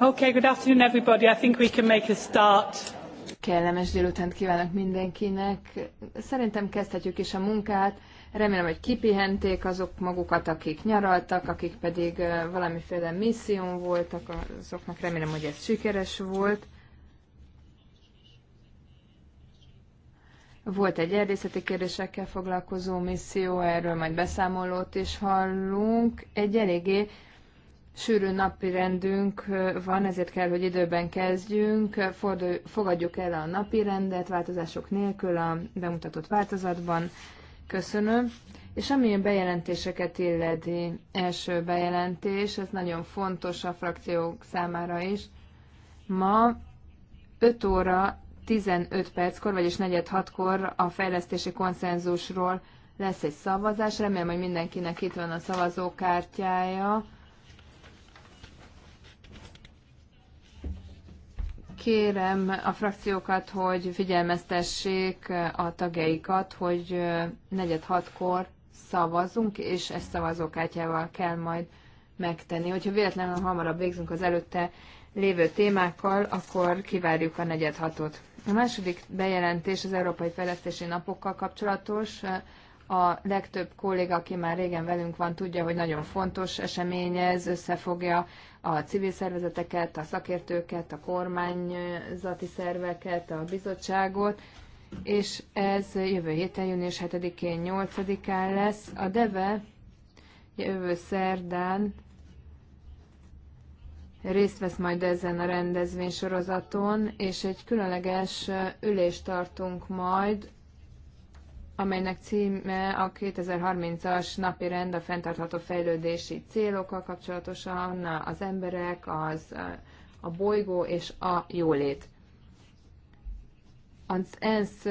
Okay, good afternoon everybody. I think we can make a start. Kellemes délutánt kívánok mindenkinek. Szerintem kezdhetjük is a munkát. Remélem, hogy kipihenték azok magukat, akik nyaraltak, akik pedig valamiféle misszión voltak, azoknak remélem, hogy ez sikeres volt. Volt egy erdészeti kérdésekkel foglalkozó misszió, erről majd beszámolót is hallunk. Egy eléggé sűrű napi rendünk van, ezért kell, hogy időben kezdjünk. Fordul, fogadjuk el a napi rendet változások nélkül a bemutatott változatban. Köszönöm. És ami a bejelentéseket illeti, első bejelentés, ez nagyon fontos a frakciók számára is. Ma 5 óra 15 perckor, vagyis 4.6-kor a fejlesztési konszenzusról lesz egy szavazás. Remélem, hogy mindenkinek itt van a szavazókártyája Kérem a frakciókat, hogy figyelmeztessék a tagjaikat, hogy negyed hatkor szavazunk, és ezt szavazókártyával kell majd megtenni. Hogyha véletlenül hamarabb végzünk az előtte lévő témákkal, akkor kivárjuk a negyed hatot. A második bejelentés az Európai Fejlesztési Napokkal kapcsolatos. A legtöbb kolléga, aki már régen velünk van, tudja, hogy nagyon fontos esemény ez, összefogja a civil szervezeteket, a szakértőket, a kormányzati szerveket, a bizottságot, és ez jövő héten, június 7-én, 8-án lesz. A DEVE jövő szerdán részt vesz majd ezen a rendezvénysorozaton, és egy különleges ülést tartunk majd amelynek címe a 2030-as napi rend a fenntartható fejlődési célokkal kapcsolatosan az emberek, az, a bolygó és a jólét. Az ENSZ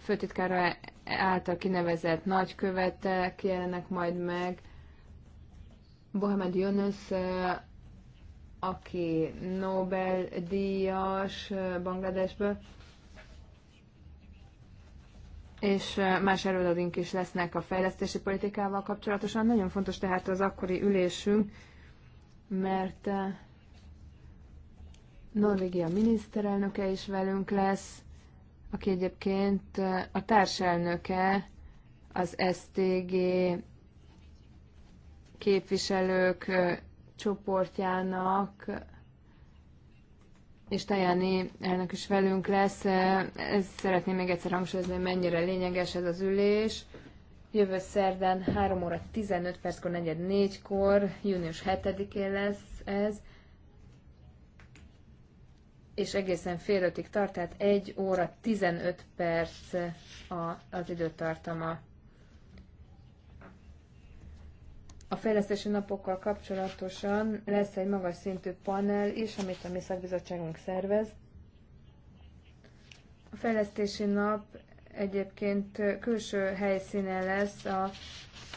főtitkára által kinevezett nagykövetek jelenek majd meg, Bohemed Jönös, aki Nobel-díjas Bangladesből, és más előadóink is lesznek a fejlesztési politikával kapcsolatosan. Nagyon fontos tehát az akkori ülésünk, mert Norvégia miniszterelnöke is velünk lesz, aki egyébként a társelnöke az STG képviselők csoportjának, és Tajáni elnök is velünk lesz. Ez szeretném még egyszer hangsúlyozni, mennyire lényeges ez az ülés. Jövő szerdán 3 óra 15 perckor, 4 kor június 7-én lesz ez, és egészen fél ötig tart, tehát 1 óra 15 perc az időtartama. A fejlesztési napokkal kapcsolatosan lesz egy magas szintű panel is, amit a mi szakbizottságunk szervez. A fejlesztési nap egyébként külső helyszínen lesz a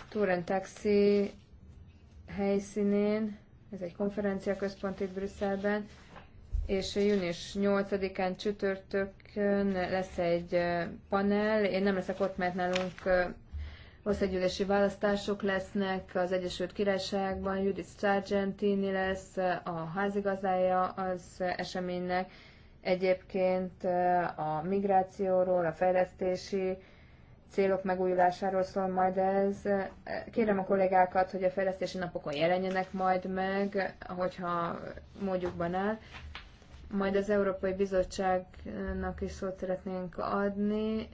Turen Taxi helyszínén, ez egy konferenciaközpont itt Brüsszelben, és június 8-án csütörtökön lesz egy panel. Én nem leszek ott, mert nálunk országgyűlési választások lesznek az Egyesült Királyságban, Judith Sargentini lesz a házigazdája az eseménynek, egyébként a migrációról, a fejlesztési célok megújulásáról szól majd ez. Kérem a kollégákat, hogy a fejlesztési napokon jelenjenek majd meg, hogyha módjukban áll. Majd az Európai Bizottságnak is szót szeretnénk adni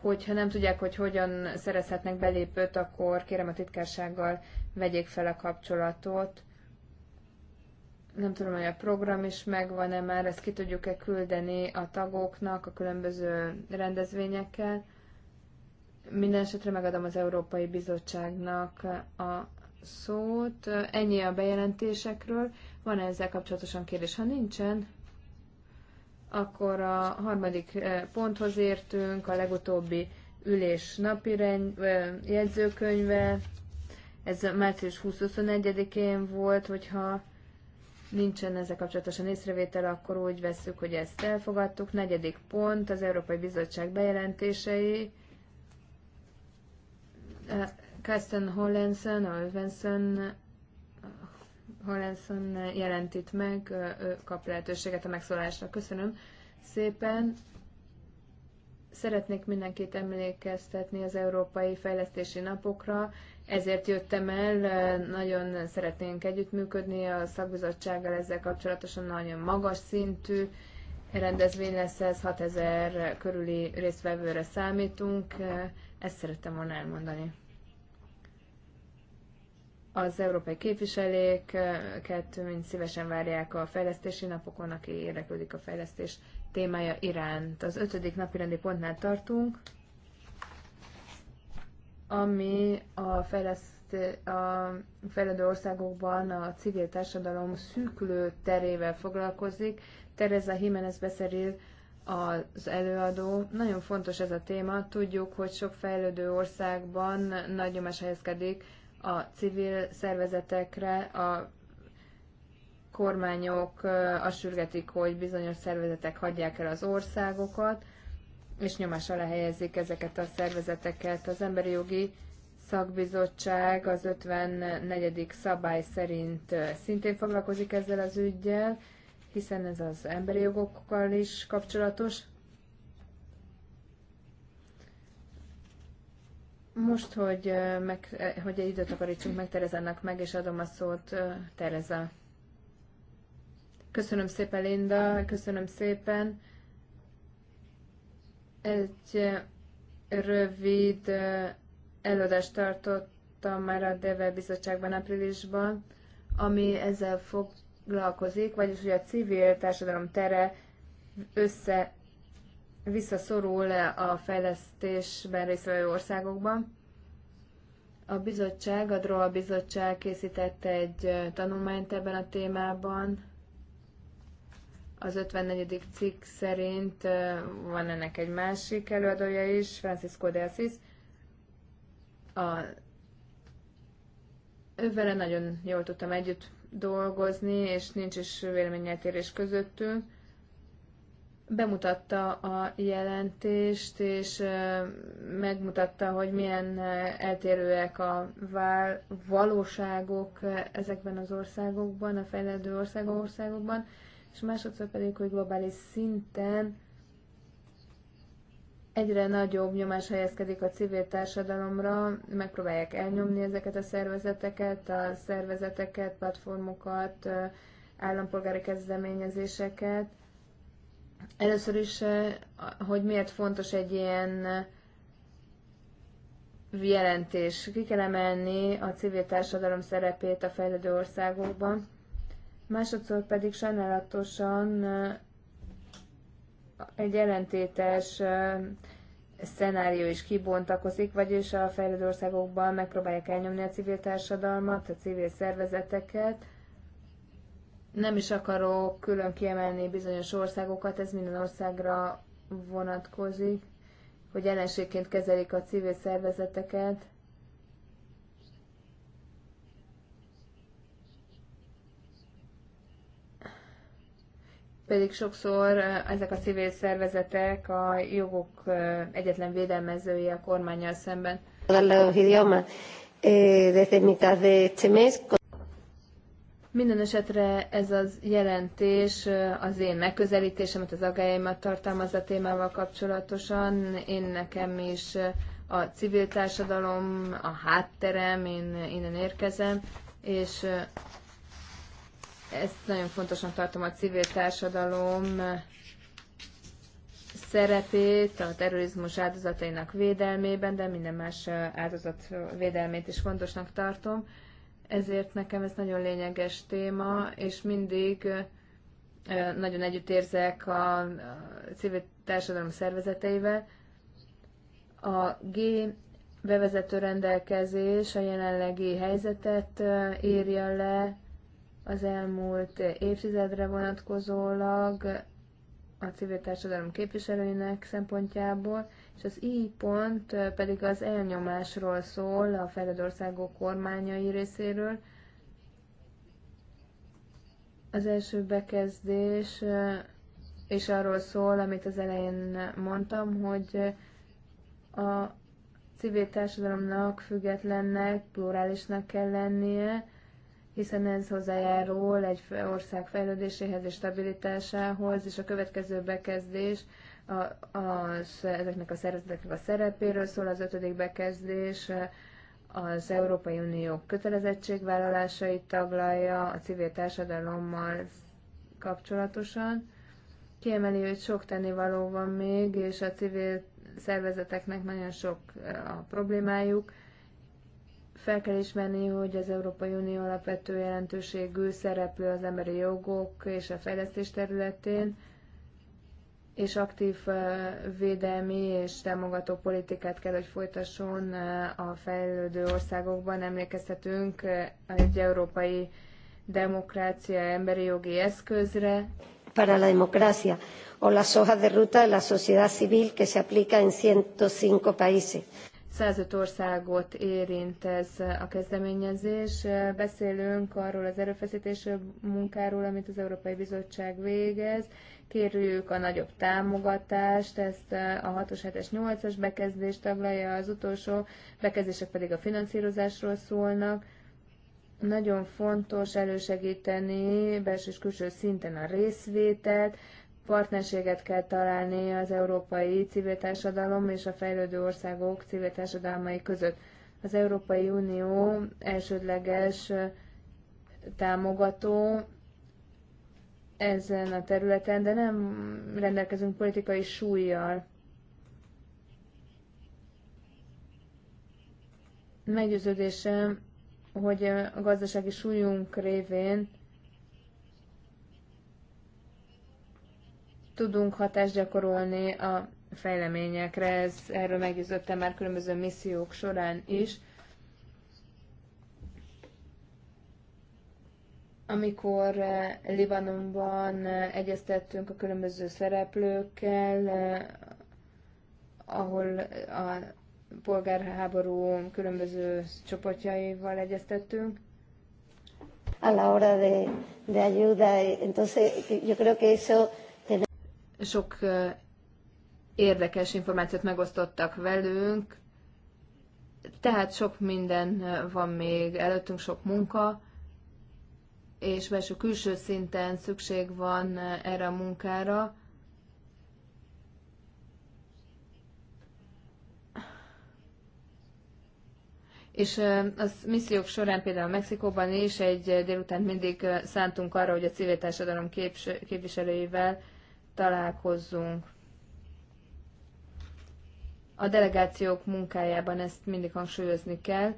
hogyha nem tudják, hogy hogyan szerezhetnek belépőt, akkor kérem a titkársággal vegyék fel a kapcsolatot. Nem tudom, hogy a program is megvan-e már, ezt ki tudjuk-e küldeni a tagoknak a különböző rendezvényekkel. Minden esetre megadom az Európai Bizottságnak a szót. Ennyi a bejelentésekről. Van -e ezzel kapcsolatosan kérdés? Ha nincsen, akkor a harmadik eh, ponthoz értünk, a legutóbbi ülés napi rend, eh, jegyzőkönyve. Ez március 20-21-én volt, hogyha nincsen ezzel kapcsolatosan észrevétel, akkor úgy veszük, hogy ezt elfogadtuk. Negyedik pont, az Európai Bizottság bejelentései. Eh, Kasten Hollensen, Olvenson, Hollenson jelent itt meg, ő kap lehetőséget a megszólásra. Köszönöm szépen. Szeretnék mindenkit emlékeztetni az Európai Fejlesztési Napokra, ezért jöttem el, nagyon szeretnénk együttműködni a szakbizottsággal ezzel kapcsolatosan, nagyon magas szintű rendezvény lesz ez, 6000 körüli résztvevőre számítunk, ezt szerettem volna elmondani az európai kettő mind szívesen várják a fejlesztési napokon, aki érdeklődik a fejlesztés témája iránt. Az ötödik napi rendi pontnál tartunk, ami a, fejleszt, a fejlődő országokban a civil társadalom szűkülő terével foglalkozik. Tereza Jiménez beszeril az előadó. Nagyon fontos ez a téma. Tudjuk, hogy sok fejlődő országban nagy nyomás helyezkedik a civil szervezetekre, a kormányok azt sürgetik, hogy bizonyos szervezetek hagyják el az országokat, és nyomás alá helyezik ezeket a szervezeteket. Az Emberi Jogi Szakbizottság az 54. szabály szerint szintén foglalkozik ezzel az ügyjel, hiszen ez az emberi jogokkal is kapcsolatos. Most, hogy, meg, hogy egy időt akarítsunk meg Terezának meg, és adom a szót Tereza. Köszönöm szépen, Linda, köszönöm szépen. Egy rövid előadást tartottam már a DEVE bizottságban áprilisban, ami ezzel foglalkozik, vagyis hogy a civil társadalom tere össze visszaszorul a fejlesztésben résztvevő országokban. A bizottság, a DROA bizottság készítette egy tanulmányt ebben a témában. Az 54. cikk szerint van ennek egy másik előadója is, Francisco de Assis. A, vele nagyon jól tudtam együtt dolgozni, és nincs is véleményeltérés közöttünk bemutatta a jelentést, és megmutatta, hogy milyen eltérőek a valóságok ezekben az országokban, a fejlődő országok országokban, és másodszor pedig, hogy globális szinten egyre nagyobb nyomás helyezkedik a civil társadalomra, megpróbálják elnyomni ezeket a szervezeteket, a szervezeteket, platformokat, állampolgári kezdeményezéseket, Először is, eh, hogy miért fontos egy ilyen eh, jelentés. Ki kell emelni a civil társadalom szerepét a fejlődő országokban. Másodszor pedig sajnálatosan eh, egy ellentétes szenárió is kibontakozik, vagyis a fejlődő országokban megpróbálják elnyomni a civil társadalmat, a civil szervezeteket, nem is akarok külön kiemelni bizonyos országokat, ez minden országra vonatkozik, hogy ellenségként kezelik a civil szervezeteket, pedig sokszor ezek a civil szervezetek a jogok egyetlen védelmezői a kormányjal szemben. Eh, desde mitad de este mes minden esetre ez az jelentés az én megközelítésemet, az agályaimat tartalmaz a témával kapcsolatosan. Én nekem is a civil társadalom, a hátterem, én innen érkezem, és ezt nagyon fontosan tartom a civil társadalom szerepét a terrorizmus áldozatainak védelmében, de minden más áldozat védelmét is fontosnak tartom ezért nekem ez nagyon lényeges téma, és mindig nagyon együttérzek a civil társadalom szervezeteivel. A G bevezető rendelkezés a jelenlegi helyzetet írja le az elmúlt évtizedre vonatkozólag a civil társadalom képviselőinek szempontjából, és az I pont pedig az elnyomásról szól a fejlődő kormányai részéről. Az első bekezdés és arról szól, amit az elején mondtam, hogy a civil társadalomnak függetlennek, plurálisnak kell lennie, hiszen ez hozzájárul egy ország fejlődéséhez és stabilitásához, és a következő bekezdés a, az, ezeknek a szervezeteknek a szerepéről szól az ötödik bekezdés, az Európai Unió kötelezettségvállalásait taglalja a civil társadalommal kapcsolatosan. Kiemeli, hogy sok tennivaló van még, és a civil szervezeteknek nagyon sok eh, a problémájuk. Fel kell ismerni, hogy az Európai Unió alapvető jelentőségű szereplő az emberi jogok és a fejlesztés területén és aktív védelmi és támogató politikát kell, hogy folytasson a fejlődő országokban. Emlékeztetünk egy európai demokrácia emberi jogi eszközre. Para la democracia o las hojas de ruta de la sociedad civil que se aplica en 105 países 105 országot érint ez a kezdeményezés. Beszélünk arról az erőfeszítés munkáról, amit az Európai Bizottság végez. Kérjük a nagyobb támogatást, ezt a 6-os, 7-es, 8-as bekezdés taglalja, az utolsó bekezdések pedig a finanszírozásról szólnak. Nagyon fontos elősegíteni belső és külső szinten a részvételt, partnerséget kell találni az európai civil társadalom és a fejlődő országok civil társadalmai között. Az Európai Unió elsődleges támogató ezen a területen, de nem rendelkezünk politikai súlyjal. Meggyőződésem, hogy a gazdasági súlyunk révén tudunk hatást gyakorolni a fejleményekre, ez, erről meggyőződtem már különböző missziók során is. Amikor eh, Libanonban eh, egyeztettünk a különböző szereplőkkel, eh, ahol a polgárháború különböző csoportjaival egyeztettünk, a la hora de, de ayuda. Entonces, yo creo que eso sok érdekes információt megosztottak velünk, tehát sok minden van még előttünk, sok munka, és belső-külső szinten szükség van erre a munkára. És az missziók során például Mexikóban is egy délután mindig szántunk arra, hogy a civil társadalom képviselőivel találkozzunk. A delegációk munkájában ezt mindig hangsúlyozni kell,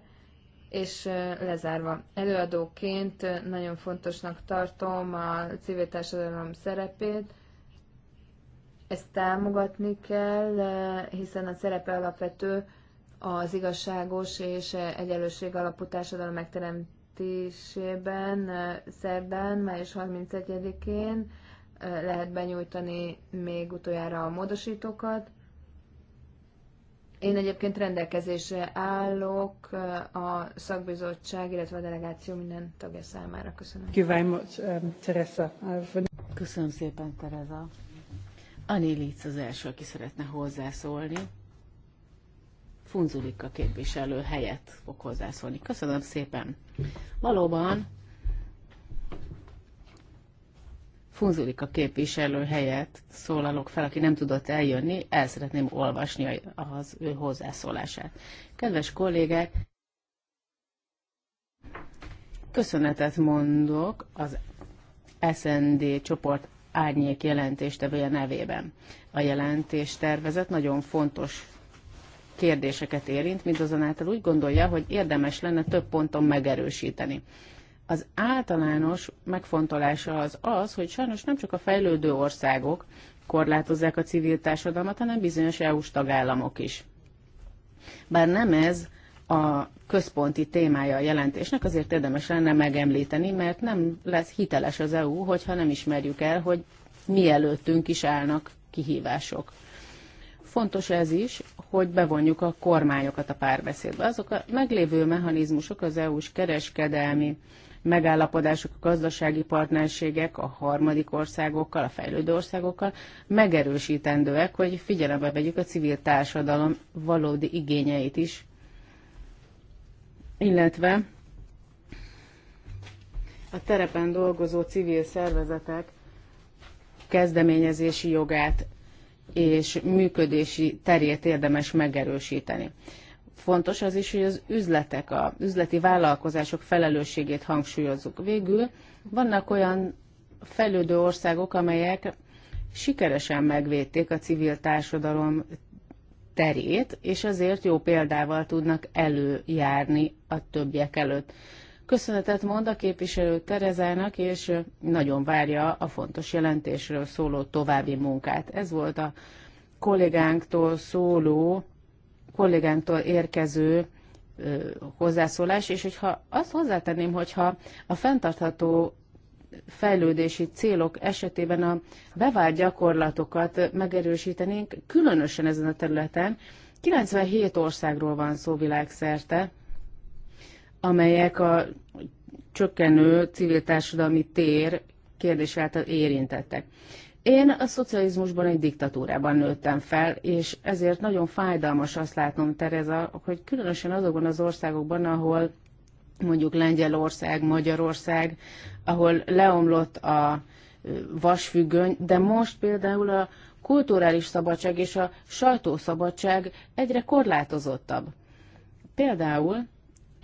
és lezárva. Előadóként nagyon fontosnak tartom a civil társadalom szerepét, ezt támogatni kell, hiszen a szerepe alapvető az igazságos és egyenlőség alapú társadalom megteremtésében szerdán, május 31-én lehet benyújtani még utoljára a módosítókat. Én egyébként rendelkezésre állok a szakbizottság, illetve a delegáció minden tagja számára. Köszönöm. Um, uh, Köszönöm szépen, Tereza. Ani Litz az első, aki szeretne hozzászólni. Funzulika képviselő helyett fog hozzászólni. Köszönöm szépen. Valóban a képviselő helyett szólalok fel, aki nem tudott eljönni, el szeretném olvasni az ő hozzászólását. Kedves kollégák, köszönetet mondok az SND csoport árnyék jelentéstevője nevében. A tervezet nagyon fontos kérdéseket érint, mindazonáltal úgy gondolja, hogy érdemes lenne több ponton megerősíteni. Az általános megfontolása az az, hogy sajnos nem csak a fejlődő országok korlátozzák a civil társadalmat, hanem bizonyos EU-s tagállamok is. Bár nem ez a központi témája a jelentésnek, azért érdemes lenne megemlíteni, mert nem lesz hiteles az EU, hogyha nem ismerjük el, hogy mielőttünk is állnak kihívások. Fontos ez is, hogy bevonjuk a kormányokat a párbeszédbe. Azok a meglévő mechanizmusok az EU-s kereskedelmi megállapodások, a gazdasági partnerségek a harmadik országokkal, a fejlődő országokkal megerősítendőek, hogy figyelembe vegyük a civil társadalom valódi igényeit is, illetve a terepen dolgozó civil szervezetek kezdeményezési jogát és működési terét érdemes megerősíteni fontos az is, hogy az üzletek, a üzleti vállalkozások felelősségét hangsúlyozzuk. Végül vannak olyan fejlődő országok, amelyek sikeresen megvédték a civil társadalom terét, és azért jó példával tudnak előjárni a többiek előtt. Köszönetet mond a képviselő Terezának, és nagyon várja a fontos jelentésről szóló további munkát. Ez volt a kollégánktól szóló kollégánktól érkező hozzászólás, és hogyha azt hozzátenném, hogyha a fenntartható fejlődési célok esetében a bevált gyakorlatokat megerősítenénk, különösen ezen a területen. 97 országról van szó világszerte, amelyek a csökkenő civil társadalmi tér kérdés által érintettek. Én a szocializmusban egy diktatúrában nőttem fel, és ezért nagyon fájdalmas azt látnom, Tereza, hogy különösen azokban az országokban, ahol mondjuk Lengyelország, Magyarország, ahol leomlott a vasfüggöny, de most például a kulturális szabadság és a sajtószabadság egyre korlátozottabb. Például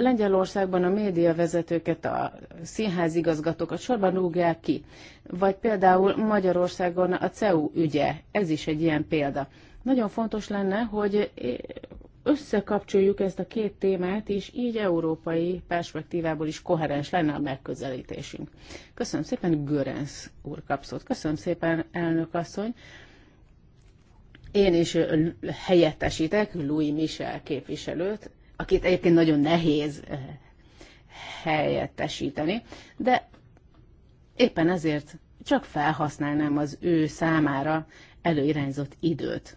Lengyelországban a médiavezetőket, a színházigazgatókat sorban rúgják ki. Vagy például Magyarországon a CEU ügye, ez is egy ilyen példa. Nagyon fontos lenne, hogy összekapcsoljuk ezt a két témát, és így európai perspektívából is koherens lenne a megközelítésünk. Köszönöm szépen, Görensz úr kapszott. Köszönöm szépen, elnök asszony. Én is helyettesítek Louis Michel képviselőt, akit egyébként nagyon nehéz eh, helyettesíteni, de éppen ezért csak felhasználnám az ő számára előirányzott időt.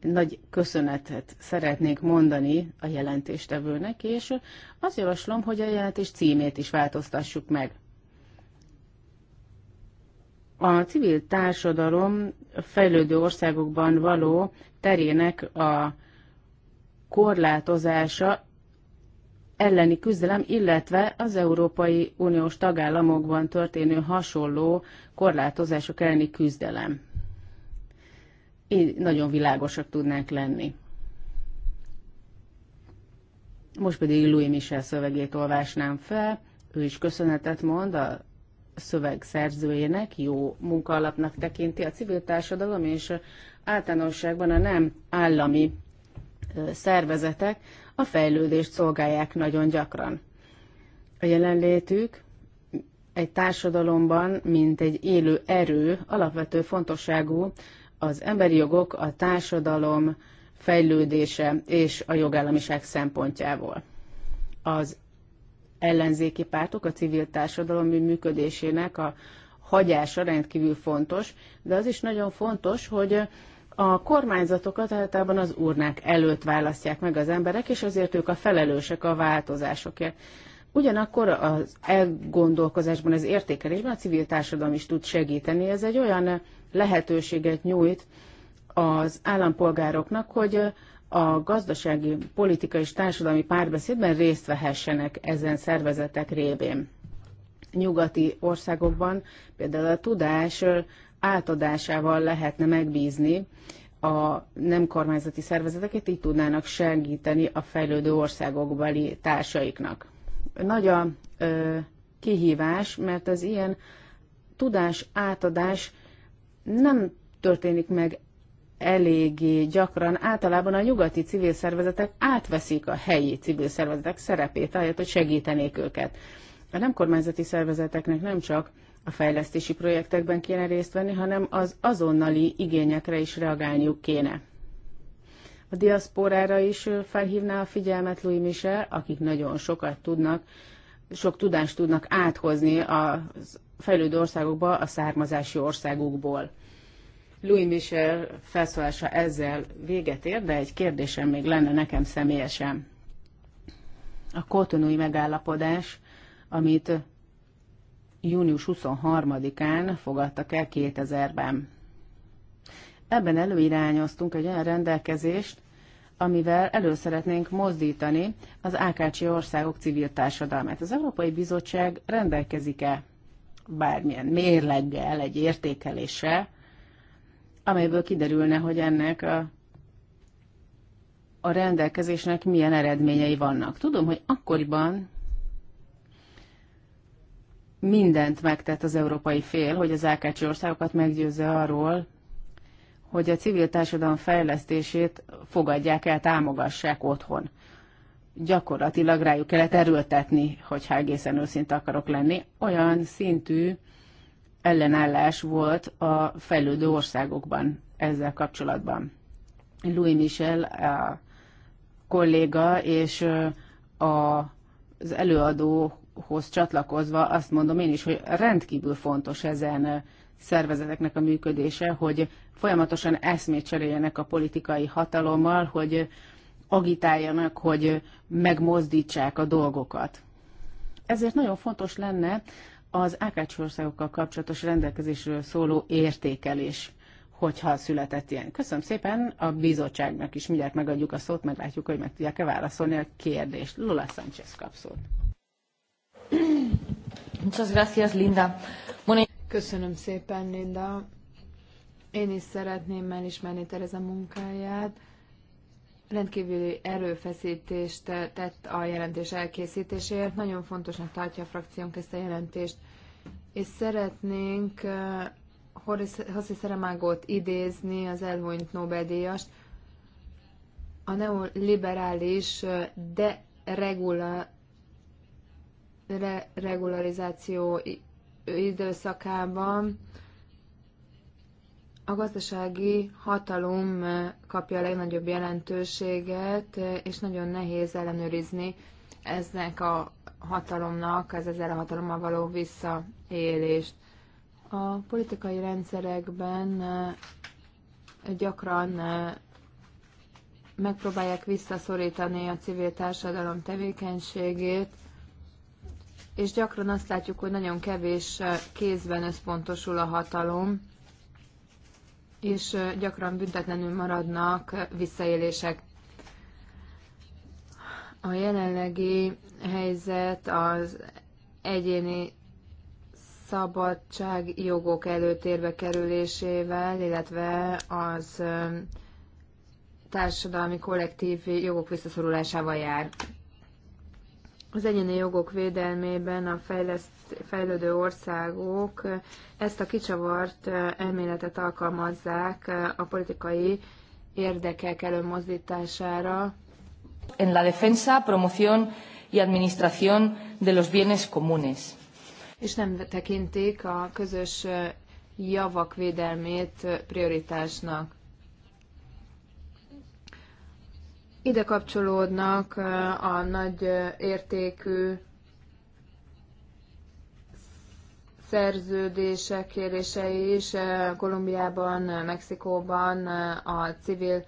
Nagy köszönetet szeretnék mondani a jelentéstevőnek, és azt javaslom, hogy a jelentés címét is változtassuk meg. A civil társadalom fejlődő országokban való terének a korlátozása elleni küzdelem, illetve az Európai Uniós tagállamokban történő hasonló korlátozások elleni küzdelem. Így nagyon világosak tudnánk lenni. Most pedig Louis Michel szövegét olvásnám fel. Ő is köszönetet mond a szöveg szerzőjének, jó munkaalapnak tekinti a civil társadalom és általánosságban a nem állami szervezetek a fejlődést szolgálják nagyon gyakran. A jelenlétük egy társadalomban, mint egy élő erő, alapvető fontosságú az emberi jogok, a társadalom fejlődése és a jogállamiság szempontjából. Az ellenzéki pártok a civil társadalom működésének a hagyása rendkívül fontos, de az is nagyon fontos, hogy a kormányzatokat általában az urnák előtt választják meg az emberek, és azért ők a felelősek a változásokért. Ugyanakkor az elgondolkozásban, az értékelésben a civil társadalom is tud segíteni. Ez egy olyan lehetőséget nyújt az állampolgároknak, hogy a gazdasági, politikai és társadalmi párbeszédben részt vehessenek ezen szervezetek révén. Nyugati országokban például a tudás átadásával lehetne megbízni a nem kormányzati szervezeteket, így tudnának segíteni a fejlődő országokbeli társaiknak. Nagy a ö, kihívás, mert az ilyen tudás átadás nem történik meg eléggé gyakran. Általában a nyugati civil szervezetek átveszik a helyi civil szervezetek szerepét, ahelyett, hogy segítenék őket. A nem kormányzati szervezeteknek nem csak a fejlesztési projektekben kéne részt venni, hanem az azonnali igényekre is reagálniuk kéne. A diaszporára is felhívná a figyelmet Louis Michel, akik nagyon sokat tudnak, sok tudást tudnak áthozni a fejlődő országokba a származási országukból. Louis Michel felszólása ezzel véget ér, de egy kérdésem még lenne nekem személyesen. A kotonúi megállapodás, amit június 23-án fogadtak el 2000-ben. Ebben előirányoztunk egy olyan rendelkezést, amivel elő szeretnénk mozdítani az AKC országok civil társadalmát. Az Európai Bizottság rendelkezik-e bármilyen mérleggel, egy értékeléssel, amelyből kiderülne, hogy ennek a, a rendelkezésnek milyen eredményei vannak. Tudom, hogy akkoriban mindent megtett az európai fél, hogy az AKC országokat meggyőzze arról, hogy a civil társadalom fejlesztését fogadják el, támogassák otthon. Gyakorlatilag rájuk kellett erőltetni, hogyha egészen őszinte akarok lenni. Olyan szintű ellenállás volt a fejlődő országokban ezzel kapcsolatban. Louis Michel, a kolléga és az előadó hoz csatlakozva azt mondom én is, hogy rendkívül fontos ezen szervezeteknek a működése, hogy folyamatosan eszmét cseréljenek a politikai hatalommal, hogy agitáljanak, hogy megmozdítsák a dolgokat. Ezért nagyon fontos lenne az AKC országokkal kapcsolatos rendelkezésről szóló értékelés, hogyha született ilyen. Köszönöm szépen a bizottságnak is, mindjárt megadjuk a szót, meglátjuk, hogy meg tudják-e válaszolni a kérdést. Lula Sánchez kap szót. Muchas gracias, Linda. Köszönöm szépen, Linda. Én is szeretném elismerni Tereza munkáját. Rendkívüli erőfeszítést tett a jelentés elkészítéséért. Nagyon fontosnak tartja a frakciónk ezt a jelentést. És szeretnénk eh, Hoszi Szeremágot idézni, az elhunyt Nobel-díjast. A neoliberális eh, deregula, re- regularizáció időszakában a gazdasági hatalom kapja a legnagyobb jelentőséget, és nagyon nehéz ellenőrizni eznek a hatalomnak, ez ezzel a hatalommal való visszaélést. A politikai rendszerekben gyakran megpróbálják visszaszorítani a civil társadalom tevékenységét, és gyakran azt látjuk, hogy nagyon kevés kézben összpontosul a hatalom, és gyakran büntetlenül maradnak visszaélések. A jelenlegi helyzet az egyéni szabadság jogok előtérbe kerülésével, illetve az társadalmi kollektív jogok visszaszorulásával jár az egyéni jogok védelmében a fejleszt, fejlődő országok ezt a kicsavart elméletet alkalmazzák a politikai érdekek előmozdítására. En la defensa, promoción y administración de los bienes comunes. És nem tekintik a közös javak védelmét prioritásnak. Ide kapcsolódnak a nagy értékű szerződések kérései is Kolumbiában, Mexikóban a civil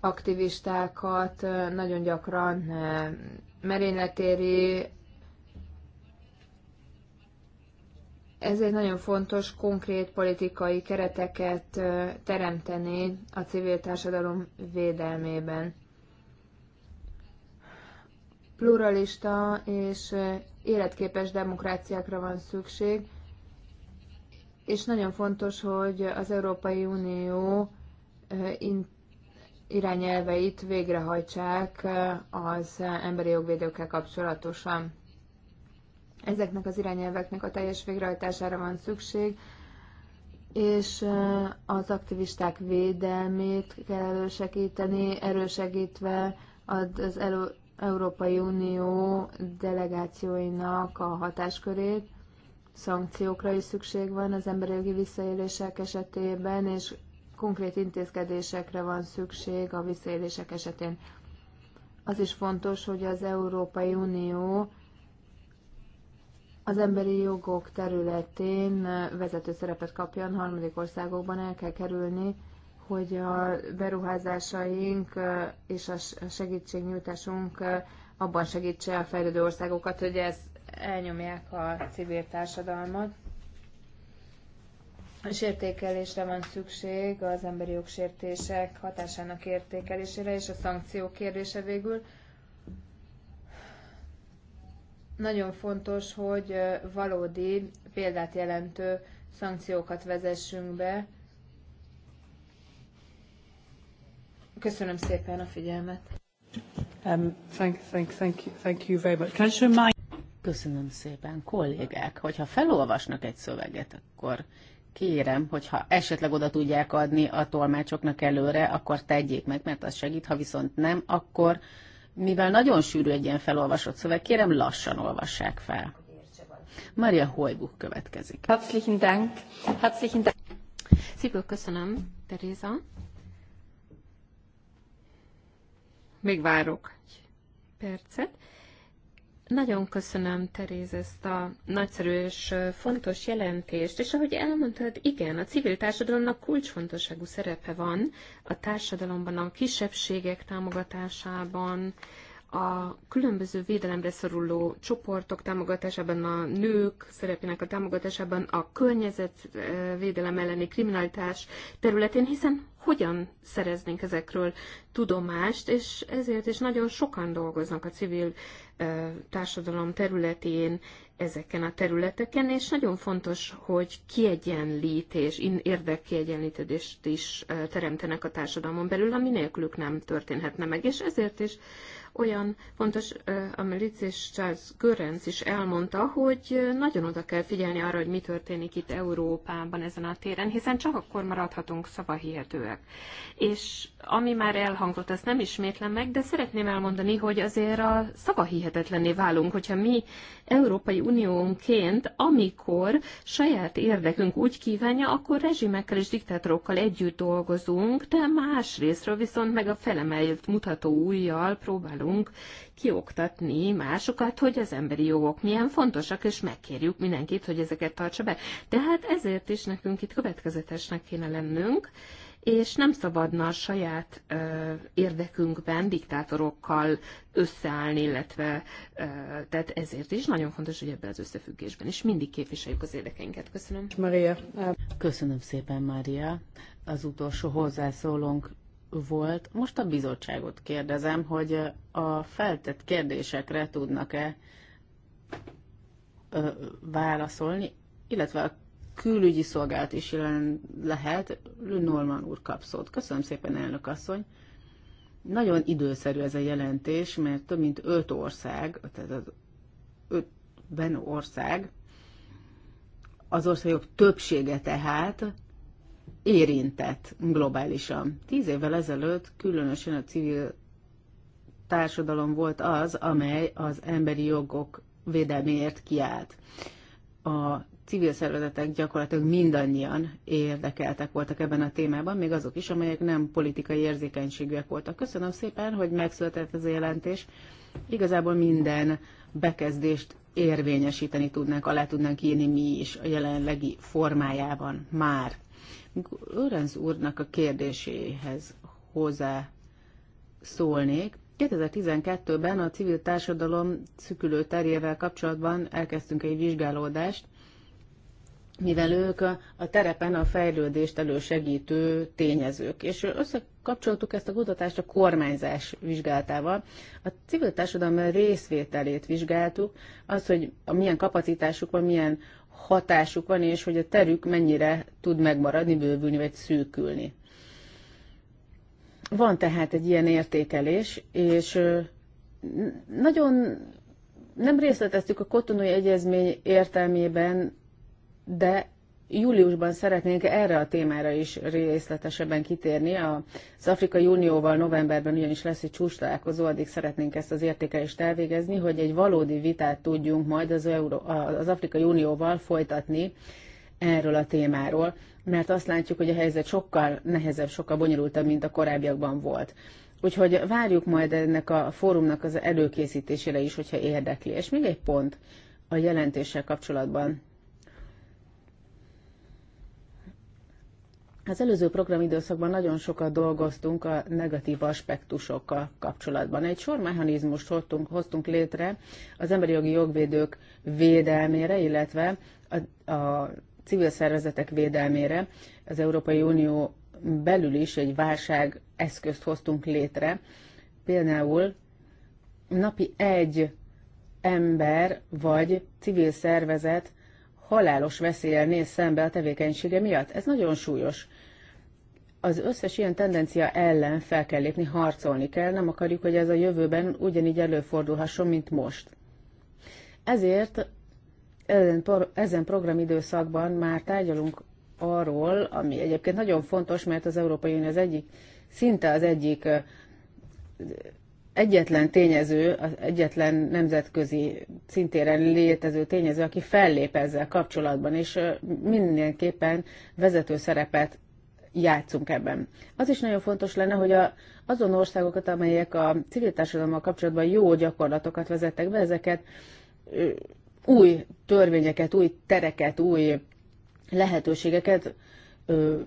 aktivistákat nagyon gyakran merényletéri. Ezért nagyon fontos konkrét politikai kereteket teremteni a civil társadalom védelmében pluralista és életképes demokráciákra van szükség, és nagyon fontos, hogy az Európai Unió irányelveit végrehajtsák az emberi jogvédőkkel kapcsolatosan. Ezeknek az irányelveknek a teljes végrehajtására van szükség, és az aktivisták védelmét kell elősegíteni, erősegítve az elő, Európai Unió delegációinak a hatáskörét, szankciókra is szükség van az emberi jogi visszaélések esetében, és konkrét intézkedésekre van szükség a visszaélések esetén. Az is fontos, hogy az Európai Unió az emberi jogok területén vezető szerepet kapjon, harmadik országokban el kell kerülni hogy a beruházásaink és a segítségnyújtásunk abban segítse a fejlődő országokat, hogy ez elnyomják a civil társadalmat. És értékelésre van szükség az emberi jogsértések hatásának értékelésére és a szankció kérdése végül. Nagyon fontos, hogy valódi példát jelentő szankciókat vezessünk be, Köszönöm szépen a figyelmet. Um, thank, thank, thank, you, thank you very much. Can I remind... Köszönöm szépen, kollégák. Hogyha felolvasnak egy szöveget, akkor kérem, hogyha esetleg oda tudják adni a tolmácsoknak előre, akkor tegyék meg, mert az segít, ha viszont nem, akkor mivel nagyon sűrű egy ilyen felolvasott szöveg, kérem lassan olvassák fel. Maria Hojbuk következik. Herzlichen Dank. Herzlichen Dank. Szívből köszönöm, Teréza. még várok egy percet. Nagyon köszönöm, Teréz, ezt a nagyszerű és fontos jelentést, és ahogy elmondtad, igen, a civil társadalomnak kulcsfontosságú szerepe van a társadalomban, a kisebbségek támogatásában, a különböző védelemre szoruló csoportok támogatásában, a nők szerepének a támogatásában, a környezetvédelem elleni kriminalitás területén, hiszen hogyan szereznénk ezekről tudomást, és ezért is nagyon sokan dolgoznak a civil társadalom területén ezeken a területeken, és nagyon fontos, hogy kiegyenlítés, érdekkiegyenlítést is teremtenek a társadalmon belül, ami nélkülük nem történhetne meg, és ezért is olyan fontos, amit Litz és Charles Görenc is elmondta, hogy nagyon oda kell figyelni arra, hogy mi történik itt Európában ezen a téren, hiszen csak akkor maradhatunk szavahihetőek. És ami már elhangzott, ezt nem ismétlem meg, de szeretném elmondani, hogy azért a szavahihetetlenné válunk, hogyha mi Európai Uniónként, amikor saját érdekünk úgy kívánja, akkor rezsimekkel és diktátorokkal együtt dolgozunk, de másrésztről viszont meg a felemelt mutató újjal próbálunk kioktatni másokat, hogy az emberi jogok milyen fontosak, és megkérjük mindenkit, hogy ezeket tartsa be. Tehát ezért is nekünk itt következetesnek kéne lennünk, és nem szabadna a saját ö, érdekünkben diktátorokkal összeállni, illetve ö, tehát ezért is nagyon fontos, hogy ebben az összefüggésben is mindig képviseljük az érdekeinket. Köszönöm. Maria. Köszönöm szépen, Mária. Az utolsó hozzászólónk volt. Most a bizottságot kérdezem, hogy a feltett kérdésekre tudnak-e válaszolni, illetve a külügyi szolgálat is jelen lehet. Norman úr kap szót. Köszönöm szépen, elnök asszony. Nagyon időszerű ez a jelentés, mert több mint öt ország, tehát az ötben ország, az országok többsége tehát érintett globálisan. Tíz évvel ezelőtt különösen a civil társadalom volt az, amely az emberi jogok védelméért kiállt. A civil szervezetek gyakorlatilag mindannyian érdekeltek voltak ebben a témában, még azok is, amelyek nem politikai érzékenységűek voltak. Köszönöm szépen, hogy megszületett ez a jelentés. Igazából minden bekezdést érvényesíteni tudnánk, alá tudnánk írni mi is a jelenlegi formájában már. Lorenz úrnak a kérdéséhez hozzá szólnék. 2012-ben a civil társadalom szükülő terjével kapcsolatban elkezdtünk egy vizsgálódást, mivel ők a, a terepen a fejlődést elősegítő tényezők. És összekapcsoltuk ezt a kutatást a kormányzás vizsgálatával. A civil társadalom részvételét vizsgáltuk, az, hogy a milyen kapacitásuk van, milyen hatásuk van, és hogy a terük mennyire tud megmaradni, bővülni vagy szűkülni. Van tehát egy ilyen értékelés, és nagyon nem részleteztük a kotonói egyezmény értelmében de júliusban szeretnénk erre a témára is részletesebben kitérni. Az Afrikai Unióval novemberben ugyanis lesz egy csúcs találkozó, addig szeretnénk ezt az értékelést elvégezni, hogy egy valódi vitát tudjunk majd az, Euró- az Afrikai Unióval folytatni erről a témáról, mert azt látjuk, hogy a helyzet sokkal nehezebb, sokkal bonyolultabb, mint a korábbiakban volt. Úgyhogy várjuk majd ennek a fórumnak az előkészítésére is, hogyha érdekli. És még egy pont a jelentéssel kapcsolatban Az előző programidőszakban nagyon sokat dolgoztunk a negatív aspektusokkal kapcsolatban. Egy sor mechanizmust hoztunk, hoztunk létre az emberi jogi jogvédők védelmére, illetve a, a civil szervezetek védelmére. Az Európai Unió belül is egy válság eszközt hoztunk létre. Például napi egy ember vagy civil szervezet halálos veszélyel néz szembe a tevékenysége miatt. Ez nagyon súlyos az összes ilyen tendencia ellen fel kell lépni, harcolni kell, nem akarjuk, hogy ez a jövőben ugyanígy előfordulhasson, mint most. Ezért ezen, ezen programidőszakban már tárgyalunk arról, ami egyébként nagyon fontos, mert az Európai Unió az egyik, szinte az egyik egyetlen tényező, az egyetlen nemzetközi szintéren létező tényező, aki fellép ezzel kapcsolatban, és mindenképpen vezető szerepet játszunk ebben. Az is nagyon fontos lenne, hogy a, azon országokat, amelyek a civil társadalommal kapcsolatban jó gyakorlatokat vezettek be, ezeket új törvényeket, új tereket, új lehetőségeket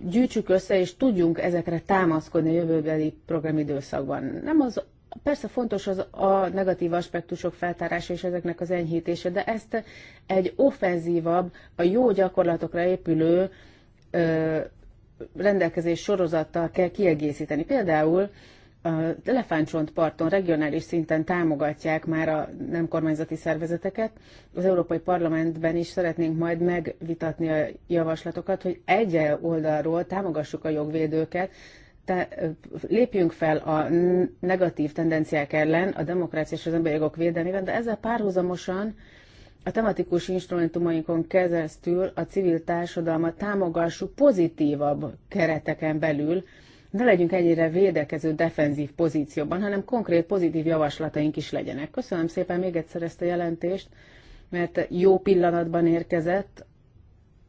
gyűjtsük össze, és tudjunk ezekre támaszkodni a jövőbeli programidőszakban. Nem az, persze fontos az a negatív aspektusok feltárása és ezeknek az enyhítése, de ezt egy offenzívabb, a jó gyakorlatokra épülő rendelkezés sorozattal kell kiegészíteni. Például a Elefántcsontparton regionális szinten támogatják már a nem kormányzati szervezeteket. Az Európai Parlamentben is szeretnénk majd megvitatni a javaslatokat, hogy egy oldalról támogassuk a jogvédőket, te, lépjünk fel a negatív tendenciák ellen a demokrácia és az emberi jogok védelmében, de ezzel párhuzamosan a tematikus instrumentumainkon keresztül a civil társadalmat támogassuk pozitívabb kereteken belül, ne legyünk egyére védekező defenzív pozícióban, hanem konkrét pozitív javaslataink is legyenek. Köszönöm szépen még egyszer ezt a jelentést, mert jó pillanatban érkezett,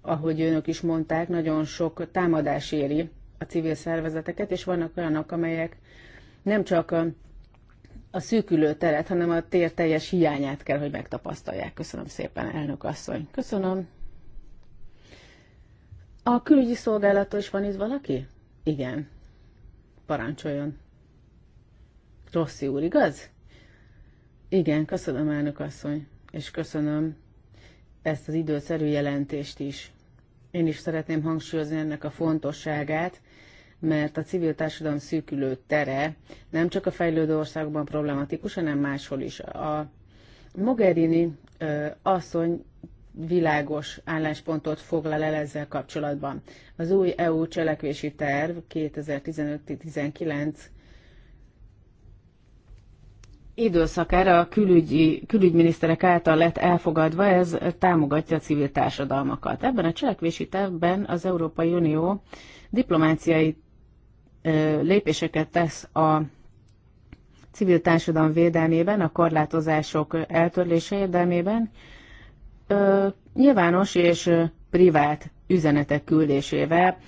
ahogy önök is mondták, nagyon sok támadás éri a civil szervezeteket, és vannak olyanok, amelyek nem csak a teret, hanem a tér teljes hiányát kell, hogy megtapasztalják. Köszönöm szépen, elnök asszony. Köszönöm. A külügyi szolgálattól is van itt valaki? Igen. Parancsoljon. Rossi úr, igaz? Igen, köszönöm, elnök asszony, és köszönöm ezt az időszerű jelentést is. Én is szeretném hangsúlyozni ennek a fontosságát, mert a civil társadalom szűkülő tere nem csak a fejlődő országokban problematikus, hanem máshol is. A Mogherini asszony világos álláspontot foglal el ezzel kapcsolatban. Az új EU cselekvési terv 2015-19 időszakára a külügyi, külügyminiszterek által lett elfogadva, ez támogatja a civil társadalmakat. Ebben a cselekvési tervben az Európai Unió diplomáciai lépéseket tesz a civil társadalom védelmében, a korlátozások eltörlése érdemében, nyilvános és privát üzenetek küldésével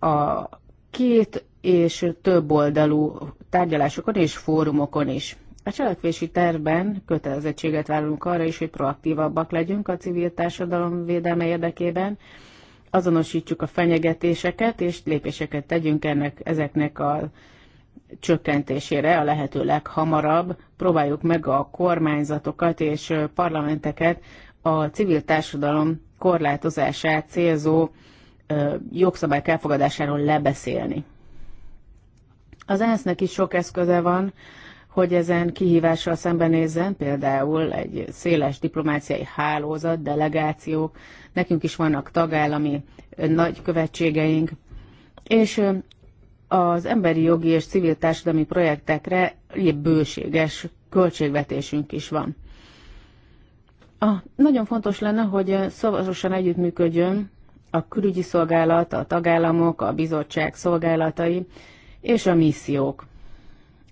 a két és több oldalú tárgyalásokon és fórumokon is. A cselekvési tervben kötelezettséget vállalunk arra is, hogy proaktívabbak legyünk a civil társadalom védelme érdekében, azonosítsuk a fenyegetéseket, és lépéseket tegyünk ennek, ezeknek a csökkentésére a lehető leghamarabb. Próbáljuk meg a kormányzatokat és parlamenteket a civil társadalom korlátozását célzó jogszabályok elfogadásáról lebeszélni. Az ENSZ-nek is sok eszköze van, hogy ezen kihívással szembenézzen, például egy széles diplomáciai hálózat, delegációk, nekünk is vannak tagállami nagykövetségeink, és az emberi jogi és civil társadalmi projektekre bőséges költségvetésünk is van. A, nagyon fontos lenne, hogy szorosan együttműködjön a külügyi szolgálat, a tagállamok, a bizottság szolgálatai és a missziók.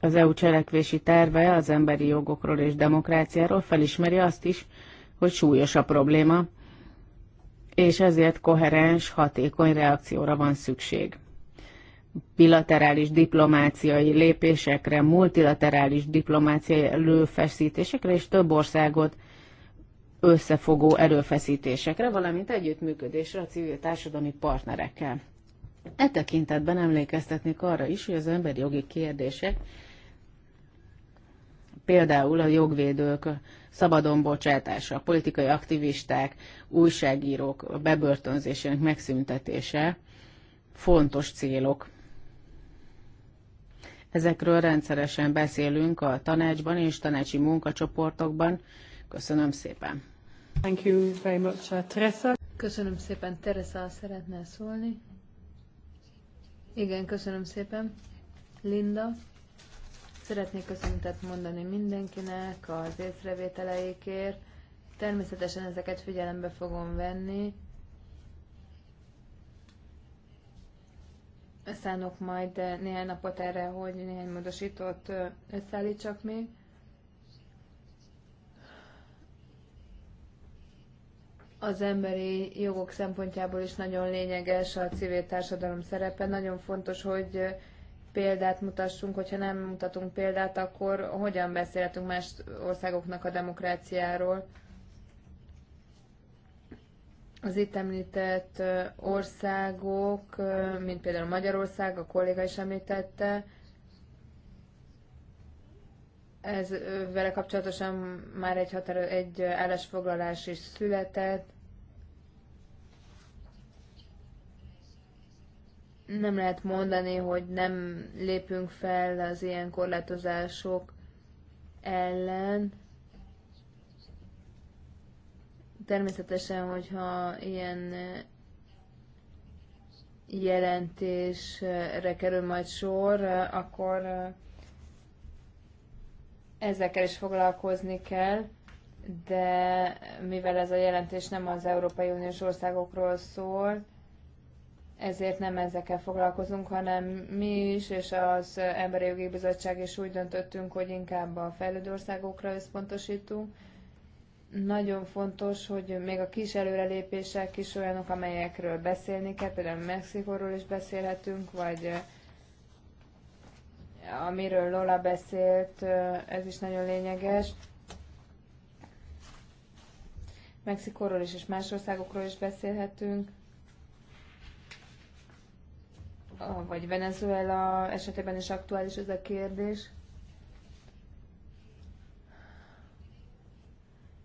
Az EU cselekvési terve az emberi jogokról és demokráciáról felismeri azt is, hogy súlyos a probléma, és ezért koherens, hatékony reakcióra van szükség. Bilaterális diplomáciai lépésekre, multilaterális diplomáciai előfeszítésekre és több országot összefogó erőfeszítésekre, valamint együttműködésre a civil társadalmi partnerekkel. E tekintetben emlékeztetnék arra is, hogy az emberi jogi kérdések Például a jogvédők szabadon bocsátása, a politikai aktivisták, újságírók a bebörtönzésének megszüntetése fontos célok. Ezekről rendszeresen beszélünk a tanácsban és tanácsi munkacsoportokban. Köszönöm szépen. Thank you very much, uh, Teresa. Köszönöm szépen. Teresa szeretne szólni. Igen, köszönöm szépen. Linda. Szeretnék köszöntet mondani mindenkinek az észrevételeikért. Természetesen ezeket figyelembe fogom venni. Szánok majd néhány napot erre, hogy néhány módosítót összeállítsak még. az emberi jogok szempontjából is nagyon lényeges a civil társadalom szerepe. Nagyon fontos, hogy példát mutassunk, hogyha nem mutatunk példát, akkor hogyan beszélhetünk más országoknak a demokráciáról? Az itt említett országok, mint például Magyarország, a kolléga is említette, ez vele kapcsolatosan már egy, határ, egy állásfoglalás is született, nem lehet mondani, hogy nem lépünk fel az ilyen korlátozások ellen. Természetesen, hogyha ilyen eh, jelentésre kerül majd sor, eh, akkor eh, ezekkel is foglalkozni kell, de mivel ez a jelentés nem az Európai Uniós országokról szól, ezért nem ezekkel foglalkozunk, hanem mi is, és az Emberi Jogi Bizottság is úgy döntöttünk, hogy inkább a fejlődő országokra összpontosítunk. Nagyon fontos, hogy még a kis előrelépések is olyanok, amelyekről beszélni kell, például Mexikóról is beszélhetünk, vagy eh, amiről Lola beszélt, eh, ez is nagyon lényeges. Mexikóról is és más országokról is beszélhetünk vagy Venezuela esetében is aktuális ez a kérdés.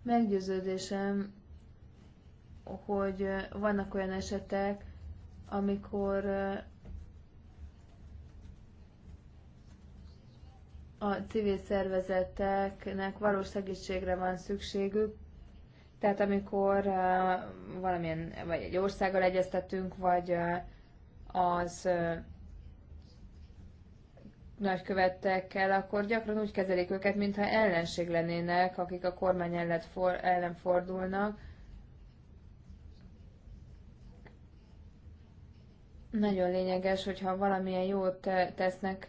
Meggyőződésem, hogy vannak olyan esetek, amikor eh, a civil szervezeteknek valós segítségre van szükségük, tehát amikor eh, valamilyen, vagy egy országgal egyeztetünk, vagy eh, az nagykövetekkel, akkor gyakran úgy kezelik őket, mintha ellenség lennének, akik a kormány ellen fordulnak. Nagyon lényeges, hogyha valamilyen jót tesznek,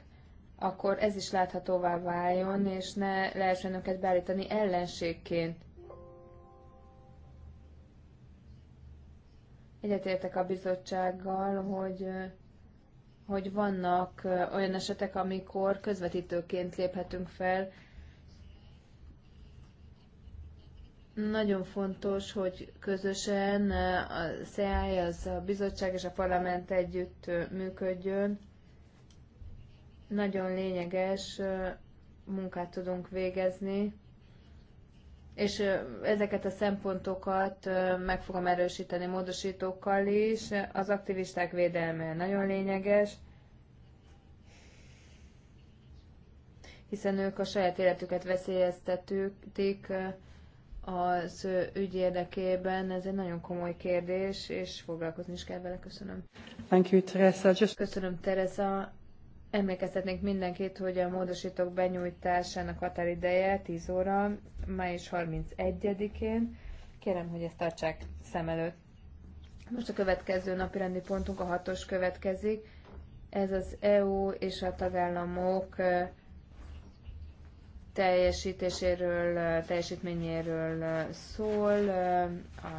akkor ez is láthatóvá váljon, és ne lehessen őket beállítani ellenségként. Egyetértek a bizottsággal, hogy hogy vannak olyan esetek, amikor közvetítőként léphetünk fel. Nagyon fontos, hogy közösen a SEAI, az a bizottság és a parlament együtt működjön. Nagyon lényeges munkát tudunk végezni és ezeket a szempontokat meg fogom erősíteni módosítókkal is. Az aktivisták védelme nagyon lényeges, hiszen ők a saját életüket veszélyeztetik az ügy érdekében. Ez egy nagyon komoly kérdés, és foglalkozni is kell vele. Köszönöm. Thank you, Teresa. Just... Köszönöm, Teresa. Emlékeztetnénk mindenkit, hogy a módosítók benyújtásának határideje 10 óra, május 31-én. Kérem, hogy ezt tartsák szem előtt. Most a következő napi rendi pontunk, a hatos következik. Ez az EU és a tagállamok teljesítéséről, teljesítményéről szól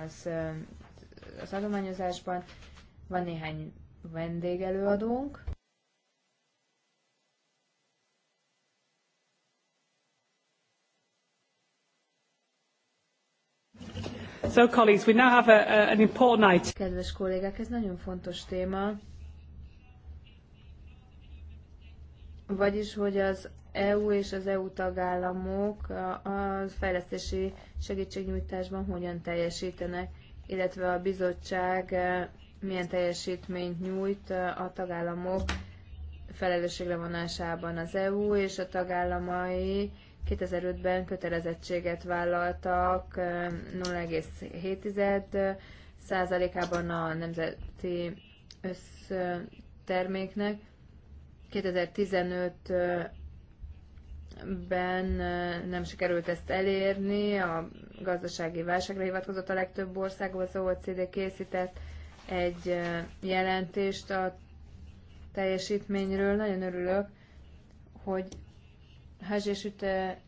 az, az adományozásban. Van néhány vendégelőadónk. So, colleagues, we now have a, a, an important night. Kedves kollégák, ez nagyon fontos téma. Vagyis, hogy az EU és az EU tagállamok a fejlesztési segítségnyújtásban hogyan teljesítenek, illetve a bizottság e, milyen teljesítményt nyújt e, a tagállamok felelősségre vonásában az EU és a tagállamai 2005-ben kötelezettséget vállaltak 0,7 százalékában a nemzeti összterméknek. 2015-ben nem sikerült ezt elérni, a gazdasági válságra hivatkozott a legtöbb ország, az OECD készített egy jelentést a teljesítményről. Nagyon örülök, hogy Hazsésüte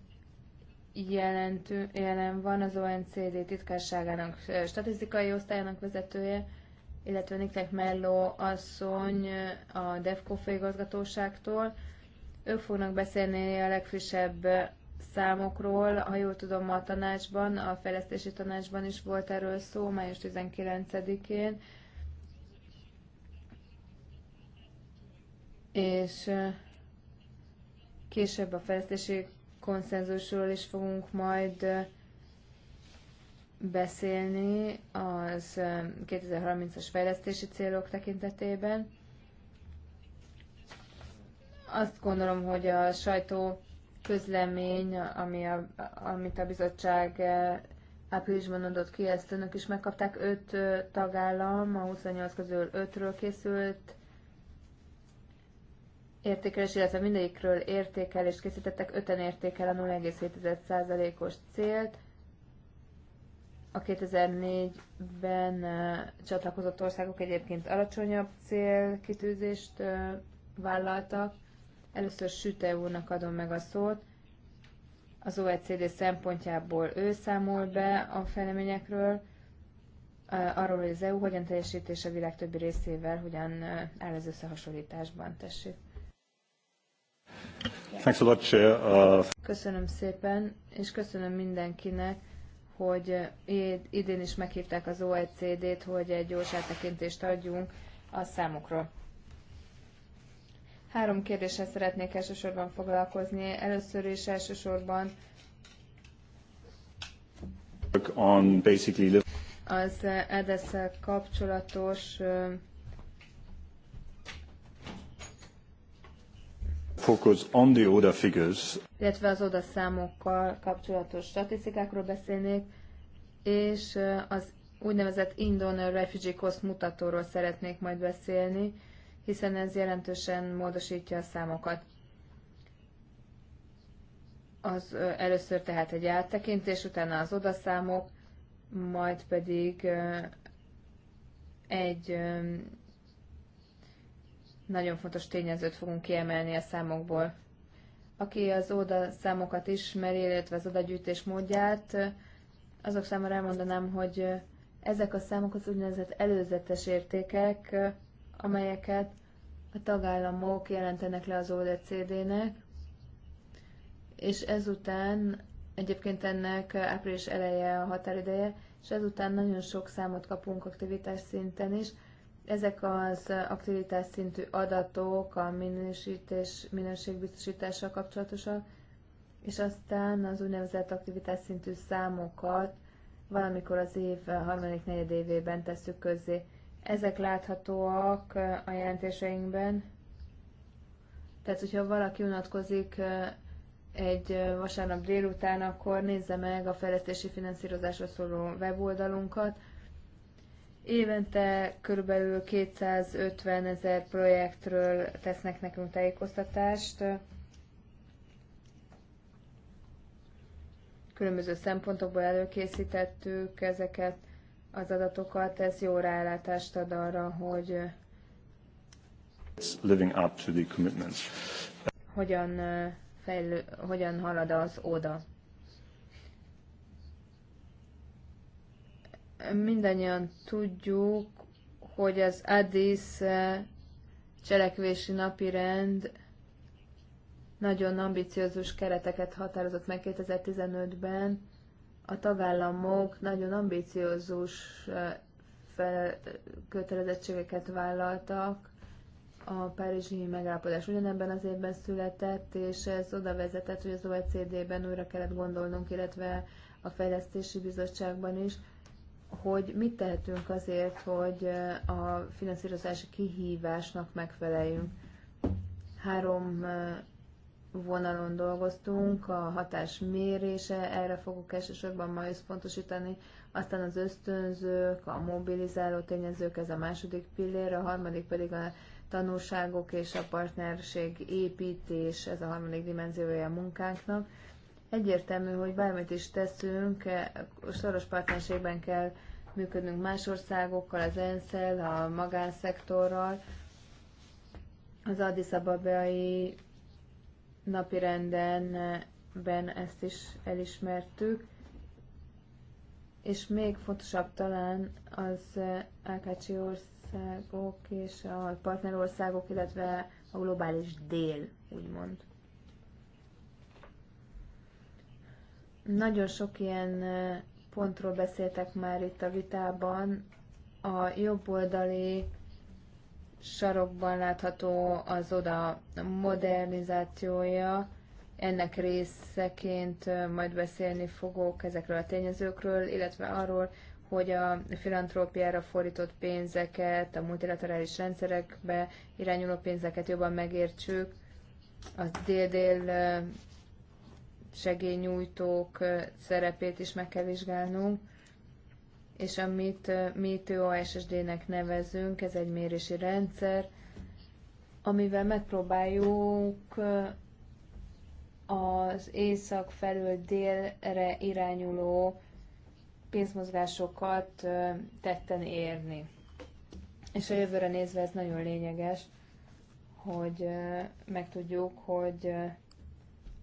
jelentő, jelen van az ONCD titkárságának statisztikai osztályának vezetője, illetve Niklek Melló asszony a DEFCO főigazgatóságtól. Ők fognak beszélni a legfrissebb számokról, ha jól tudom, a tanácsban, a fejlesztési tanácsban is volt erről szó, május 19-én. És Később a fejlesztési konszenzusról is fogunk majd beszélni az 2030-as fejlesztési célok tekintetében. Azt gondolom, hogy a sajtó közlemény, ami a, amit a bizottság áprilisban adott ki, ezt önök is megkapták. Öt tagállam, a 28 közül ötről készült értékelés, illetve mindegyikről értékelést készítettek, öten értékel a 0,7%-os célt. A 2004-ben csatlakozott országok egyébként alacsonyabb célkitűzést vállaltak. Először Süte úrnak adom meg a szót. Az OECD szempontjából ő számol be a fejleményekről, arról, hogy az EU hogyan teljesítés a világ többi részével, hogyan áll az összehasonlításban. Tessék. Thanks a lot, Chair. Uh... Köszönöm szépen, és köszönöm mindenkinek, hogy idén is meghívták az OECD-t, hogy egy gyors áttekintést adjunk a számokról. Három kérdéssel szeretnék elsősorban foglalkozni. Először is elsősorban az edes kapcsolatos Focus on the order figures. Illetve az oda számokkal kapcsolatos statisztikákról beszélnék, és az úgynevezett Indonor Refugee Cost mutatóról szeretnék majd beszélni, hiszen ez jelentősen módosítja a számokat. Az először tehát egy áttekintés, utána az odaszámok, majd pedig egy nagyon fontos tényezőt fogunk kiemelni a számokból. Aki az oda számokat ismeri, illetve az odagyűjtés módját, azok számára elmondanám, hogy ezek a számok az úgynevezett előzetes értékek, amelyeket a tagállamok jelentenek le az OECD-nek, és ezután egyébként ennek április eleje a határideje, és ezután nagyon sok számot kapunk aktivitás szinten is, ezek az aktivitás szintű adatok a minősítés, minőségbiztosítással kapcsolatosak, és aztán az úgynevezett aktivitás szintű számokat valamikor az év harmadik negyedévében tesszük közzé. Ezek láthatóak a jelentéseinkben. Tehát, hogyha valaki unatkozik egy vasárnap délután, akkor nézze meg a fejlesztési finanszírozásra szóló weboldalunkat, Évente körülbelül 250 ezer projektről tesznek nekünk tájékoztatást. Különböző szempontokból előkészítettük ezeket az adatokat, ez jó rálátást ad arra, hogy living up to the commitments. Hogyan, fejlő, hogyan halad az oda. mindannyian tudjuk, hogy az Addis eh, cselekvési rend nagyon ambiciózus kereteket határozott meg 2015-ben. A tagállamok nagyon ambiciózus eh, kötelezettségeket vállaltak. A párizsi megállapodás ugyanebben az évben született, és ez oda vezetett, hogy az OECD-ben újra kellett gondolnunk, illetve a Fejlesztési Bizottságban is, hogy mit tehetünk azért, hogy a finanszírozási kihívásnak megfeleljünk. Három vonalon dolgoztunk, a hatás mérése, erre fogok elsősorban ma összpontosítani, aztán az ösztönzők, a mobilizáló tényezők, ez a második pillér, a harmadik pedig a tanulságok és a partnerség építés, ez a harmadik dimenziója a munkánknak Egyértelmű, hogy bármit is teszünk, e, soros partnerségben kell működnünk más országokkal, az ensz a magánszektorral. Az Addis Ababai napirenden ben ezt is elismertük. És még fontosabb talán az e, AKC országok és a partnerországok, illetve a globális dél, úgymond. Nagyon sok ilyen pontról beszéltek már itt a vitában. A jobboldali sarokban látható az oda modernizációja, ennek részeként majd beszélni fogok ezekről a tényezőkről, illetve arról, hogy a filantrópiára fordított pénzeket, a multilaterális rendszerekbe irányuló pénzeket jobban megértsük, a dél-dél segélynyújtók szerepét is meg kell vizsgálnunk, és amit mi TOSSD-nek nevezünk, ez egy mérési rendszer, amivel megpróbáljuk az észak felől délre irányuló pénzmozgásokat tetten érni. És a jövőre nézve ez nagyon lényeges, hogy megtudjuk, hogy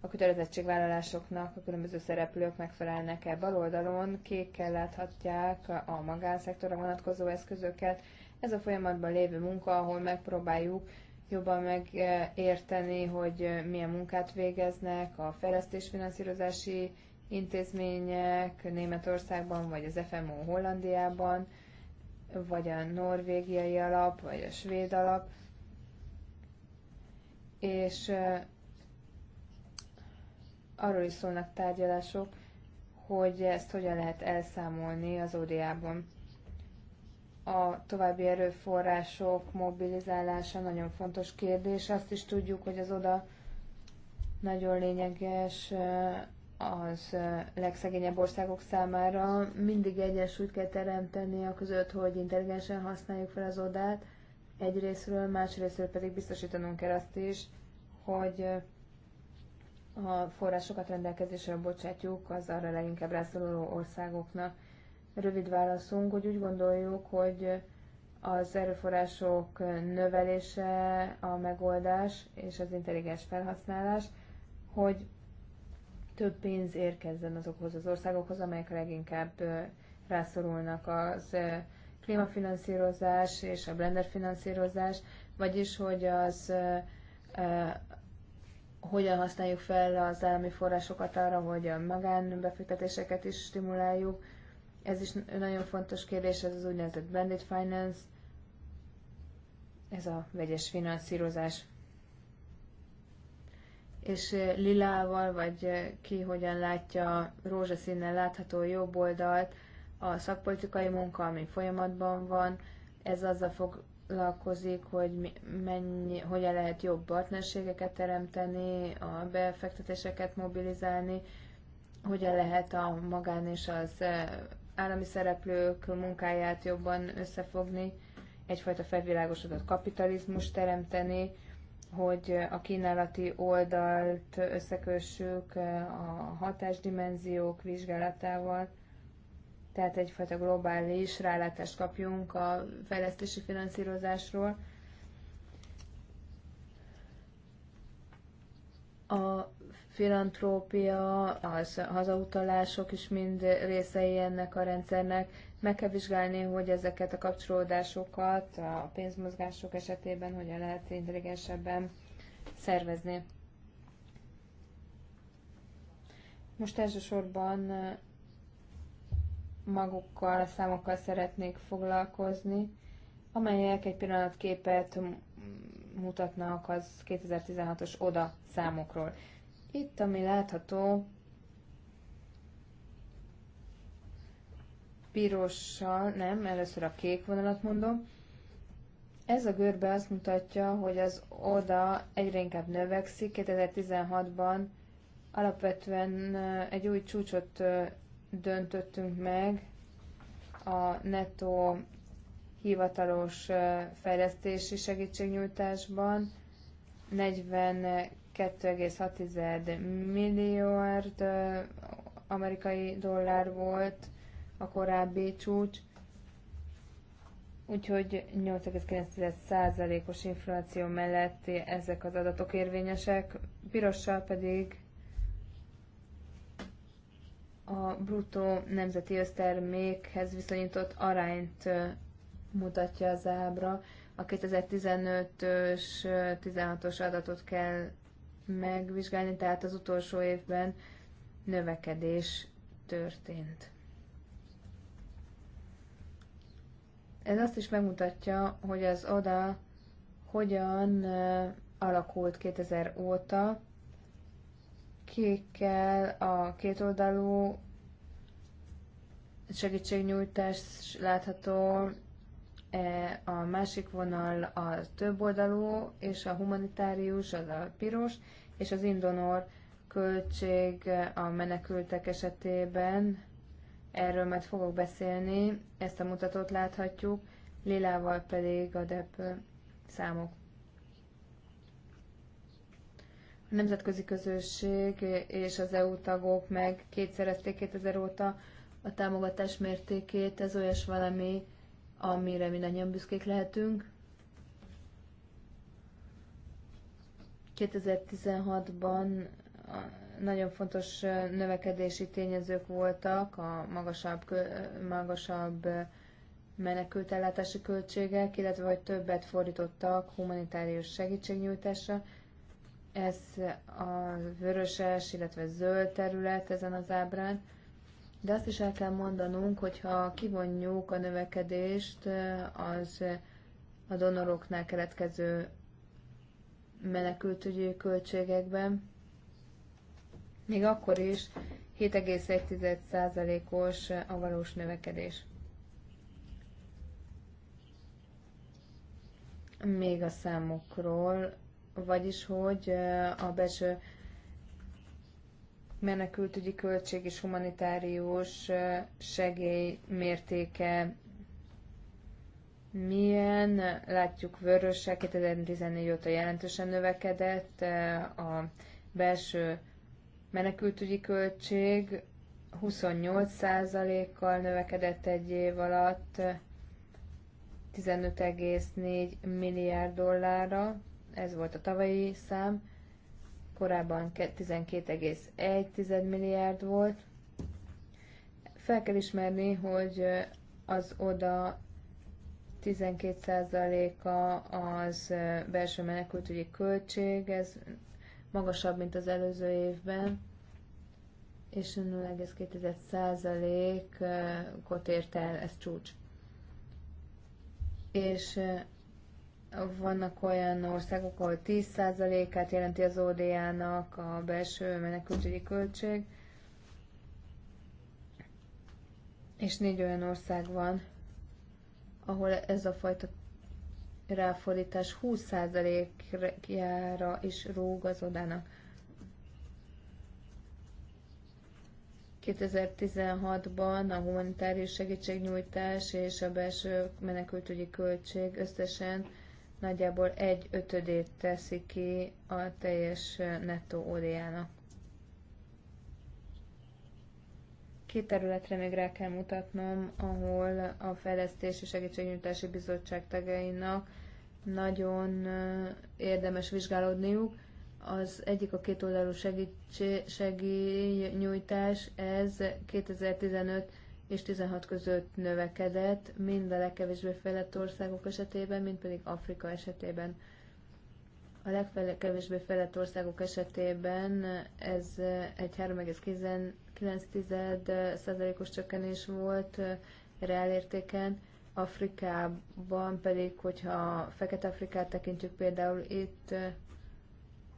a kötelezettségvállalásoknak a különböző szereplők megfelelnek-e. Bal oldalon kékkel láthatják a magánszektorra vonatkozó eszközöket. Ez a folyamatban lévő munka, ahol megpróbáljuk jobban megérteni, hogy milyen munkát végeznek a fejlesztésfinanszírozási intézmények Németországban, vagy az FMO Hollandiában, vagy a norvégiai alap, vagy a svéd alap. És arról is szólnak tárgyalások, hogy ezt hogyan lehet elszámolni az ODA-ban. A további erőforrások mobilizálása nagyon fontos kérdés. Azt is tudjuk, hogy az ODA nagyon lényeges az legszegényebb országok számára. Mindig egyensúlyt kell teremteni a között, hogy intelligensen használjuk fel az odát, egyrésztről, másrésztről pedig biztosítanunk kell azt is, hogy a forrásokat rendelkezésre bocsátjuk az arra leginkább rászoruló országoknak. Rövid válaszunk, hogy úgy gondoljuk, hogy az erőforrások növelése a megoldás és az intelligens felhasználás, hogy több pénz érkezzen azokhoz az országokhoz, amelyek leginkább rászorulnak az klímafinanszírozás és a blender finanszírozás, vagyis hogy az hogyan használjuk fel az állami forrásokat arra, hogy a magánbefektetéseket is stimuláljuk. Ez is nagyon fontos kérdés, ez az úgynevezett blended finance, ez a vegyes finanszírozás. És lilával, vagy ki hogyan látja rózsaszínnel látható jobb oldalt, a szakpolitikai munka, ami folyamatban van, ez azzal fog foglalkozik, hogy mennyi, hogyan lehet jobb partnerségeket teremteni, a befektetéseket mobilizálni, hogyan lehet a magán és az eh, állami szereplők munkáját jobban összefogni, egyfajta felvilágosodott kapitalizmus teremteni, hogy a kínálati oldalt összekössük eh, a hatásdimenziók vizsgálatával, tehát egyfajta globális rálátást kapjunk a fejlesztési finanszírozásról. A filantrópia, az hazautalások is mind részei ennek a rendszernek. Meg kell vizsgálni, hogy ezeket a kapcsolódásokat a pénzmozgások esetében hogyan lehet intelligensebben szervezni. Most elsősorban magukkal, a számokkal szeretnék foglalkozni, amelyek egy pillanatképet mutatnak az 2016-os oda számokról. Itt, ami látható, pirossal, nem, először a kék vonalat mondom, ez a görbe azt mutatja, hogy az oda egyre inkább növekszik. 2016-ban alapvetően egy új csúcsot döntöttünk meg a netto hivatalos fejlesztési segítségnyújtásban 42,6 milliárd amerikai dollár volt a korábbi csúcs, úgyhogy 8,9%-os infláció mellett ezek az adatok érvényesek, pirossal pedig a bruttó nemzeti össztermékhez viszonyított arányt mutatja az ábra. A 2015-ös, 16-os adatot kell megvizsgálni, tehát az utolsó évben növekedés történt. Ez azt is megmutatja, hogy az oda hogyan alakult 2000 óta, kékkel a kétoldalú segítségnyújtás látható, e, a másik vonal a többoldalú, és a humanitárius az a piros, és az indonor költség a menekültek esetében, erről majd fogok beszélni, ezt a mutatót láthatjuk, lilával pedig a DEP számok. A nemzetközi közösség és az EU tagok meg kétszerezték 2000 óta a támogatás mértékét. Ez olyas valami, amire mindannyian büszkék lehetünk. 2016-ban nagyon fontos növekedési tényezők voltak, a magasabb, magasabb menekültellátási költségek, illetve hogy többet fordítottak humanitárius segítségnyújtásra, ez a vöröses, illetve zöld terület ezen az ábrán. De azt is el kell mondanunk, hogyha kivonjuk a növekedést az a donoroknál keletkező menekültügyi költségekben, még akkor is 7,1%-os a valós növekedés. Még a számokról vagyis hogy a belső menekültügyi költség és humanitárius segély mértéke milyen, látjuk vörössel, 2014 óta jelentősen növekedett a belső menekültügyi költség, 28%-kal növekedett egy év alatt 15,4 milliárd dollárra, ez volt a tavalyi szám, korábban 12,1 milliárd volt. Fel kell ismerni, hogy az oda 12%-a az belső menekültügyi költség, ez magasabb, mint az előző évben, és 0,2%-ot ért el, ez csúcs. És vannak olyan országok, ahol 10%-át jelenti az ODA-nak a belső menekültügyi költség, és négy olyan ország van, ahol ez a fajta ráfordítás 20%-jára is rúg az odának. 2016-ban a humanitárius segítségnyújtás és a belső menekültügyi költség összesen nagyjából egy ötödét teszi ki a teljes nettó óriának. Két területre még rá kell mutatnom, ahol a Fejlesztési Segítségnyújtási Bizottság tagjainak nagyon érdemes vizsgálódniuk. Az egyik a kétoldalú segítségnyújtás, ez 2015 és 16 között növekedett, mind a legkevésbé fejlett országok esetében, mind pedig Afrika esetében. A legkevésbé fejlett országok esetében ez egy 3,9%-os csökkenés volt reálértéken, Afrikában pedig, hogyha Fekete-Afrikát tekintjük például, itt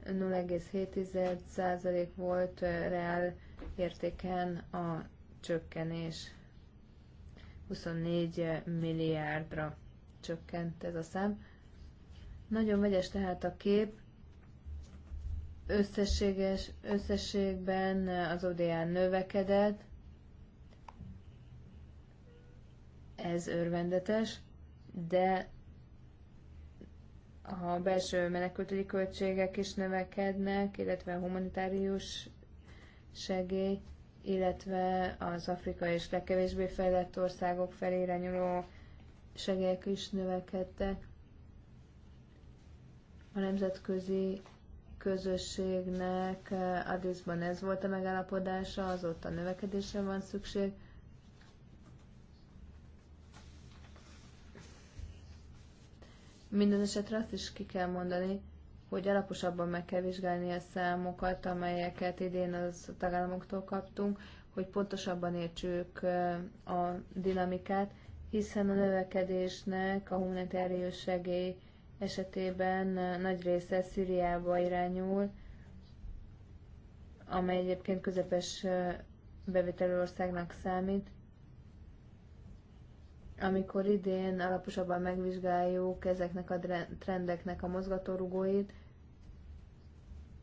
0,7% volt reál értéken a csökkenés. 24 milliárdra csökkent ez a szám. Nagyon vegyes tehát a kép. Összességes, összességben az ODA növekedett, ez örvendetes, de a belső menekültügyi költségek is növekednek, illetve a humanitárius segély, illetve az Afrika és legkevésbé fejlett országok felére nyúló segélyek is növekedtek. A nemzetközi közösségnek eh, Addisban ez volt a megállapodása, azóta növekedésre van szükség. Minden esetre azt is ki kell mondani, hogy alaposabban meg kell vizsgálni a számokat, amelyeket idén az tagállamoktól kaptunk, hogy pontosabban értsük a dinamikát, hiszen a növekedésnek a humanitárius segély esetében nagy része Szíriába irányul, amely egyébként közepes bevételő országnak számít. Amikor idén alaposabban megvizsgáljuk ezeknek a trendeknek a mozgatórugóit,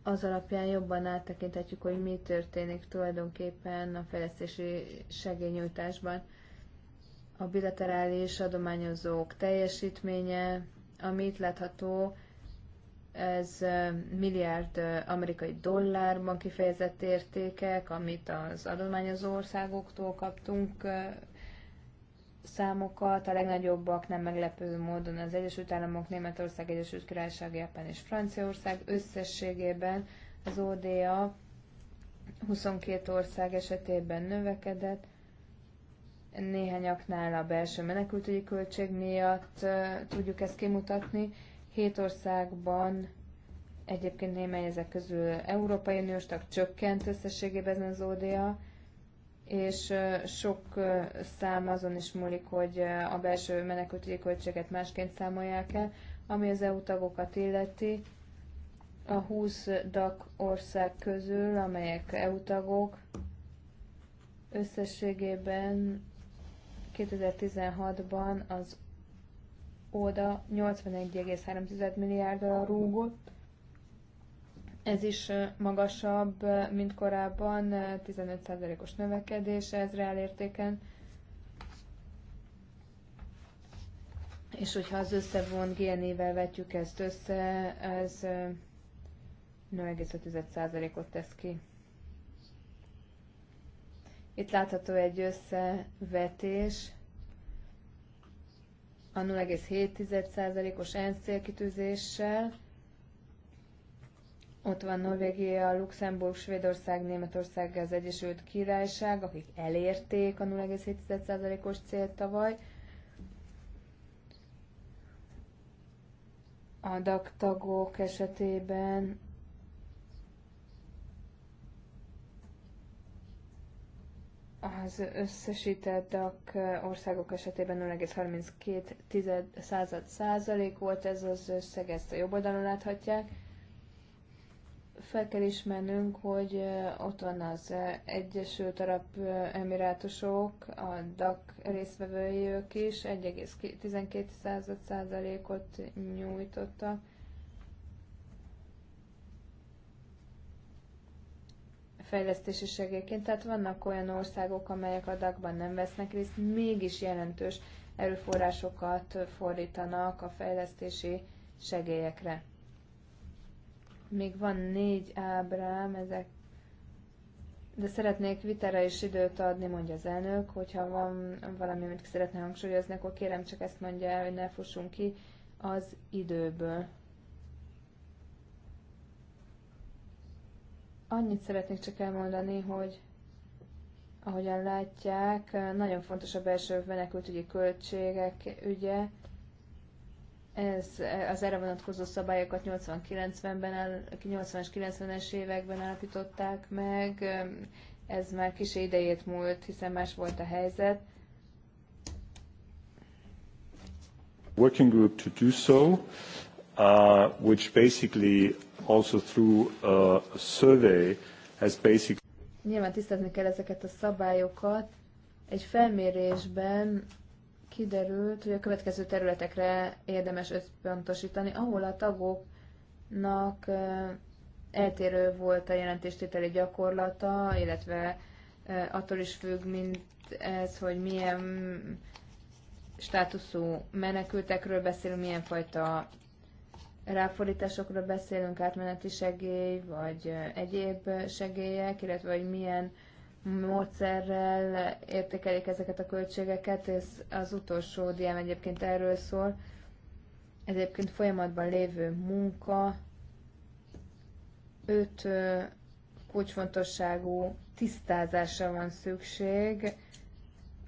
az alapján jobban áttekinthetjük, hogy mi történik tulajdonképpen a fejlesztési segélynyújtásban. A bilaterális adományozók teljesítménye, amit látható, ez milliárd amerikai dollárban kifejezett értékek, amit az adományozó országoktól kaptunk számokat, a legnagyobbak nem meglepő módon az Egyesült Államok, Németország, Egyesült Királyság, Japán és Franciaország. Összességében az ODA 22 ország esetében növekedett, néhányaknál a belső menekültügyi költség miatt tudjuk ezt kimutatni. Hét országban egyébként némely ezek közül Európai Uniós tag csökkent összességében az ODA, és sok szám azon is múlik, hogy a belső menekültügyi költséget másként számolják el, ami az EU tagokat illeti. A 20 DAC ország közül, amelyek EU tagok, összességében 2016-ban az ODA 81,3 milliárdra rúgott, ez is magasabb, mint korábban, 15%-os növekedés ez reálértéken. És hogyha az összevont GNI-vel vetjük ezt össze, ez 0,5%-ot tesz ki. Itt látható egy összevetés a 0,7%-os ENSZ célkitűzéssel, ott van Norvégia, Luxemburg, Svédország, Németország, az Egyesült Királyság, akik elérték a 0,7%-os célt tavaly. A DAG tagok esetében az összesített DAC országok esetében 0,32 század százalék volt ez az összeg, ezt a jobb oldalon láthatják fel kell ismernünk, hogy eh, ott van az eh, Egyesült Arab eh, Emirátusok, a DAC részvevői ők is 1,12%-ot nyújtottak. fejlesztési segélyként, tehát vannak olyan országok, amelyek a DAC-ban nem vesznek részt, mégis jelentős erőforrásokat fordítanak a fejlesztési segélyekre. Még van négy ábrám, ezek de szeretnék vitára is időt adni, mondja az elnök, hogyha van valami, amit szeretne hangsúlyozni, akkor kérem csak ezt mondja el, hogy ne fussunk ki az időből. Annyit szeretnék csak elmondani, hogy ahogyan látják, nagyon fontos a belső menekültügyi költségek ügye, ez, az erre vonatkozó szabályokat 80-90-ben, 80-as, 90-es években állapították meg, ez már kis idejét múlt, hiszen más volt a helyzet. Working group to do so, uh, which basically also through uh, a survey has basically Nyilván tisztázni kell ezeket a szabályokat. Egy felmérésben kiderült, hogy a következő területekre érdemes összpontosítani, ahol a tagoknak eltérő volt a jelentéstételi gyakorlata, illetve attól is függ, mint ez, hogy milyen státuszú menekültekről beszélünk, milyen fajta ráfordításokról beszélünk, átmeneti segély, vagy egyéb segélyek, illetve hogy milyen módszerrel értékelik ezeket a költségeket, ez az utolsó diám egyébként erről szól. Ez egyébként folyamatban lévő munka, öt kulcsfontosságú tisztázásra van szükség,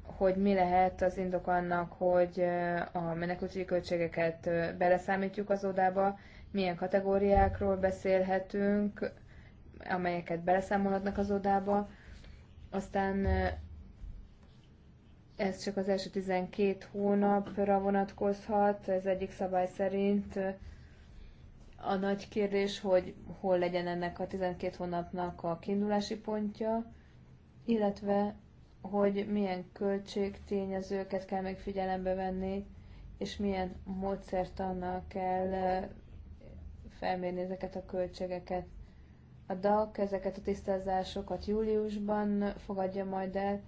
hogy mi lehet az indok annak, hogy a menekültügyi költségeket beleszámítjuk az odába, milyen kategóriákról beszélhetünk, amelyeket beleszámolhatnak az odába, aztán ez csak az első 12 hónapra vonatkozhat, ez egyik szabály szerint. A nagy kérdés, hogy hol legyen ennek a 12 hónapnak a kiindulási pontja, illetve hogy milyen költségtényezőket kell még figyelembe venni, és milyen módszert annak kell felmérni ezeket a költségeket. A DAC ezeket a tisztázásokat júliusban fogadja majd el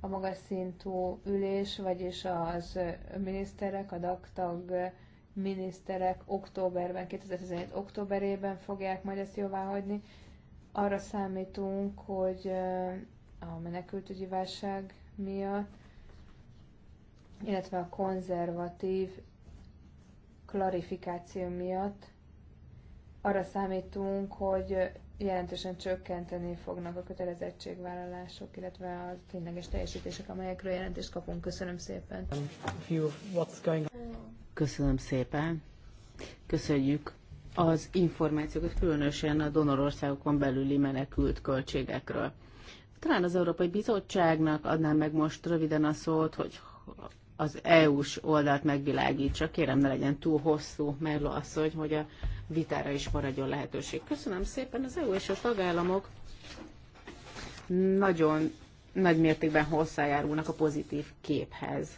a magas szintű ülés, vagyis az miniszterek, a DAC tag miniszterek októberben, 2017 októberében fogják majd ezt jóváhagyni. Arra számítunk, hogy a menekültügyi válság miatt, illetve a konzervatív klarifikáció miatt arra számítunk, hogy jelentősen csökkenteni fognak a kötelezettségvállalások, illetve a tényleges teljesítések, amelyekről jelentést kapunk. Köszönöm szépen. Köszönöm szépen. Köszönjük az információkat, különösen a donorországokon belüli menekült költségekről. Talán az Európai Bizottságnak adnám meg most röviden a szót, hogy az EU-s oldalt megvilágítsa. Kérem, ne legyen túl hosszú, Merlo asszony, hogy a vitára is maradjon lehetőség. Köszönöm szépen, az EU és a tagállamok nagyon nagy mértékben hozzájárulnak a pozitív képhez.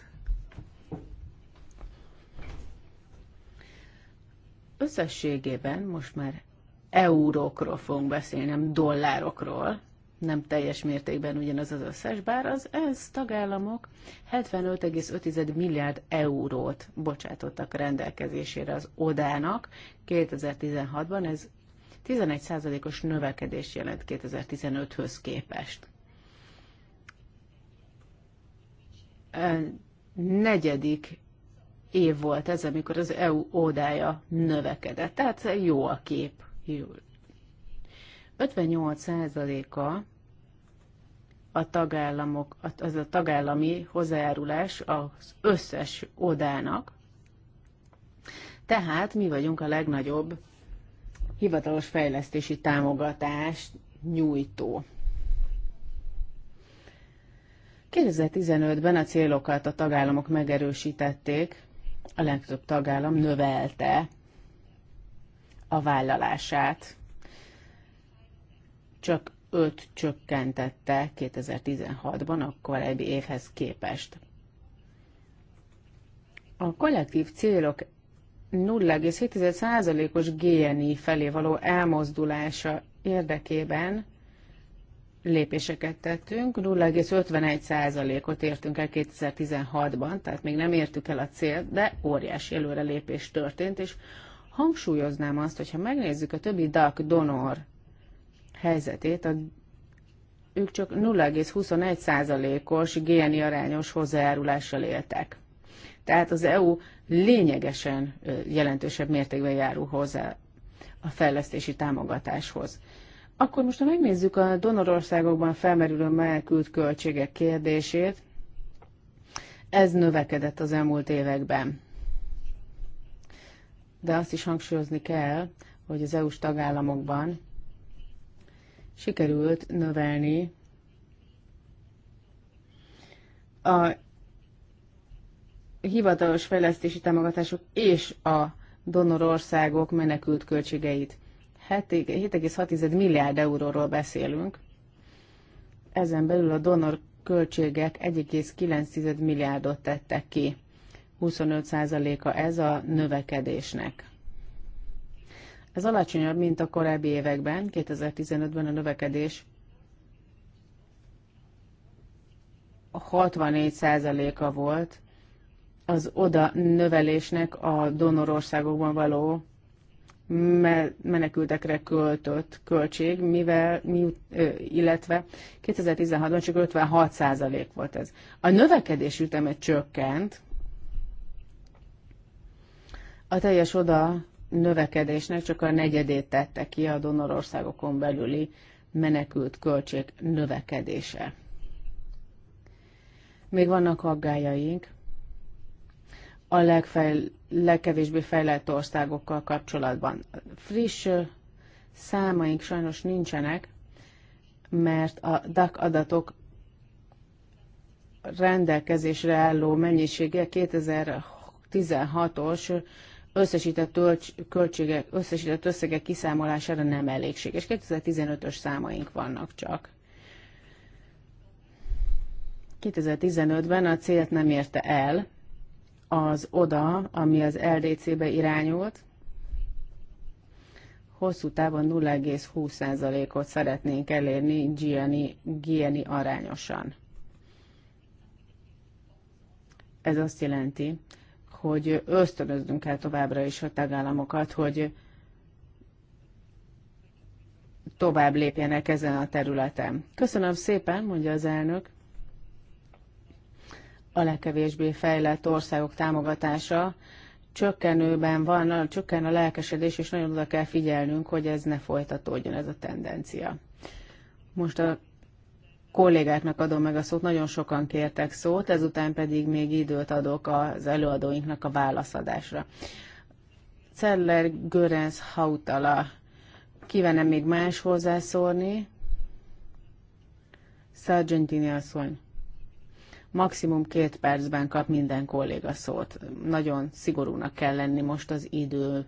Összességében most már eurókról fogunk beszélni, nem dollárokról, nem teljes mértékben ugyanaz az összes, bár az ENSZ tagállamok 75,5 milliárd eurót bocsátottak rendelkezésére az odának 2016-ban, ez 11%-os növekedés jelent 2015-höz képest. A negyedik év volt ez, amikor az EU ódája növekedett, tehát jó a kép, 58%-a a tagállamok, az a tagállami hozzájárulás az összes odának. Tehát mi vagyunk a legnagyobb hivatalos fejlesztési támogatás nyújtó. 2015-ben a célokat a tagállamok megerősítették, a legtöbb tagállam növelte a vállalását csak 5 csökkentette 2016-ban a korábbi évhez képest. A kollektív célok 0,7%-os GNI felé való elmozdulása érdekében lépéseket tettünk, 0,51%-ot értünk el 2016-ban, tehát még nem értük el a célt, de óriási előrelépés történt, és hangsúlyoznám azt, hogyha megnézzük a többi DAC donor helyzetét, a, ők csak 0,21%-os géni arányos hozzájárulással éltek. Tehát az EU lényegesen jelentősebb mértékben járul hozzá a fejlesztési támogatáshoz. Akkor most, ha megnézzük a donorországokban felmerülő menekült költségek kérdését, ez növekedett az elmúlt években. De azt is hangsúlyozni kell, hogy az EU-s tagállamokban sikerült növelni a hivatalos fejlesztési támogatások és a donorországok menekült költségeit. 7,6 milliárd euróról beszélünk. Ezen belül a donor költségek 1,9 milliárdot tettek ki. 25%-a ez a növekedésnek. Ez alacsonyabb, mint a korábbi években, 2015-ben a növekedés 64%-a volt az oda növelésnek a donorországokban való menekültekre költött költség, mivel, illetve 2016-ban csak 56% volt ez. A növekedés üteme csökkent, a teljes oda növekedésnek csak a negyedét tette ki a donorországokon belüli menekült költség növekedése. Még vannak aggájaink a legfejl- legkevésbé fejlett országokkal kapcsolatban. Friss számaink sajnos nincsenek, mert a DAC adatok rendelkezésre álló mennyisége 2016-os összesített költségek, összesített összegek kiszámolására nem elégséges. 2015-ös számaink vannak csak. 2015-ben a célt nem érte el az oda, ami az LDC-be irányult, hosszú távon 0,20%-ot szeretnénk elérni Gieni, Gieni arányosan. Ez azt jelenti, hogy ösztönöznünk kell továbbra is a tagállamokat, hogy tovább lépjenek ezen a területen. Köszönöm szépen, mondja az elnök. A legkevésbé fejlett országok támogatása csökkenőben van, csökken a lelkesedés, és nagyon oda kell figyelnünk, hogy ez ne folytatódjon ez a tendencia. Most a kollégáknak adom meg a szót, nagyon sokan kértek szót, ezután pedig még időt adok az előadóinknak a válaszadásra. Celler Görenz Hautala, kívánom még más hozzászólni? Sargentini asszony. Maximum két percben kap minden kolléga szót. Nagyon szigorúnak kell lenni most az idő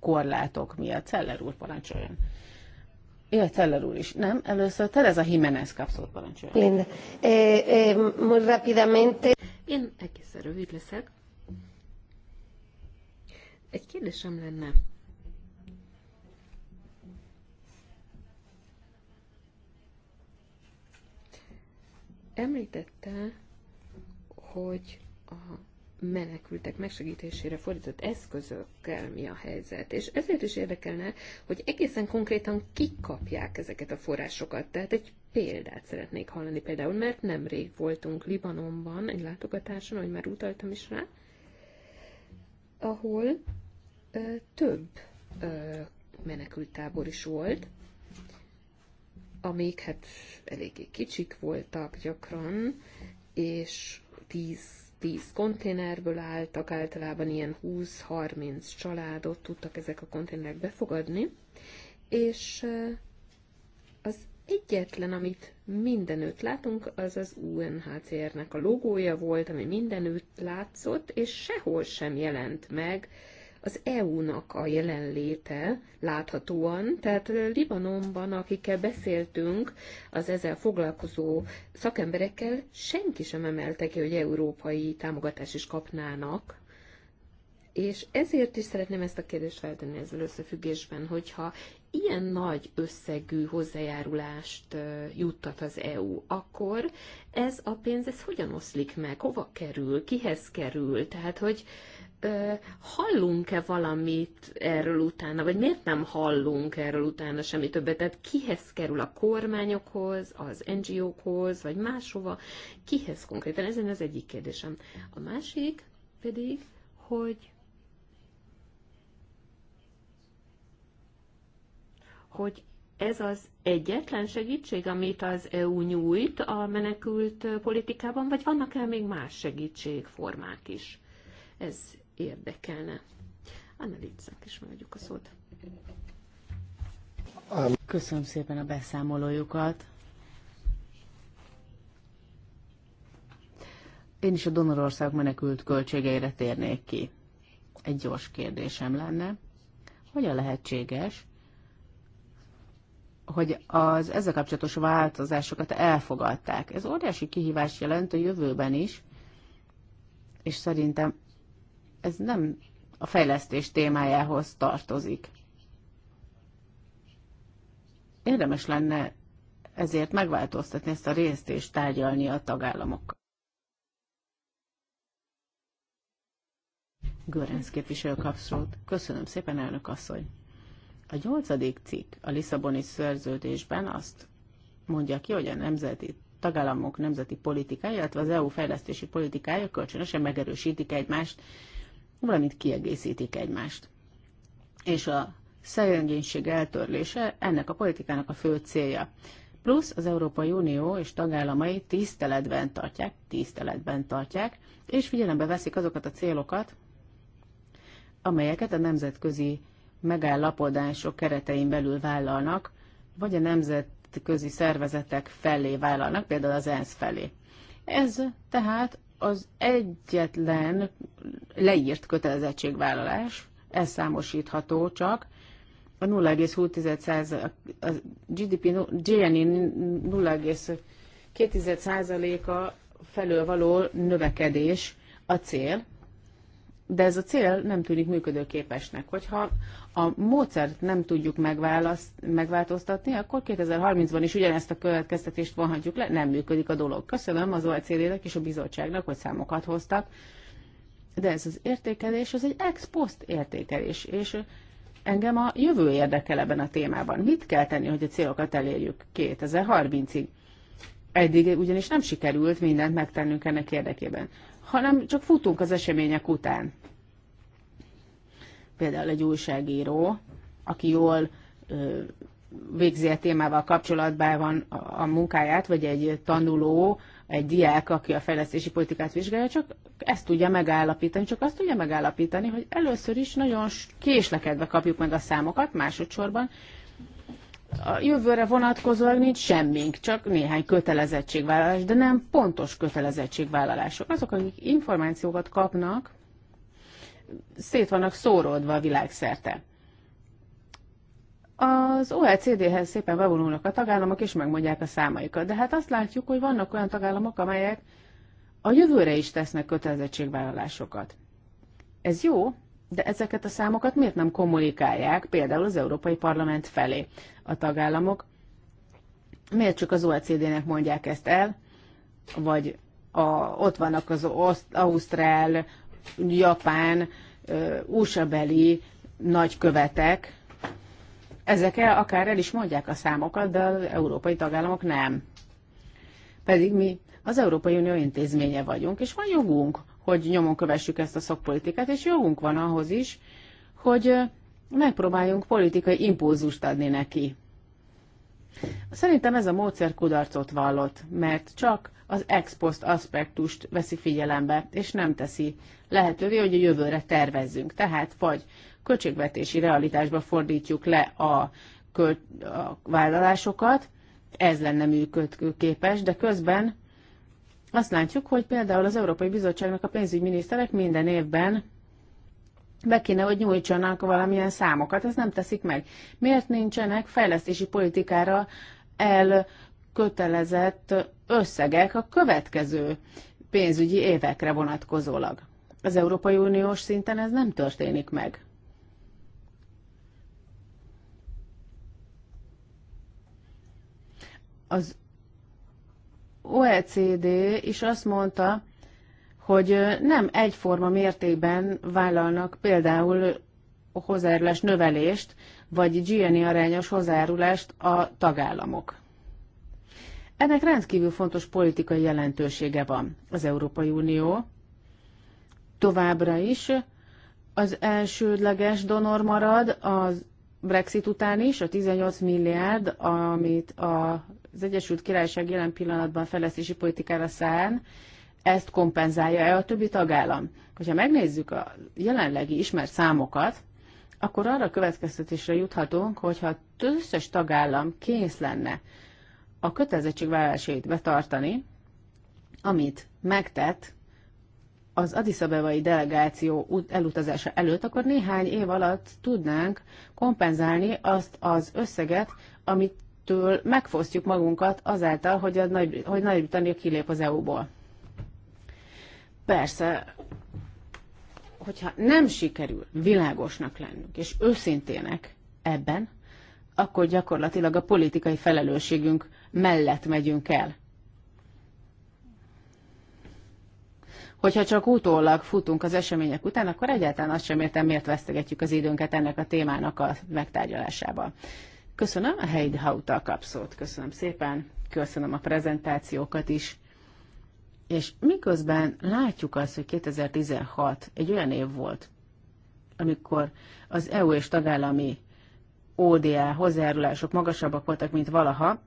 korlátok miatt. Celler úr parancsoljon. Jaj, Teller úr is. Nem, először Tereza Jiménez kapszót parancsol. Linda, eh, eh, muy rápidamente. Én egészen rövid leszek. Egy kérdésem lenne. Említette, hogy a menekültek megsegítésére fordított eszközökkel mi a helyzet. És ezért is érdekelne, hogy egészen konkrétan kik kapják ezeket a forrásokat. Tehát egy példát szeretnék hallani például, mert nemrég voltunk Libanonban egy látogatáson, ahogy már utaltam is rá, ahol ö, több ö, menekültábor is volt, amik hát eléggé kicsik voltak gyakran, és tíz 10 konténerből álltak, általában ilyen 20-30 családot tudtak ezek a konténerek befogadni, és az egyetlen, amit mindenütt látunk, az az UNHCR-nek a logója volt, ami mindenütt látszott, és sehol sem jelent meg az EU-nak a jelenléte láthatóan, tehát Libanonban, akikkel beszéltünk, az ezzel foglalkozó szakemberekkel senki sem emelte ki, hogy európai támogatást is kapnának, és ezért is szeretném ezt a kérdést feltenni ezzel összefüggésben, hogyha ilyen nagy összegű hozzájárulást juttat az EU, akkor ez a pénz, ez hogyan oszlik meg, hova kerül, kihez kerül, tehát hogy hallunk-e valamit erről utána, vagy miért nem hallunk erről utána semmi többet? Tehát kihez kerül a kormányokhoz, az NGO-khoz, vagy máshova? Kihez konkrétan? Ezen az egyik kérdésem. A másik pedig, hogy hogy ez az egyetlen segítség, amit az EU nyújt a menekült politikában, vagy vannak-e még más segítségformák is? Ez érdekelne. Anna Litznek is megadjuk a szót. Köszönöm szépen a beszámolójukat. Én is a Donorország menekült költségeire térnék ki. Egy gyors kérdésem lenne. Hogyan lehetséges, hogy az ezzel kapcsolatos változásokat elfogadták? Ez óriási kihívást jelent a jövőben is, és szerintem ez nem a fejlesztés témájához tartozik. Érdemes lenne ezért megváltoztatni ezt a részt és tárgyalni a tagállamokkal. Görenc képviselő kapszót. Köszönöm szépen, elnök asszony. A nyolcadik cikk a Lisszaboni szerződésben azt mondja ki, hogy a nemzeti tagállamok nemzeti politikája, illetve az EU fejlesztési politikája kölcsönösen megerősítik egymást, valamint kiegészítik egymást. És a szegénység eltörlése ennek a politikának a fő célja. Plusz az Európai Unió és tagállamai tiszteletben tartják, tiszteletben tartják, és figyelembe veszik azokat a célokat, amelyeket a nemzetközi megállapodások keretein belül vállalnak, vagy a nemzetközi szervezetek felé vállalnak, például az ENSZ felé. Ez tehát az egyetlen leírt kötelezettségvállalás, ez számosítható csak, a 0,2% a GDP, GNI 0,2%-a felől való növekedés a cél, de ez a cél nem tűnik működőképesnek. Hogyha a módszert nem tudjuk megváltoztatni, akkor 2030-ban is ugyanezt a következtetést vonhatjuk le, nem működik a dolog. Köszönöm az OECD-nek és a bizottságnak, hogy számokat hoztak, de ez az értékelés, az egy ex post értékelés, és engem a jövő érdekel ebben a témában. Mit kell tenni, hogy a célokat elérjük 2030-ig? Eddig ugyanis nem sikerült mindent megtennünk ennek érdekében hanem csak futunk az események után. Például egy újságíró, aki jól ö, végzi a témával kapcsolatban van a, a munkáját, vagy egy tanuló, egy diák, aki a fejlesztési politikát vizsgálja, csak ezt tudja megállapítani, csak azt tudja megállapítani, hogy először is nagyon késlekedve kapjuk meg a számokat, másodszorban a jövőre vonatkozóan nincs semmink, csak néhány kötelezettségvállalás, de nem pontos kötelezettségvállalások. Azok, akik információkat kapnak, szét vannak szóródva a világszerte. Az OECD-hez szépen bevonulnak a tagállamok, és megmondják a számaikat. De hát azt látjuk, hogy vannak olyan tagállamok, amelyek a jövőre is tesznek kötelezettségvállalásokat. Ez jó, de ezeket a számokat miért nem kommunikálják például az Európai Parlament felé a tagállamok? Miért csak az OECD-nek mondják ezt el, vagy a, ott vannak az Ausztrál, Japán, USA beli nagykövetek, ezek el, akár el is mondják a számokat, de az európai tagállamok nem. Pedig mi az Európai Unió intézménye vagyunk, és van jogunk hogy nyomon kövessük ezt a szakpolitikát, és jogunk van ahhoz is, hogy megpróbáljunk politikai impulzust adni neki. Szerintem ez a módszer kudarcot vallott, mert csak az ex post aspektust veszi figyelembe, és nem teszi lehetővé, hogy a jövőre tervezzünk. Tehát vagy költségvetési realitásba fordítjuk le a, költ, a vállalásokat, ez lenne működőképes, de közben azt látjuk, hogy például az Európai Bizottságnak a pénzügyminiszterek minden évben be kéne, hogy nyújtsanak valamilyen számokat, ezt nem teszik meg. Miért nincsenek fejlesztési politikára elkötelezett összegek a következő pénzügyi évekre vonatkozólag? Az Európai Uniós szinten ez nem történik meg. Az OECD is azt mondta, hogy nem egyforma mértékben vállalnak például hozzájárulás növelést, vagy GNI arányos hozzájárulást a tagállamok. Ennek rendkívül fontos politikai jelentősége van. Az Európai Unió továbbra is az elsődleges donor marad az Brexit után is, a 18 milliárd, amit az Egyesült Királyság jelen pillanatban fejlesztési politikára szán, ezt kompenzálja-e a többi tagállam? Hogyha megnézzük a jelenlegi ismert számokat, akkor arra következtetésre juthatunk, hogyha összes tagállam kész lenne a kötelezettségvállalásait betartani, amit megtett az Addis Abebai delegáció elutazása előtt, akkor néhány év alatt tudnánk kompenzálni azt az összeget, amitől megfosztjuk magunkat azáltal, hogy, a nagy, hogy Nagy-Britannia kilép az EU-ból. Persze, hogyha nem sikerül világosnak lennünk és őszintének ebben, akkor gyakorlatilag a politikai felelősségünk mellett megyünk el. Hogyha csak utólag futunk az események után, akkor egyáltalán azt sem értem, miért vesztegetjük az időnket ennek a témának a megtárgyalásába. Köszönöm a Heidi Hauta kapszót, köszönöm szépen, köszönöm a prezentációkat is. És miközben látjuk azt, hogy 2016 egy olyan év volt, amikor az EU és tagállami ODA hozzájárulások magasabbak voltak, mint valaha,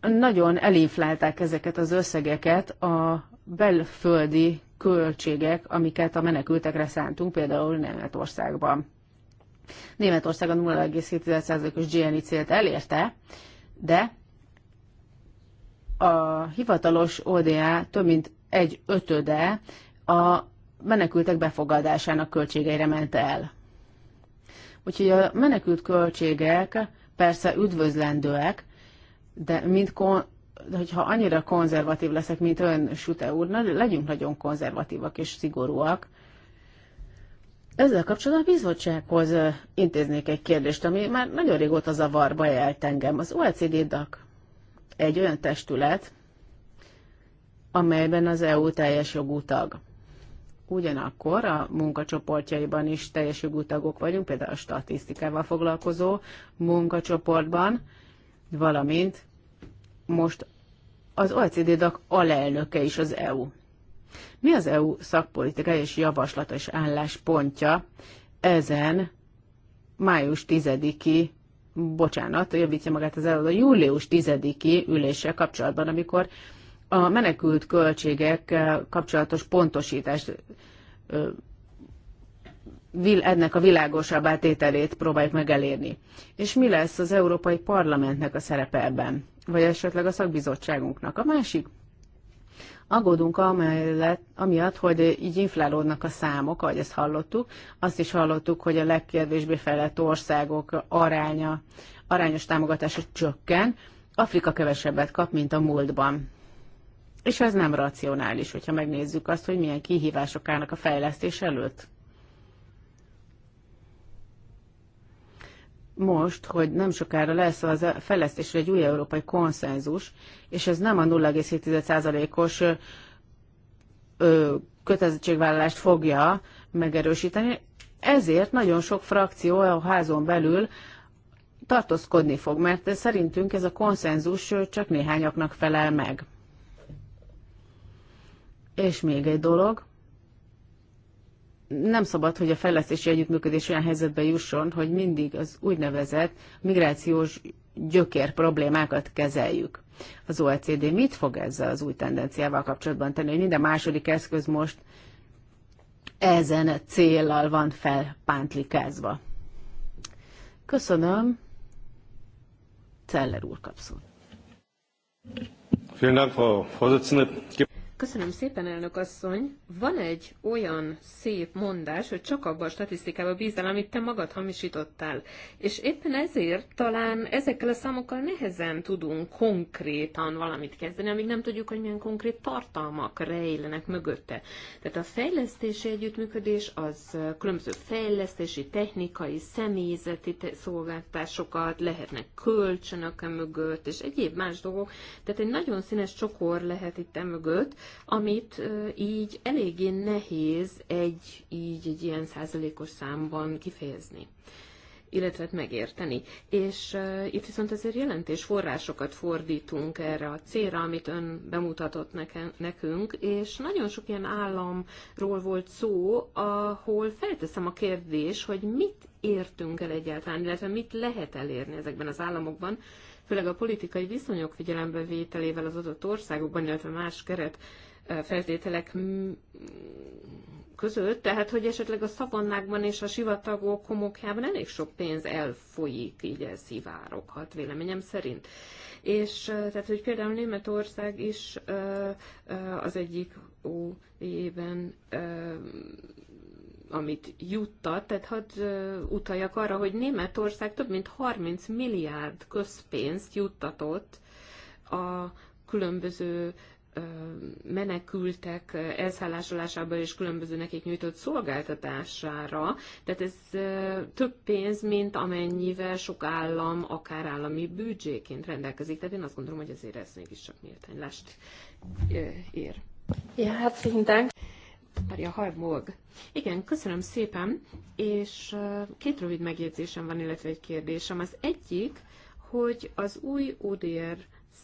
nagyon elinflálták ezeket az összegeket a belföldi költségek, amiket a menekültekre szántunk, például Németországban. Németország a 0,7%-os GNI célt elérte, de a hivatalos ODA több mint egy ötöde a menekültek befogadásának költségeire ment el. Úgyhogy a menekült költségek persze üdvözlendőek, de mint kon- hogyha annyira konzervatív leszek, mint ön, Sute úr, na, legyünk nagyon konzervatívak és szigorúak. Ezzel kapcsolatban a bizottsághoz intéznék egy kérdést, ami már nagyon régóta zavarba jelt engem. Az oecd dak egy olyan testület, amelyben az EU teljes jogú tag. Ugyanakkor a munkacsoportjaiban is teljes jogú tagok vagyunk, például a statisztikával foglalkozó munkacsoportban, valamint most az OECD-dak alelnöke is az EU. Mi az EU szakpolitikai és javaslatos álláspontja ezen május 10-i, bocsánat, javítja magát az a július 10-i üléssel kapcsolatban, amikor a menekült költségek eh, kapcsolatos pontosítást ennek a világosabb átételét próbáljuk meg elérni. És mi lesz az Európai Parlamentnek a szerepe ebben? vagy esetleg a szakbizottságunknak. A másik, aggódunk amellett, amiatt, hogy így inflálódnak a számok, ahogy ezt hallottuk. Azt is hallottuk, hogy a legkérdésbé felett országok aránya, arányos támogatása csökken, Afrika kevesebbet kap, mint a múltban. És ez nem racionális, hogyha megnézzük azt, hogy milyen kihívások állnak a fejlesztés előtt. most, hogy nem sokára lesz az a e- fejlesztésre egy új európai konszenzus, és ez nem a 0,7%-os kötelezettségvállalást fogja megerősíteni, ezért nagyon sok frakció a házon belül tartózkodni fog, mert szerintünk ez a konszenzus csak néhányaknak felel meg. És még egy dolog, nem szabad, hogy a fejlesztési együttműködés olyan helyzetbe jusson, hogy mindig az úgynevezett migrációs gyökér problémákat kezeljük. Az OECD mit fog ezzel az új tendenciával kapcsolatban tenni, hogy minden második eszköz most ezen célral van felpántlikázva? Köszönöm. Celler úr kapszol. Vielen Dank, Frau Vorsitzende. Köszönöm szépen, elnök asszony. Van egy olyan szép mondás, hogy csak abban a statisztikában bízol, amit te magad hamisítottál. És éppen ezért talán ezekkel a számokkal nehezen tudunk konkrétan valamit kezdeni, amíg nem tudjuk, hogy milyen konkrét tartalmak rejlenek mögötte. Tehát a fejlesztési együttműködés az különböző fejlesztési, technikai, személyzeti szolgáltásokat, lehetnek kölcsönök mögött, és egyéb más dolgok. Tehát egy nagyon színes csokor lehet itt e mögött, amit így eléggé nehéz egy, így egy ilyen százalékos számban kifejezni illetve megérteni. És uh, itt viszont azért jelentés forrásokat fordítunk erre a célra, amit ön bemutatott neken, nekünk, és nagyon sok ilyen államról volt szó, ahol felteszem a kérdés, hogy mit értünk el egyáltalán, illetve mit lehet elérni ezekben az államokban, főleg a politikai viszonyok figyelembe vételével az adott országokban, illetve más keret feltételek között, tehát hogy esetleg a szavannákban és a sivatagok homokjában elég sok pénz elfolyik, így elszivároghat véleményem szerint. És tehát, hogy például Németország is az egyik ében amit juttat, tehát hadd utaljak arra, hogy Németország több mint 30 milliárd közpénzt juttatott a különböző menekültek elszállásolásába és különböző nekik nyújtott szolgáltatására. Tehát ez több pénz, mint amennyivel sok állam akár állami büdzséként rendelkezik. Tehát én azt gondolom, hogy azért ez mégiscsak méltánylást ér. Ja, herzlichen hát Dank. Maria Harmog. Igen, köszönöm szépen, és két rövid megjegyzésem van, illetve egy kérdésem. Az egyik, hogy az új ODR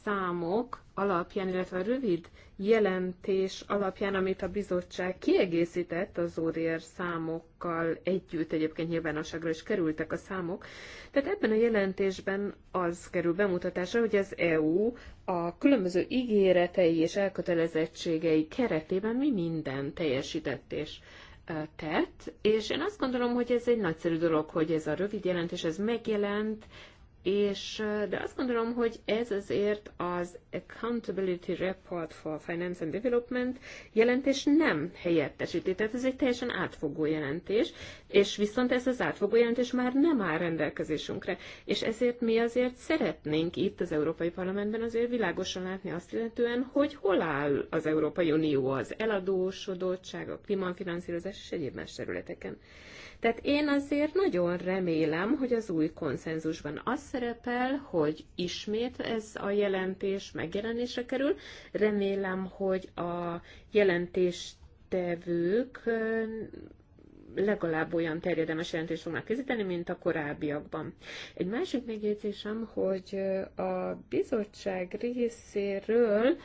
számok alapján, illetve a rövid jelentés alapján, amit a bizottság kiegészített az ODR számokkal együtt, egyébként nyilvánosságra is kerültek a számok. Tehát ebben a jelentésben az kerül bemutatásra, hogy az EU a különböző ígéretei és elkötelezettségei keretében mi minden teljesített és tett, és én azt gondolom, hogy ez egy nagyszerű dolog, hogy ez a rövid jelentés, ez megjelent, és, de azt gondolom, hogy ez azért az Accountability Report for Finance and Development jelentés nem helyettesíti, tehát ez egy teljesen átfogó jelentés, és viszont ez az átfogó jelentés már nem áll rendelkezésünkre, és ezért mi azért szeretnénk itt az Európai Parlamentben azért világosan látni azt illetően, hogy hol áll az Európai Unió az eladósodottság, a klímafinanszírozás és egyéb más területeken. Tehát én azért nagyon remélem, hogy az új konszenzusban az szerepel, hogy ismét ez a jelentés megjelenésre kerül. Remélem, hogy a jelentéstevők legalább olyan terjedelmes jelentést fognak készíteni, mint a korábbiakban. Egy másik megjegyzésem, hogy a bizottság részéről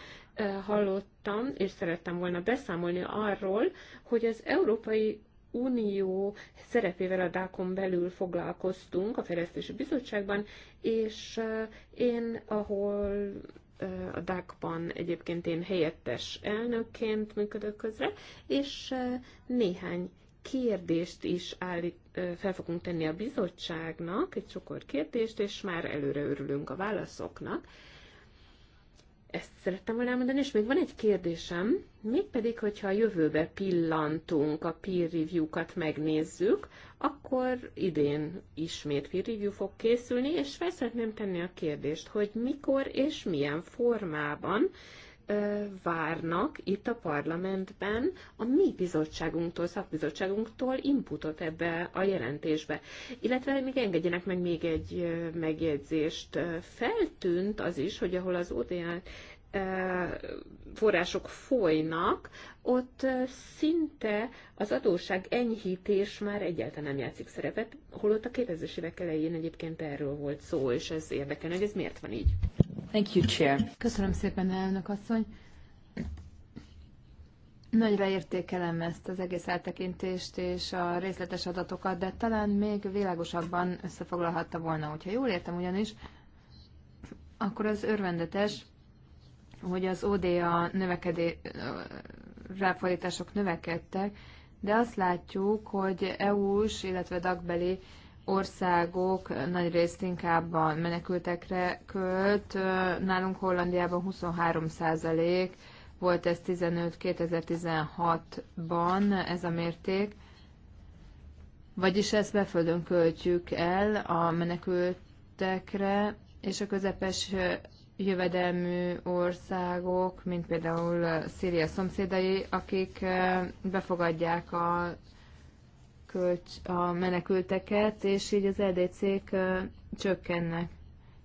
hallottam, és szerettem volna beszámolni arról, hogy az Európai Unió szerepével a Dákon belül foglalkoztunk a Fejlesztési Bizottságban, és eh, én, ahol eh, a DAC-ban egyébként én helyettes elnökként működök közre, és eh, néhány kérdést is állít, fel fogunk tenni a bizottságnak, egy csokor kérdést, és már előre örülünk a válaszoknak ezt szerettem volna elmondani, és még van egy kérdésem, mégpedig, hogyha a jövőbe pillantunk, a peer review-kat megnézzük, akkor idén ismét peer review fog készülni, és fel szeretném tenni a kérdést, hogy mikor és milyen formában várnak itt a parlamentben a mi bizottságunktól, szakbizottságunktól inputot ebbe a jelentésbe. Illetve még engedjenek meg még egy megjegyzést. Feltűnt az is, hogy ahol az ODN források folynak, ott szinte az adósság enyhítés már egyáltalán nem játszik szerepet, holott a 2000-es évek elején egyébként erről volt szó, és ez érdekel, hogy ez miért van így. Thank you, Chair. Köszönöm szépen, elnök asszony. Nagyra értékelem ezt az egész eltekintést és a részletes adatokat, de talán még világosabban összefoglalhatta volna. Hogyha jól értem ugyanis, akkor az örvendetes, hogy az ODA növekedé, ráfordítások növekedtek, de azt látjuk, hogy EU-s, illetve dagbeli országok nagy részt inkább a menekültekre költ. Nálunk Hollandiában 23 százalék, volt ez 15 2016-ban ez a mérték. Vagyis ezt beföldön költjük el a menekültekre, és a közepes jövedelmű országok, mint például Szíria szomszédai, akik eh, befogadják a menekült, a menekülteket, és így az EDC-k csökkennek.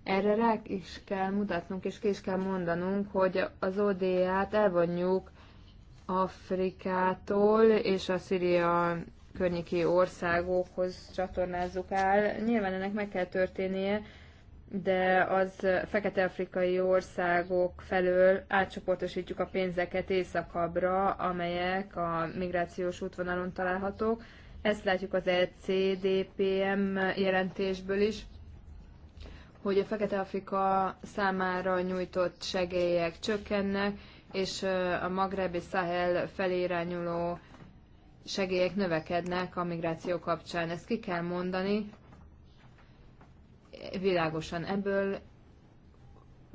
Erre rá is kell mutatnunk, és ki is kell mondanunk, hogy az ODA-t elvonjuk Afrikától, és a Szíria környéki országokhoz csatornázzuk el. Nyilván ennek meg kell történnie, de az fekete-afrikai országok felől átcsoportosítjuk a pénzeket északabbra, amelyek a migrációs útvonalon találhatók, ezt látjuk az ECDPM jelentésből is, hogy a Fekete Afrika számára nyújtott segélyek csökkennek, és a Magreb és Sahel felé irányuló segélyek növekednek a migráció kapcsán. Ezt ki kell mondani világosan. Ebből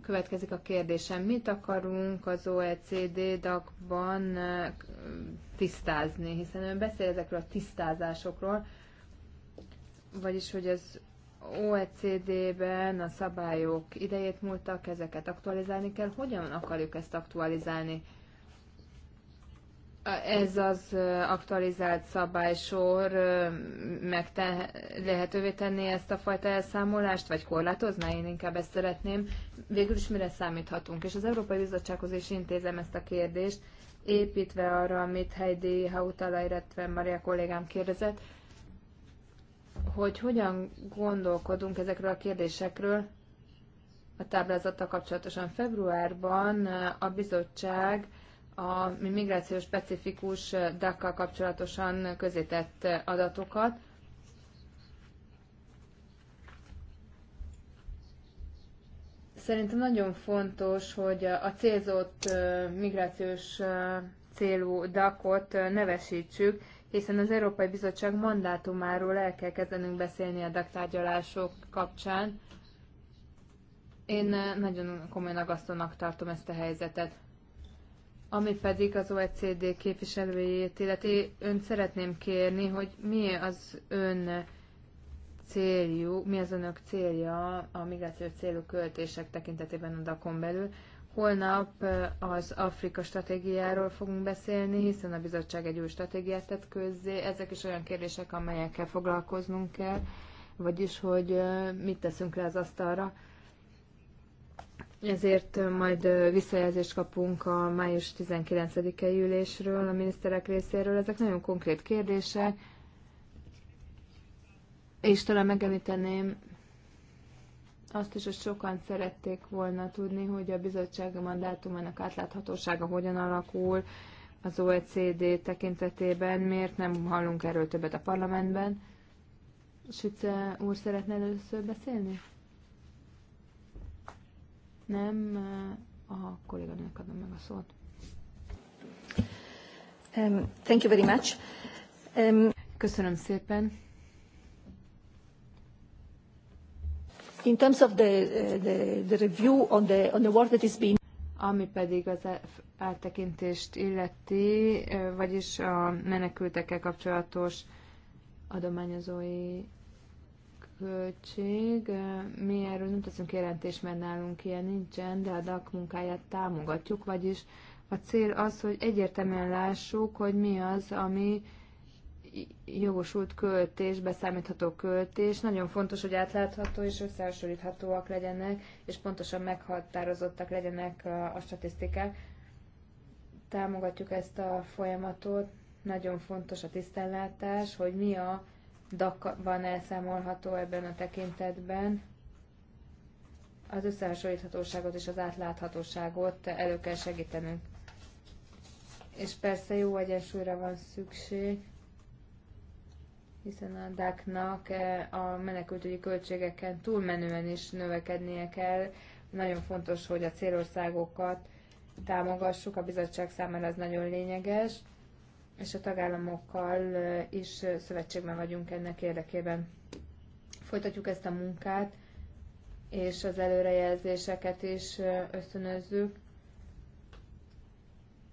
következik a kérdésem. Mit akarunk az OECD-dakban eh, tisztázni? Hiszen ön beszél ezekről a tisztázásokról, vagyis hogy az OECD-ben a szabályok idejét múltak, ezeket aktualizálni kell. Hogyan akarjuk ezt aktualizálni? ez az aktualizált szabálysor te, lehetővé tenni ezt a fajta elszámolást, vagy korlátozná? Én inkább ezt szeretném. Végül is mire számíthatunk? És az Európai Bizottsághoz is intézem ezt a kérdést, építve arra, amit Heidi Hautala, illetve Maria kollégám kérdezett, hogy hogyan gondolkodunk ezekről a kérdésekről a táblázattal kapcsolatosan. Februárban a bizottság a migrációs specifikus DAC-kal kapcsolatosan közétett adatokat. Szerintem nagyon fontos, hogy a célzott migrációs célú DAC-ot nevesítsük, hiszen az Európai Bizottság mandátumáról el kell kezdenünk beszélni a DAC tárgyalások kapcsán. Én nagyon komolyan agasztónak tartom ezt a helyzetet. Ami pedig az OECD képviselőjét illeti, ön szeretném kérni, hogy mi az ön céljú, mi az önök célja a migrációs célú költések tekintetében a DAKON belül. Holnap az Afrika stratégiáról fogunk beszélni, hiszen a bizottság egy új stratégiát tett közzé. Ezek is olyan kérdések, amelyekkel foglalkoznunk kell, vagyis hogy mit teszünk le az asztalra ezért majd visszajelzést kapunk a május 19-e ülésről, a miniszterek részéről. Ezek nagyon konkrét kérdések, és talán megemlíteném azt is, hogy sokan szerették volna tudni, hogy a bizottság mandátumának átláthatósága hogyan alakul az OECD tekintetében, miért nem hallunk erről többet a parlamentben. Süce úr szeretne először beszélni? nem, a kolléganőnek adom meg a szót. Um, thank you very much. Um, Köszönöm szépen. In terms of the, the, the review on the, on the work that is being ami pedig az e- áttekintést illeti, vagyis a menekültekkel kapcsolatos adományozói költség. Mi erről nem teszünk jelentést, mert nálunk ilyen nincsen, de a DAK munkáját támogatjuk, vagyis a cél az, hogy egyértelműen lássuk, hogy mi az, ami jogosult költés, beszámítható költés. Nagyon fontos, hogy átlátható és összehasonlíthatóak legyenek, és pontosan meghatározottak legyenek a statisztikák. Támogatjuk ezt a folyamatot. Nagyon fontos a tisztellátás, hogy mi a dac van elszámolható ebben a tekintetben. Az összehasonlíthatóságot és az átláthatóságot elő kell segítenünk. És persze jó egyensúlyra van szükség, hiszen a DAC-nak eh, a menekültügyi költségeken túlmenően is növekednie kell. Nagyon fontos, hogy a célországokat támogassuk, a bizottság számára ez nagyon lényeges és a tagállamokkal is szövetségben vagyunk ennek érdekében. Folytatjuk ezt a munkát, és az előrejelzéseket is ösztönözzük.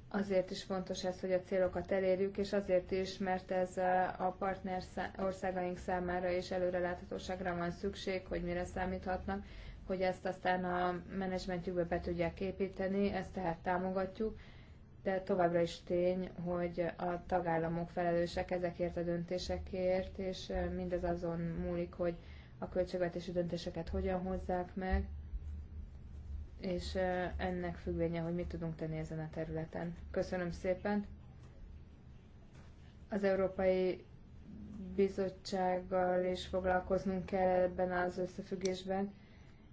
Azért is fontos ez, hogy a célokat elérjük, és azért is, mert ez a partner országaink számára és előreláthatóságra van szükség, hogy mire számíthatnak, hogy ezt aztán a menedzsmentjükbe be tudják építeni, ezt tehát támogatjuk de továbbra is tény, hogy a tagállamok felelősek ezekért a döntésekért, és mindez azon múlik, hogy a költségvetési döntéseket hogyan hozzák meg, és ennek függvénye, hogy mit tudunk tenni ezen a területen. Köszönöm szépen! Az Európai Bizottsággal is foglalkoznunk kell ebben az összefüggésben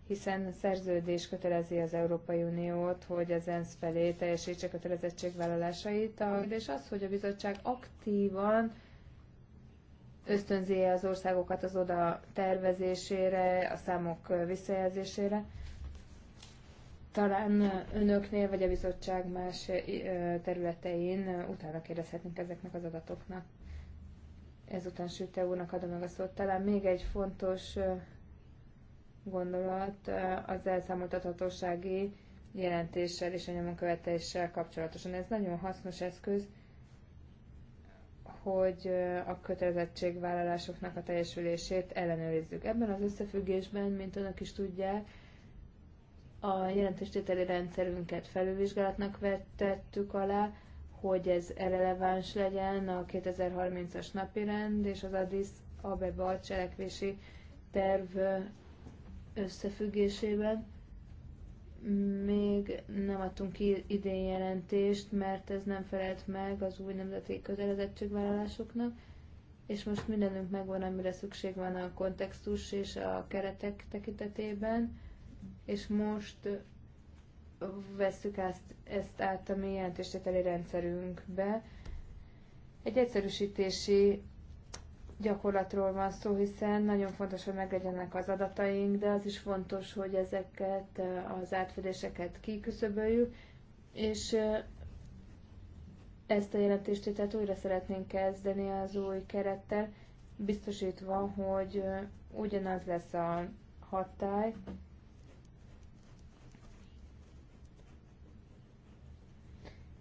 hiszen a szerződés kötelezi az Európai Uniót, hogy az ENSZ felé teljesítse kötelezettségvállalásait. A kérdés az, hogy a bizottság aktívan ösztönzi az országokat az oda tervezésére, a számok visszajelzésére. Talán önöknél vagy a bizottság más területein utána kérdezhetnénk ezeknek az adatoknak. Ezután sütte úrnak adom meg a szót. Talán még egy fontos gondolat az elszámoltathatósági jelentéssel és a nyomonkövetéssel kapcsolatosan. Ez nagyon hasznos eszköz, hogy a kötelezettségvállalásoknak a teljesülését ellenőrizzük. Ebben az összefüggésben, mint önök is tudják, a jelentéstételi rendszerünket felülvizsgálatnak vettettük alá, hogy ez releváns legyen a 2030-as napi rend és az Addis Abeba cselekvési terv összefüggésében még nem adtunk ki idén jelentést, mert ez nem felelt meg az új nemzeti kötelezettségvállalásoknak, és most mindenünk megvan, amire szükség van a kontextus és a keretek tekintetében, és most vesszük ezt, ezt át a mi jelentéstételi rendszerünkbe. Egy egyszerűsítési gyakorlatról van szó, hiszen nagyon fontos, hogy meglegyenek az adataink, de az is fontos, hogy ezeket az átfedéseket kiküszöböljük, és ezt a jelentést tehát újra szeretnénk kezdeni az új kerettel, biztosítva, hogy ugyanaz lesz a hatály,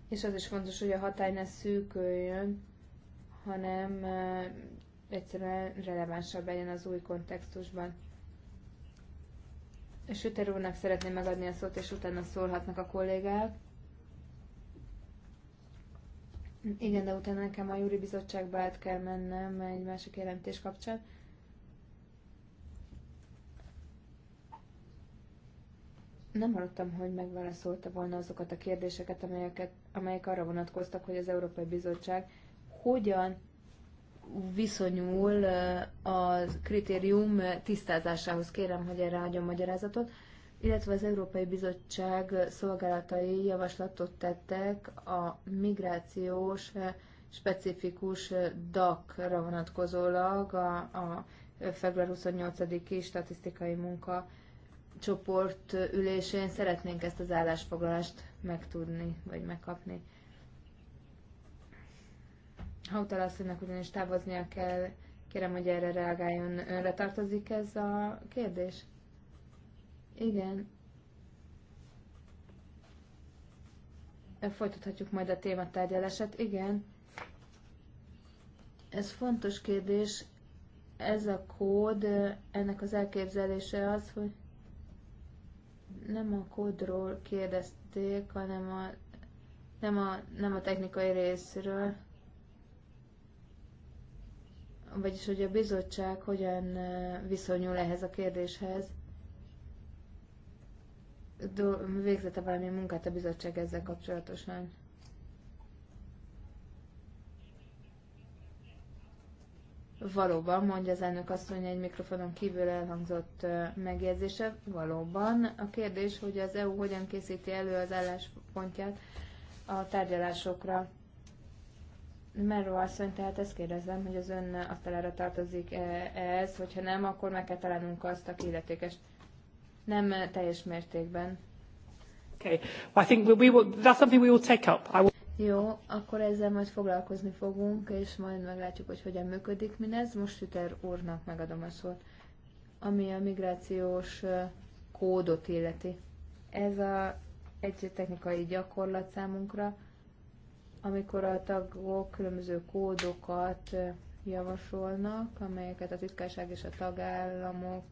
és az is fontos, hogy a hatály ne szűköljön, hanem egyszerűen relevánsabb legyen az új kontextusban. Süter úrnak szeretném megadni a szót, és utána szólhatnak a kollégák. Igen, de utána nekem a Júri Bizottságba át kell mennem egy másik jelentés kapcsán. Nem hallottam, hogy megválaszolta volna azokat a kérdéseket, amelyeket, amelyek arra vonatkoztak, hogy az Európai Bizottság hogyan viszonyul a kritérium tisztázásához. Kérem, hogy erre adjon magyarázatot illetve az Európai Bizottság szolgálatai javaslatot tettek a migrációs specifikus DAC-ra vonatkozólag a, a február 28-i statisztikai munka csoport ülésén szeretnénk ezt az állásfoglalást megtudni, vagy megkapni. Ha Hautal asszonynak ugyanis távoznia kell. Kérem, hogy erre reagáljon. Önre tartozik ez a kérdés? Igen. Folytathatjuk majd a tématárgyalását. Igen. Ez fontos kérdés. Ez a kód, ennek az elképzelése az, hogy nem a kódról kérdezték, hanem a, nem a, nem a technikai részről vagyis hogy a bizottság hogyan viszonyul ehhez a kérdéshez. Végzete valami munkát a bizottság ezzel kapcsolatosan? Valóban, mondja az elnök asszony egy mikrofonon kívül elhangzott megjegyzése, valóban. A kérdés, hogy az EU hogyan készíti elő az álláspontját a tárgyalásokra. Merro asszony, tehát ezt kérdezem, hogy az ön asztalára tartozik -e ez, hogyha nem, akkor meg kell találnunk azt, aki illetékes. Nem eh, teljes mértékben. Okay. Well, I think we will, that's something we will take up. I will... Jó, akkor ezzel majd foglalkozni fogunk, és majd meglátjuk, hogy hogyan működik mindez. Most Süter úrnak megadom a szót, ami a migrációs eh, kódot illeti. Ez a, egy technikai gyakorlat számunkra, amikor a tagok különböző kódokat javasolnak, amelyeket a titkárság és a tagállamok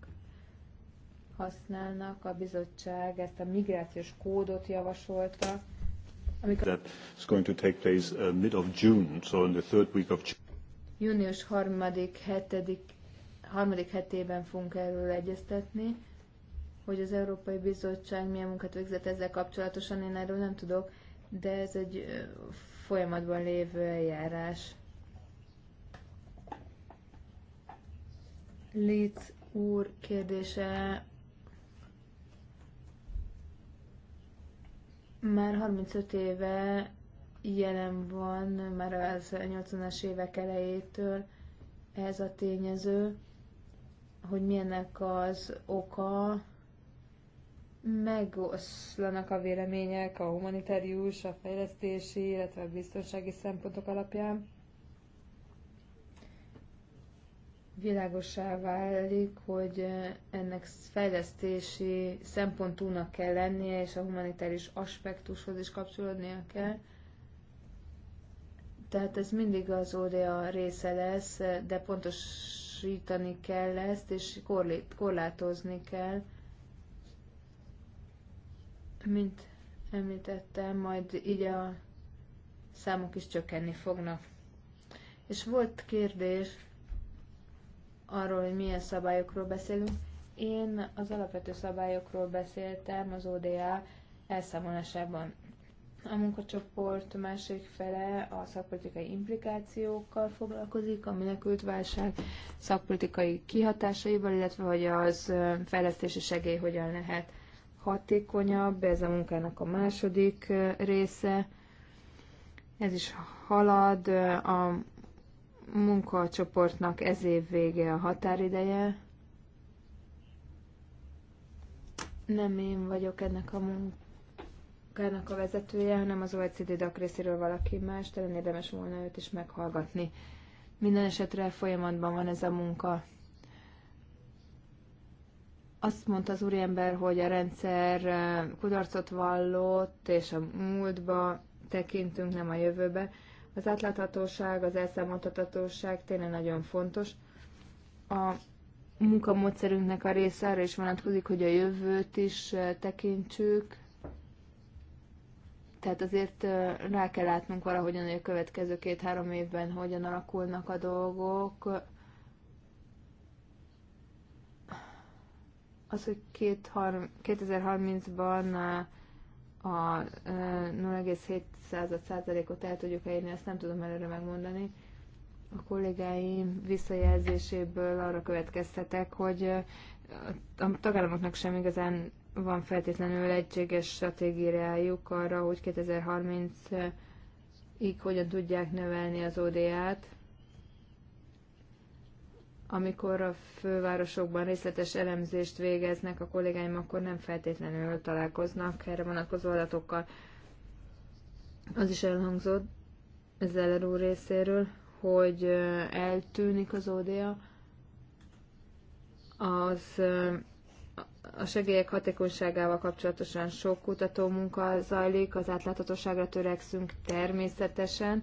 használnak. A bizottság ezt a migrációs kódot javasolta. Amikor That is going to take place uh, mid of June, so in the third week of Június harmadik, hetedik, harmadik hetében fogunk erről egyeztetni, hogy az Európai Bizottság milyen munkát végzett ezzel kapcsolatosan, én erről nem tudok, de ez egy folyamatban lévő eljárás. Litz úr kérdése már 35 éve jelen van, már az 80-as évek elejétől ez a tényező, hogy milyennek az oka, megoszlanak a vélemények a humanitárius, a fejlesztési, illetve a biztonsági szempontok alapján. Világosá válik, hogy ennek fejlesztési szempontúnak kell lennie, és a humanitárius aspektushoz is kapcsolódnia kell. Tehát ez mindig az oda része lesz, de pontosítani kell ezt, és korlátozni kell mint említettem, majd így a számok is csökkenni fognak. És volt kérdés arról, hogy milyen szabályokról beszélünk. Én az alapvető szabályokról beszéltem az ODA elszámolásában. A munkacsoport másik fele a szakpolitikai implikációkkal foglalkozik, a menekült válság szakpolitikai kihatásaival, illetve hogy az fejlesztési segély hogyan lehet hatékonyabb, ez a munkának a második része. Ez is halad, a munkacsoportnak ez év vége a határideje. Nem én vagyok ennek a munkának a vezetője, hanem az OECD DAC részéről valaki más, talán érdemes volna őt is meghallgatni. Minden esetre folyamatban van ez a munka. Azt mondta az úriember, hogy a rendszer eh, kudarcot vallott, és a múltba tekintünk, nem a jövőbe. Az átláthatóság, az elszámoltathatóság tényleg nagyon fontos. A munkamódszerünknek a része arra is vonatkozik, hogy a jövőt is eh, tekintsük, tehát azért eh, rá kell látnunk valahogyan, hogy a következő két-három évben hogyan alakulnak a dolgok, az, hogy 2030-ban uh, a 07 uh, százalékot el tudjuk érni, ezt nem tudom előre megmondani. A kollégáim visszajelzéséből arra következtetek, hogy uh, a tagállamoknak sem igazán van feltétlenül egységes stratégiájuk arra, hogy 2030-ig hogyan tudják növelni az ODA-t amikor a fővárosokban részletes elemzést végeznek a kollégáim, akkor nem feltétlenül találkoznak erre vonatkozó adatokkal. Az is elhangzott Zeller úr részéről, hogy eltűnik az ODA, az a segélyek hatékonyságával kapcsolatosan sok kutató munka zajlik, az átláthatóságra törekszünk természetesen,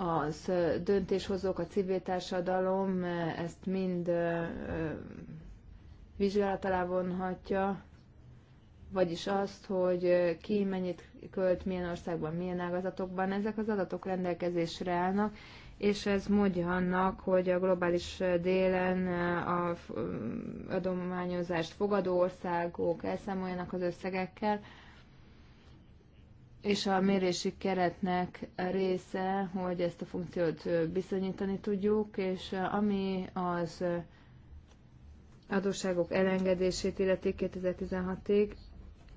az döntéshozók, a civil társadalom ezt mind vizsgálat alá vonhatja, vagyis azt, hogy ki mennyit költ, milyen országban, milyen ágazatokban, ezek az adatok rendelkezésre állnak, és ez mondja annak, hogy a globális délen a adományozást fogadó országok elszámoljanak az összegekkel, és a mérési keretnek része, hogy ezt a funkciót bizonyítani tudjuk, és ami az adósságok elengedését illeti 2016-ig,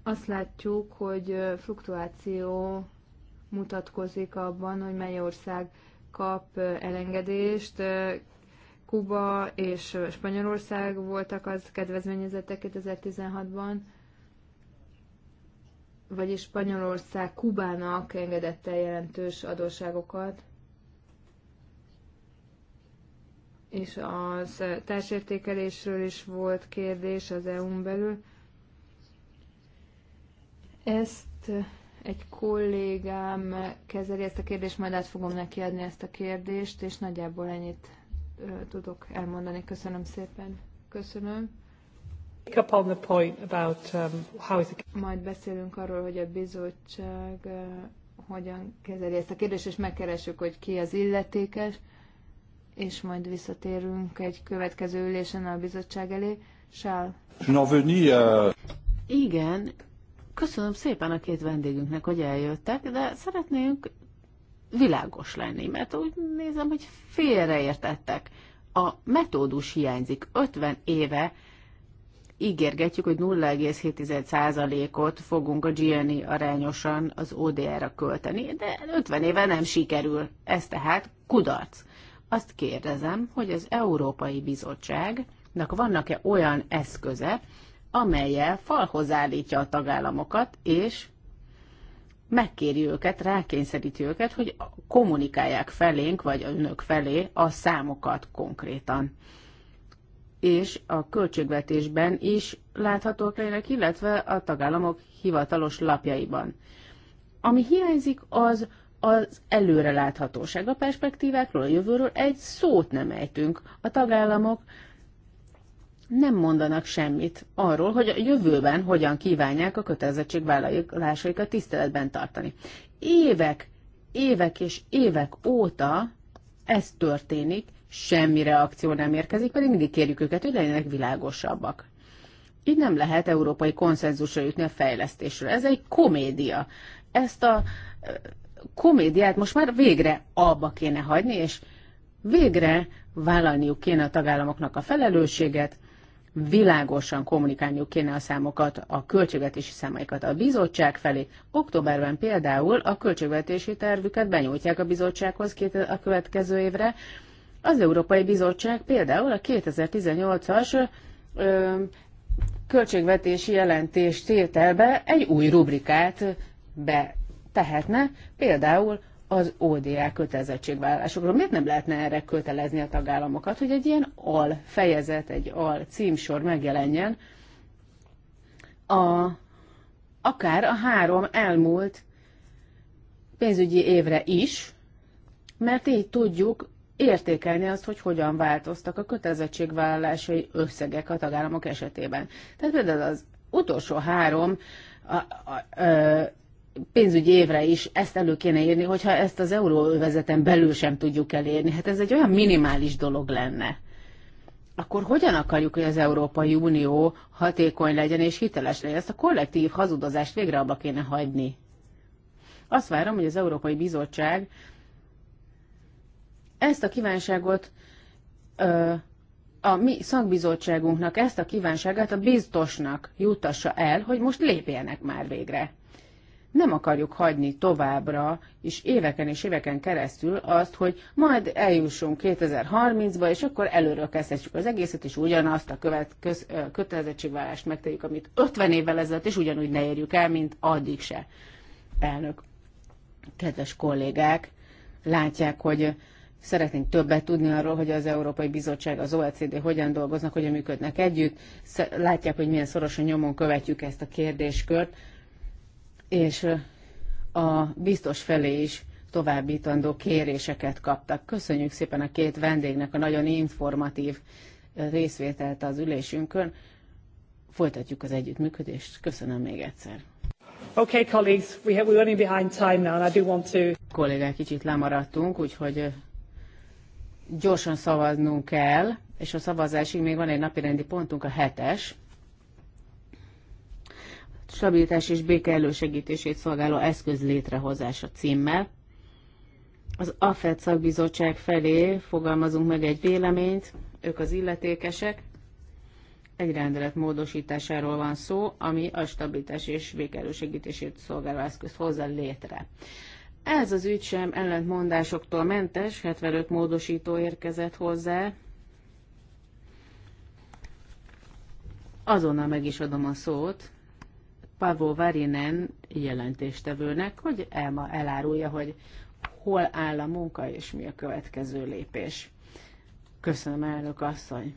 azt látjuk, hogy fluktuáció mutatkozik abban, hogy mely ország kap elengedést. Kuba és Spanyolország voltak az kedvezményezettek 2016-ban, vagyis Spanyolország Kubának engedett el jelentős adósságokat, és az társértékelésről is volt kérdés az EU-n belül. Ezt egy kollégám kezeli ezt a kérdést, majd át fogom neki adni ezt a kérdést, és nagyjából ennyit tudok elmondani. Köszönöm szépen. Köszönöm. Majd beszélünk arról, hogy a bizottság uh, hogyan kezeli ezt a kérdést, és megkeressük, hogy ki az illetékes, és majd visszatérünk egy következő ülésen a bizottság elé. Sál. Euh, Igen, köszönöm szépen a két vendégünknek, hogy eljöttek, de szeretnénk világos lenni, mert úgy nézem, hogy félreértettek. A metódus hiányzik. 50 éve ígérgetjük, hogy 0,7%-ot fogunk a GNI arányosan az ODR-ra költeni, de 50 éve nem sikerül. Ez tehát kudarc. Azt kérdezem, hogy az Európai Bizottságnak vannak-e olyan eszköze, amelyel falhoz állítja a tagállamokat, és megkéri őket, rákényszeríti őket, hogy kommunikálják felénk, vagy önök felé a számokat konkrétan és a költségvetésben is láthatók legyenek, illetve a tagállamok hivatalos lapjaiban. Ami hiányzik, az az előreláthatóság a perspektívákról, a jövőről egy szót nem ejtünk. A tagállamok nem mondanak semmit arról, hogy a jövőben hogyan kívánják a kötelezettségvállalásaikat tiszteletben tartani. Évek, évek és évek óta ez történik, semmi reakció nem érkezik, pedig mindig kérjük őket, hogy legyenek világosabbak. Így nem lehet európai konszenzusra jutni a fejlesztésről. Ez egy komédia. Ezt a komédiát most már végre abba kéne hagyni, és végre vállalniuk kéne a tagállamoknak a felelősséget, világosan kommunikálniuk kéne a számokat, a költségvetési számaikat a bizottság felé. Októberben például a költségvetési tervüket benyújtják a bizottsághoz a következő évre, az Európai Bizottság például a 2018-as költségvetési jelentés tételbe egy új rubrikát betehetne, például az ODA kötelezettségvállalásokról. Miért nem lehetne erre kötelezni a tagállamokat, hogy egy ilyen al fejezet, egy al címsor megjelenjen a, akár a három elmúlt pénzügyi évre is, mert így tudjuk értékelni azt, hogy hogyan változtak a kötelezettségvállalási összegek a tagállamok esetében. Tehát például az utolsó három a, a, a, pénzügyi évre is ezt elő kéne írni, hogyha ezt az euróövezeten belül sem tudjuk elérni. Hát ez egy olyan minimális dolog lenne. Akkor hogyan akarjuk, hogy az Európai Unió hatékony legyen és hiteles legyen? Ezt a kollektív hazudozást végre abba kéne hagyni. Azt várom, hogy az Európai Bizottság ezt a kívánságot ö, a mi szakbizottságunknak ezt a kívánságát a biztosnak jutassa el, hogy most lépjenek már végre. Nem akarjuk hagyni továbbra, és éveken és éveken keresztül azt, hogy majd eljussunk 2030-ba, és akkor előről kezdhetjük az egészet, és ugyanazt a követ, köz, kötelezettségvállást megtegyük, amit 50 évvel ezelőtt, és ugyanúgy ne érjük el, mint addig se. Elnök, kedves kollégák, látják, hogy Szeretnénk többet tudni arról, hogy az Európai Bizottság, az OECD hogyan dolgoznak, hogyan működnek együtt. Látják, hogy milyen szorosan nyomon követjük ezt a kérdéskört, és a biztos felé is továbbítandó kéréseket kaptak. Köszönjük szépen a két vendégnek a nagyon informatív részvételt az ülésünkön. Folytatjuk az együttműködést. Köszönöm még egyszer. Okay, colleagues, we have, we're running behind time now, and I do want to... Kollégák, kicsit lemaradtunk, úgyhogy gyorsan szavaznunk kell, és a szavazásig még van egy napirendi pontunk, a hetes, stabilitás és béke elősegítését szolgáló eszköz létrehozása címmel. Az AFED szakbizottság felé fogalmazunk meg egy véleményt, ők az illetékesek. Egy rendelet módosításáról van szó, ami a stabilitás és béke elősegítését szolgáló eszköz hozza létre. Ez az ügy sem ellentmondásoktól mentes, 75 módosító érkezett hozzá. Azonnal meg is adom a szót Pavó Varinen jelentéstevőnek, hogy Elma elárulja, hogy hol áll a munka és mi a következő lépés. Köszönöm, elnök asszony!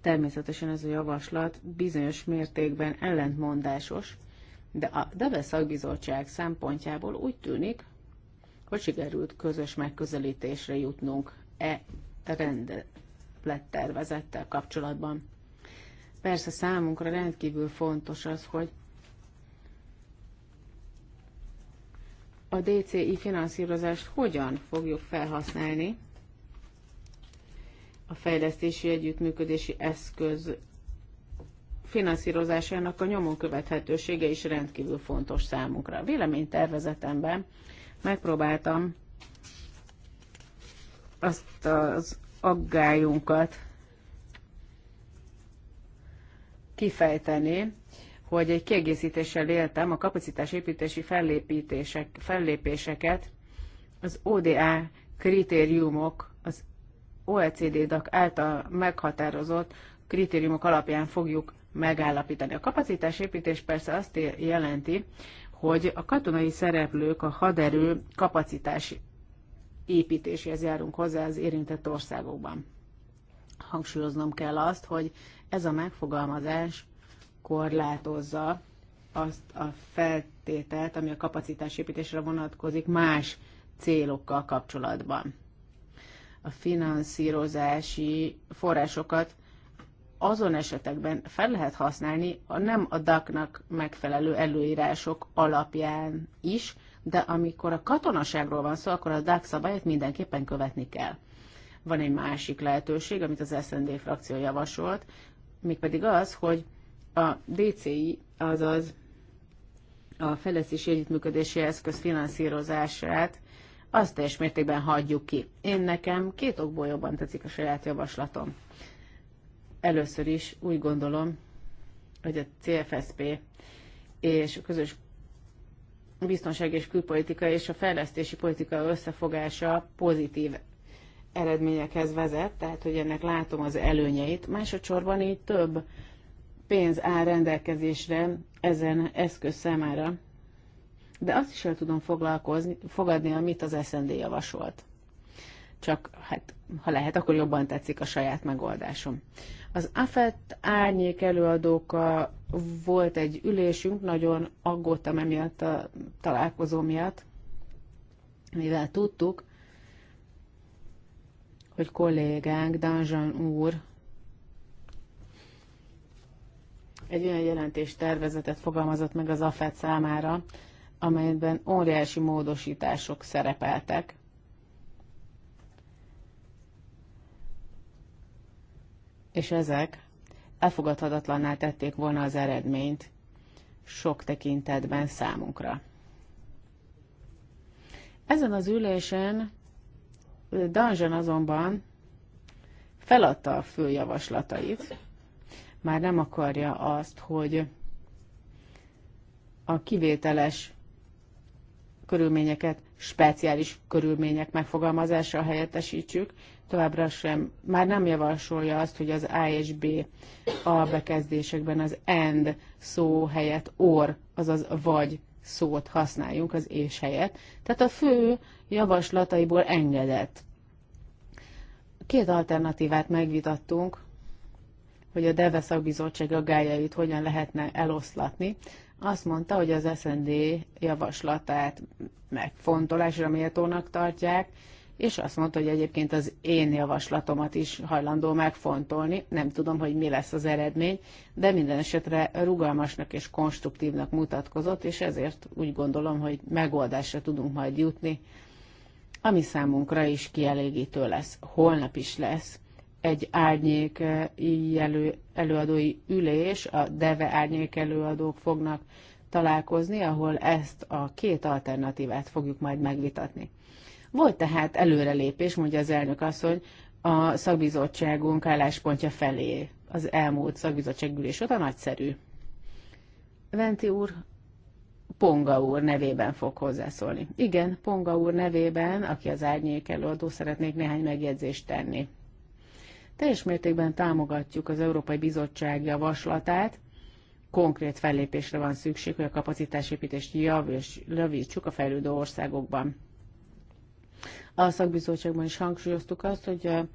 Természetesen ez a javaslat bizonyos mértékben ellentmondásos, de a DEVE szakbizottság szempontjából úgy tűnik, hogy sikerült közös megközelítésre jutnunk e rendelet tervezettel kapcsolatban. Persze számunkra rendkívül fontos az, hogy a DCI finanszírozást hogyan fogjuk felhasználni a fejlesztési együttműködési eszköz finanszírozásának a nyomon követhetősége is rendkívül fontos számunkra. A véleménytervezetemben megpróbáltam azt az aggályunkat kifejteni, hogy egy kiegészítéssel éltem a kapacitásépítési fellépítések, fellépéseket az ODA kritériumok, az OECD-dak által meghatározott kritériumok alapján fogjuk megállapítani. A kapacitásépítés persze azt jelenti, hogy a katonai szereplők, a haderő kapacitás építéséhez járunk hozzá az érintett országokban. Hangsúlyoznom kell azt, hogy ez a megfogalmazás korlátozza azt a feltételt, ami a kapacitásépítésre vonatkozik más célokkal kapcsolatban. A finanszírozási forrásokat azon esetekben fel lehet használni a nem a DAC-nak megfelelő előírások alapján is, de amikor a katonaságról van szó, akkor a DAC szabályt mindenképpen követni kell. Van egy másik lehetőség, amit az SND frakció javasolt, mégpedig az, hogy a DCI, azaz a fejlesztési együttműködési eszköz finanszírozását azt teljes mértékben hagyjuk ki. Én nekem két okból jobban tetszik a saját javaslatom. Először is úgy gondolom, hogy a CFSP és a közös biztonság és külpolitika és a fejlesztési politika összefogása pozitív eredményekhez vezet, tehát hogy ennek látom az előnyeit. Másodszorban így több pénz áll rendelkezésre ezen eszköz számára, de azt is el tudom foglalkozni, fogadni, amit az SND javasolt. Csak hát, ha lehet, akkor jobban tetszik a saját megoldásom. Az AFET árnyék előadóka volt egy ülésünk, nagyon aggódtam emiatt a találkozó miatt, mivel tudtuk, hogy kollégánk, Danzsan úr, egy olyan jelentés tervezetet fogalmazott meg az AFET számára, amelyben óriási módosítások szerepeltek és ezek elfogadhatatlanná tették volna az eredményt sok tekintetben számunkra. Ezen az ülésen Dungeon azonban feladta a fő javaslatait, már nem akarja azt, hogy a kivételes körülményeket speciális körülmények megfogalmazással helyettesítsük, továbbra sem, már nem javasolja azt, hogy az A és B a bekezdésekben az and szó helyett or, azaz vagy szót használjunk az és helyett. Tehát a fő javaslataiból engedett. Két alternatívát megvitattunk, hogy a DEVE szakbizottság aggájait hogyan lehetne eloszlatni. Azt mondta, hogy az SND javaslatát megfontolásra méltónak tartják, és azt mondta, hogy egyébként az én javaslatomat is hajlandó megfontolni. Nem tudom, hogy mi lesz az eredmény, de minden esetre rugalmasnak és konstruktívnak mutatkozott, és ezért úgy gondolom, hogy megoldásra tudunk majd jutni, ami számunkra is kielégítő lesz. Holnap is lesz egy árnyék eh, jelő, előadói ülés, a DEVE árnyék előadók fognak találkozni, ahol ezt a két alternatívát fogjuk majd megvitatni. Volt tehát előrelépés, mondja az elnök asszony, a szakbizottságunk álláspontja felé az elmúlt szakbizottsággyűlés óta nagyszerű. Venti úr, Ponga úr nevében fog hozzászólni. Igen, Ponga úr nevében, aki az árnyék előadó, szeretnék néhány megjegyzést tenni. Teljes mértékben támogatjuk az Európai Bizottság javaslatát, konkrét fellépésre van szükség, hogy a kapacitásépítést javítsuk a fejlődő országokban. A szakbizottságban is hangsúlyoztuk azt, hogy a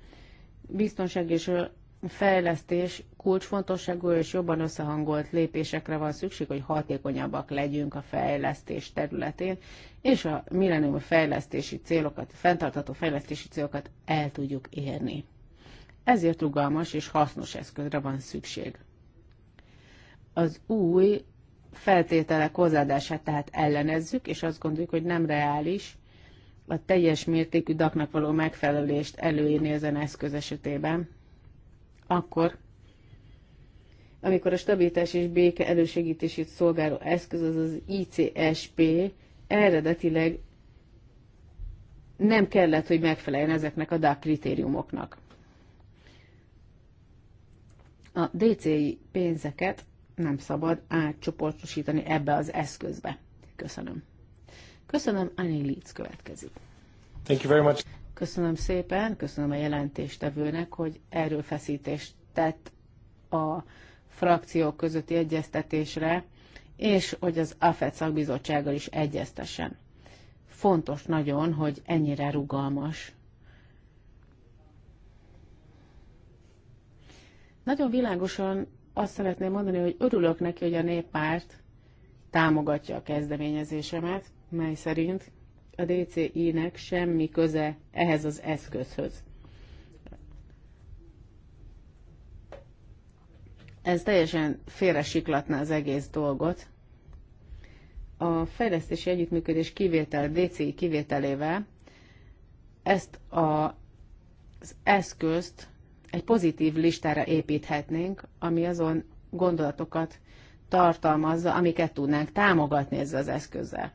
biztonság és a fejlesztés kulcsfontosságú és jobban összehangolt lépésekre van szükség, hogy hatékonyabbak legyünk a fejlesztés területén, és a millennium fejlesztési célokat, fenntartató fejlesztési célokat el tudjuk érni. Ezért rugalmas és hasznos eszközre van szükség. Az új feltételek hozzáadását tehát ellenezzük, és azt gondoljuk, hogy nem reális, a teljes mértékű daknak való megfelelést előírni ezen eszköz esetében, akkor, amikor a stabilitás és béke elősegítését szolgáló eszköz, az az ICSP eredetileg nem kellett, hogy megfeleljen ezeknek a DAC kritériumoknak. A DCI pénzeket nem szabad átcsoportosítani ebbe az eszközbe. Köszönöm. Köszönöm, Annie Leeds következik. Thank you very much. Köszönöm szépen, köszönöm a jelentéstevőnek, hogy erről feszítést tett a frakciók közötti egyeztetésre, és hogy az AFET szakbizottsággal is egyeztessen. Fontos nagyon, hogy ennyire rugalmas. Nagyon világosan azt szeretném mondani, hogy örülök neki, hogy a néppárt támogatja a kezdeményezésemet, mely szerint a DCI-nek semmi köze ehhez az eszközhöz. Ez teljesen siklatna az egész dolgot. A fejlesztési együttműködés kivétel, DCI kivételével ezt a, az eszközt egy pozitív listára építhetnénk, ami azon gondolatokat tartalmazza, amiket tudnánk támogatni ezzel az eszközzel.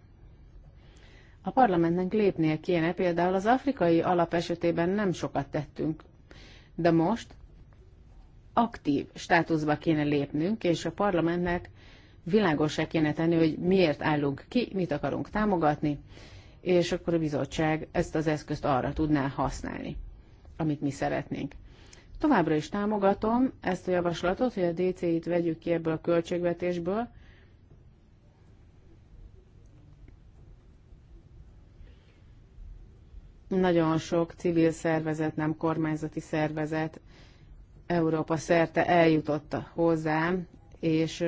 A parlamentnek lépnie kéne, például az afrikai alap esetében nem sokat tettünk, de most aktív státuszba kéne lépnünk, és a parlamentnek világosá kéne tenni, hogy miért állunk ki, mit akarunk támogatni, és akkor a bizottság ezt az eszközt arra tudná használni, amit mi szeretnénk. Továbbra is támogatom ezt a javaslatot, hogy a DC-t vegyük ki ebből a költségvetésből, Nagyon sok civil szervezet, nem kormányzati szervezet Európa szerte eljutott hozzám, és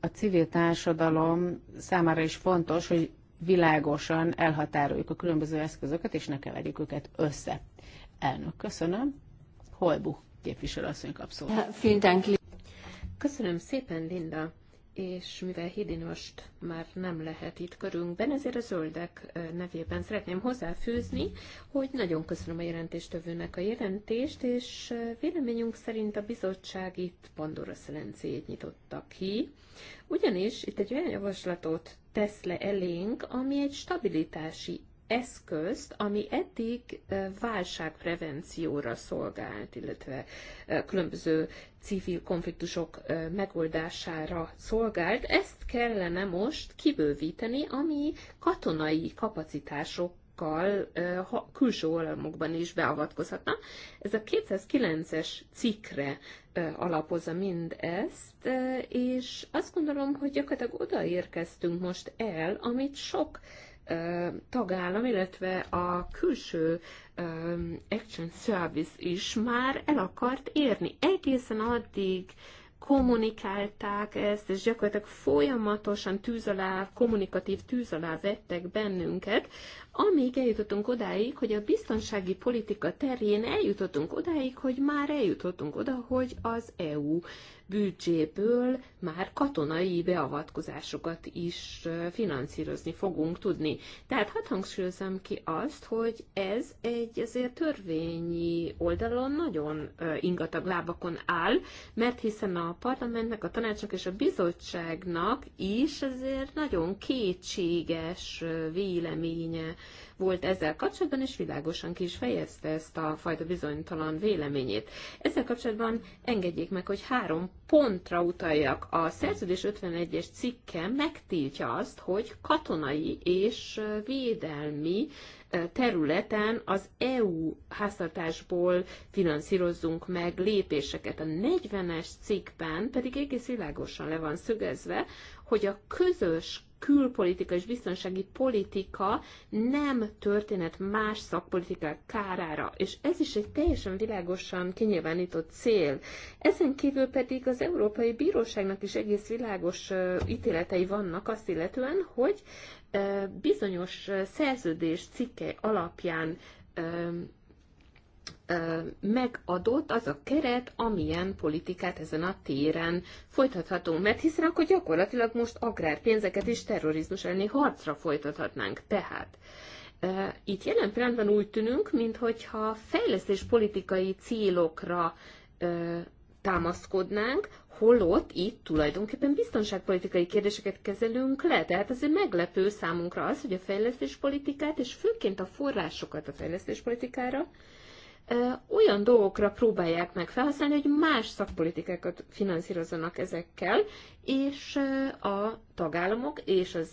a civil társadalom számára is fontos, hogy világosan elhatároljuk a különböző eszközöket, és ne keverjük őket össze. Elnök, köszönöm. Holbu képviselőasszony kap szót. Köszönöm szépen, Linda és mivel Hidin most már nem lehet itt körünkben, ezért a zöldek nevében szeretném hozzáfűzni, hogy nagyon köszönöm a jelentéstövőnek a jelentést, és véleményünk szerint a bizottság itt Pandora szelencéjét nyitotta ki, ugyanis itt egy olyan javaslatot tesz le elénk, ami egy stabilitási eszközt, ami eddig válságprevencióra szolgált, illetve különböző civil konfliktusok megoldására szolgált, ezt kellene most kibővíteni, ami katonai kapacitások külső oldalmokban is beavatkozhatna. Ez a 209-es cikkre alapozza mindezt, és azt gondolom, hogy gyakorlatilag odaérkeztünk most el, amit sok tagállam, illetve a külső Action Service is már el akart érni. Egészen addig kommunikálták ezt, és gyakorlatilag folyamatosan tűz alá, kommunikatív tűz alá vettek bennünket, amíg eljutottunk odáig, hogy a biztonsági politika terén eljutottunk odáig, hogy már eljutottunk oda, hogy az EU bűcséből már katonai beavatkozásokat is finanszírozni fogunk tudni. Tehát hadd hangsúlyozom ki azt, hogy ez egy azért törvényi oldalon nagyon ingatag lábakon áll, mert hiszen a parlamentnek, a tanácsnak és a bizottságnak is azért nagyon kétséges véleménye volt ezzel kapcsolatban, és világosan ki is fejezte ezt a fajta bizonytalan véleményét. Ezzel kapcsolatban engedjék meg, hogy három pontra utaljak. A szerződés 51-es cikke megtiltja azt, hogy katonai és védelmi e, területen az EU háztartásból finanszírozzunk meg lépéseket. A 40-es cikkben pedig egész világosan le van szögezve, hogy a közös külpolitika és biztonsági politika nem történet más szakpolitikák kárára, és ez is egy teljesen világosan kinyilvánított cél. Ezen kívül pedig az Európai Bíróságnak is egész világos ítéletei vannak azt illetően, hogy bizonyos szerződés cikke alapján megadott az a keret, amilyen politikát ezen a téren folytathatunk. Mert hiszen akkor gyakorlatilag most agrárpénzeket is terrorizmus elleni harcra folytathatnánk. Tehát itt jelen pillanatban úgy tűnünk, mintha fejlesztéspolitikai célokra támaszkodnánk, holott itt tulajdonképpen biztonságpolitikai kérdéseket kezelünk le. Tehát azért meglepő számunkra az, hogy a fejlesztéspolitikát, és főként a forrásokat a fejlesztéspolitikára olyan dolgokra próbálják meg felhasználni, hogy más szakpolitikákat finanszírozzanak ezekkel, és a tagállamok és az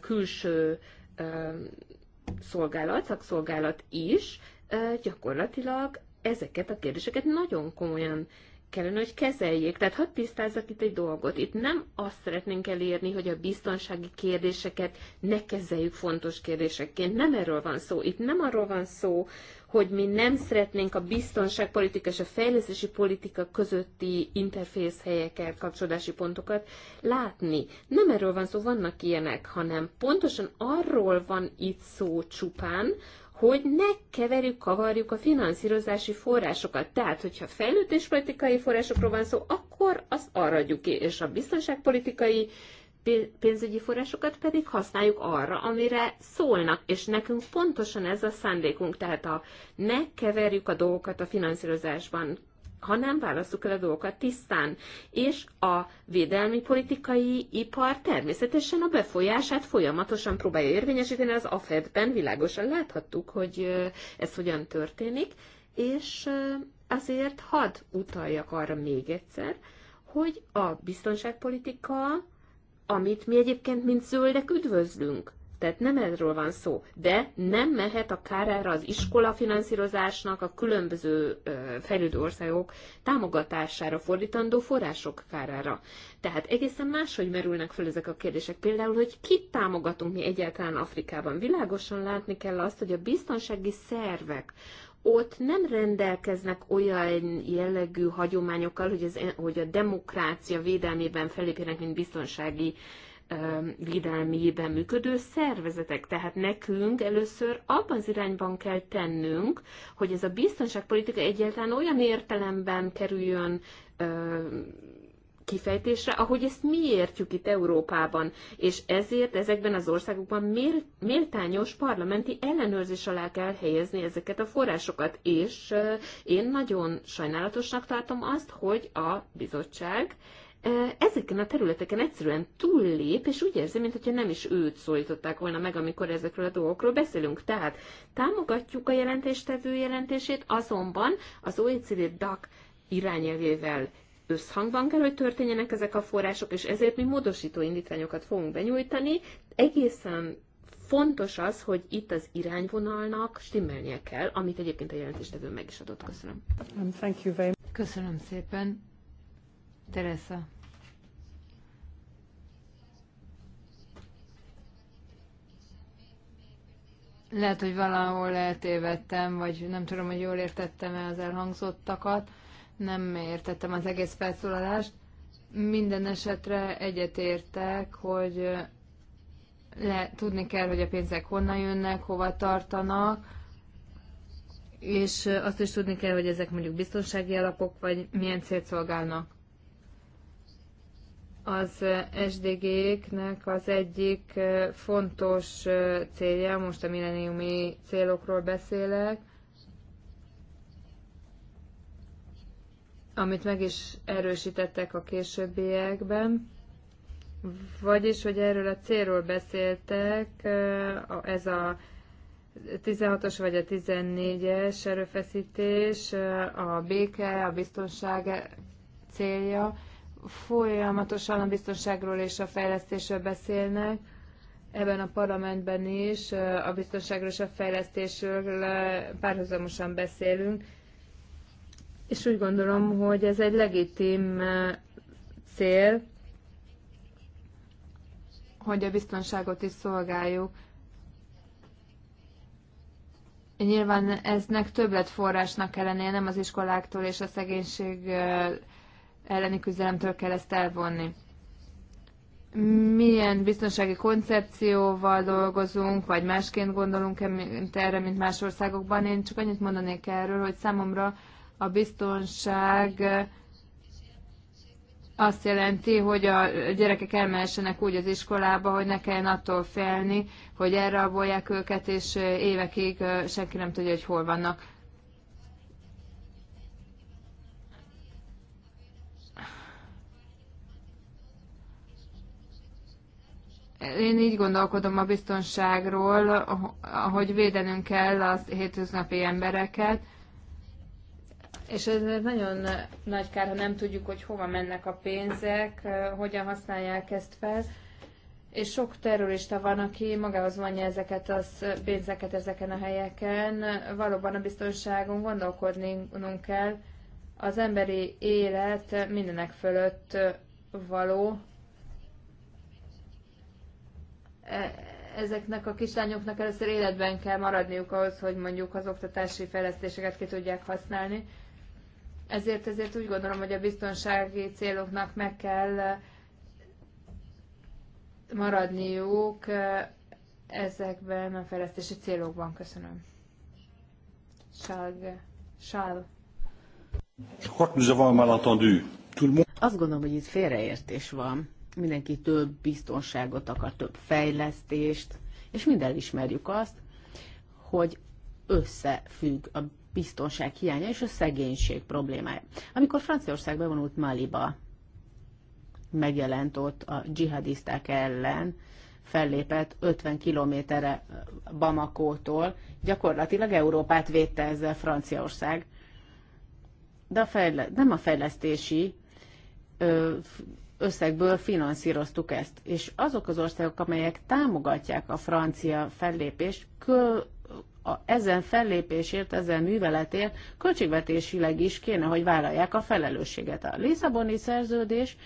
külső szolgálat, szakszolgálat is gyakorlatilag ezeket a kérdéseket nagyon komolyan kellene, hogy kezeljék. Tehát hadd tisztázzak itt egy dolgot. Itt nem azt szeretnénk elérni, hogy a biztonsági kérdéseket ne kezeljük fontos kérdésekként. Nem erről van szó. Itt nem arról van szó, hogy mi nem szeretnénk a biztonságpolitika és a fejlesztési politika közötti interfész helyekkel kapcsolódási pontokat látni. Nem erről van szó, vannak ilyenek, hanem pontosan arról van itt szó csupán, hogy ne keverjük, kavarjuk a finanszírozási forrásokat. Tehát, hogyha fejlődéspolitikai forrásokról van szó, akkor azt arra adjuk ki, és a biztonságpolitikai pénzügyi forrásokat pedig használjuk arra, amire szólnak, és nekünk pontosan ez a szándékunk, tehát a, ne keverjük a dolgokat a finanszírozásban, hanem válaszuk el a dolgokat tisztán. És a védelmi politikai ipar természetesen a befolyását folyamatosan próbálja érvényesíteni, az AFED-ben világosan láthattuk, hogy ez hogyan történik, és azért hadd utaljak arra még egyszer, hogy a biztonságpolitika amit mi egyébként, mint zöldek üdvözlünk. Tehát nem erről van szó, de nem mehet a kárára az iskola finanszírozásnak a különböző fejlődő országok támogatására fordítandó források kárára. Tehát egészen máshogy merülnek fel ezek a kérdések. Például, hogy kit támogatunk mi egyáltalán Afrikában. Világosan látni kell azt, hogy a biztonsági szervek, ott nem rendelkeznek olyan jellegű hagyományokkal, hogy, ez, hogy a demokrácia védelmében felépjenek, mint biztonsági védelmében működő szervezetek. Tehát nekünk először abban az irányban kell tennünk, hogy ez a biztonságpolitika egyáltalán olyan értelemben kerüljön kifejtésre, ahogy ezt mi értjük itt Európában, és ezért ezekben az országokban méltányos parlamenti ellenőrzés alá kell helyezni ezeket a forrásokat, és én nagyon sajnálatosnak tartom azt, hogy a bizottság ezeken a területeken egyszerűen túllép, és úgy érzi, mintha nem is őt szólították volna meg, amikor ezekről a dolgokról beszélünk. Tehát támogatjuk a jelentéstevő jelentését, azonban az OECD DAC irányelvével összhangban kell, hogy történjenek ezek a források, és ezért mi módosító indítványokat fogunk benyújtani. Egészen fontos az, hogy itt az irányvonalnak stimmelnie kell, amit egyébként a jelentéstevő meg is adott. Köszönöm. Um, thank you very much. Köszönöm szépen. Teresa. Lehet, hogy valahol eltévedtem, vagy nem tudom, hogy jól értettem-e az elhangzottakat nem értettem az egész felszólalást. Minden esetre egyetértek, hogy le, tudni kell, hogy a pénzek honnan jönnek, hova tartanak, és azt is tudni kell, hogy ezek mondjuk biztonsági alapok, vagy milyen célt szolgálnak. Az SDG-knek az egyik fontos célja, most a milleniumi célokról beszélek, amit meg is erősítettek a későbbiekben, vagyis, hogy erről a célról beszéltek, ez a 16-os vagy a 14-es erőfeszítés, a béke, a biztonság célja. Folyamatosan a biztonságról és a fejlesztésről beszélnek, ebben a parlamentben is a biztonságról és a fejlesztésről párhuzamosan beszélünk, és úgy gondolom, hogy ez egy legitim eh, cél, hogy a biztonságot is szolgáljuk. Nyilván eznek többletforrásnak forrásnak kellene, nem az iskoláktól és a szegénység eh, elleni küzdelemtől kell ezt elvonni. Milyen biztonsági koncepcióval dolgozunk, vagy másként gondolunk -e erre, mint más országokban? Én csak annyit mondanék erről, hogy számomra a biztonság azt jelenti, hogy a gyerekek elmehessenek úgy az iskolába, hogy ne kelljen attól félni, hogy elrabolják őket, és évekig senki nem tudja, hogy hol vannak. Én így gondolkodom a biztonságról, hogy védenünk kell az hétköznapi embereket, és ez nagyon nagy kár, ha nem tudjuk, hogy hova mennek a pénzek, hogyan használják ezt fel. És sok terrorista van, aki magához vonja ezeket a pénzeket ezeken a helyeken. Valóban a biztonságon gondolkodnunk kell. Az emberi élet mindenek fölött való. E, ezeknek a kislányoknak először életben kell maradniuk ahhoz, hogy mondjuk az oktatási fejlesztéseket ki tudják használni ezért, ezért úgy gondolom, hogy a biztonsági céloknak meg kell eh, maradniuk eh, ezekben a fejlesztési célokban. Köszönöm. Sál, sál. Azt gondolom, hogy itt félreértés van. Mindenki több biztonságot akar, több fejlesztést, és minden ismerjük azt, hogy összefügg a biztonság hiánya és a szegénység problémája. Amikor Franciaország bevonult Maliba, megjelent ott a dzsihadiszták ellen, fellépett 50 kilométerre Bamako-tól, gyakorlatilag Európát védte ezzel Franciaország. De a fejle- nem a fejlesztési összegből finanszíroztuk ezt. És azok az országok, amelyek támogatják a francia fellépést, kül a, ezen fellépésért, ezen műveletért költségvetésileg is kéne, hogy vállalják a felelősséget. A Lisszaboni szerződés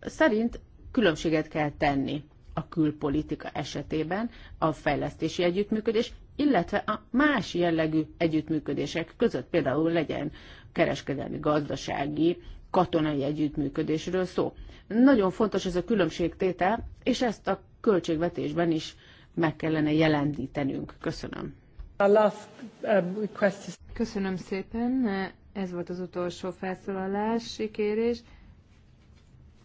szerint különbséget kell tenni a külpolitika esetében a fejlesztési együttműködés, illetve a más jellegű együttműködések között például legyen kereskedelmi, gazdasági, katonai együttműködésről szó. Nagyon fontos ez a különbségtétel, és ezt a költségvetésben is meg kellene jelentítenünk. Köszönöm. Um, Köszönöm szépen. Ez volt az utolsó felszólalási kérés.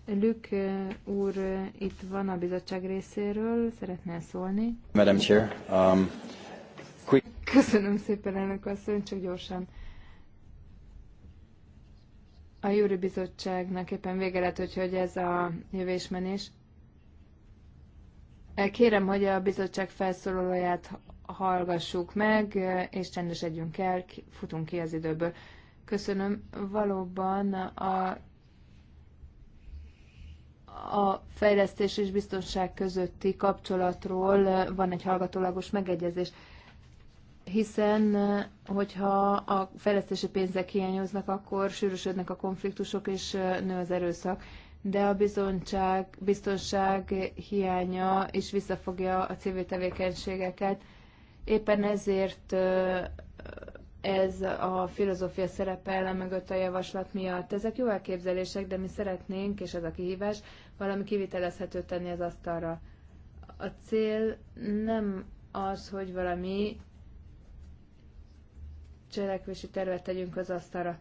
Lük uh, úr uh, itt van a bizottság részéről, szeretne szólni. Madam Chair, um, quick. Köszönöm szépen, elnök asszony, csak gyorsan. A Júri Bizottságnak éppen vége lett, úgyhogy ez a jövésmenés. Kérem, hogy a bizottság felszólalóját hallgassuk meg, és csendesedjünk el, futunk ki az időből. Köszönöm. Valóban a a fejlesztés és biztonság közötti kapcsolatról van egy hallgatólagos megegyezés. Hiszen, hogyha a fejlesztési pénzek hiányoznak, akkor sűrűsödnek a konfliktusok és nő az erőszak. De a biztonság, biztonság hiánya is visszafogja a civil tevékenységeket, Éppen ezért ez a filozófia ellen mögött a javaslat miatt. Ezek jó elképzelések, de mi szeretnénk, és ez a kihívás, valami kivitelezhető tenni az asztalra. A cél nem az, hogy valami cselekvési tervet tegyünk az asztalra.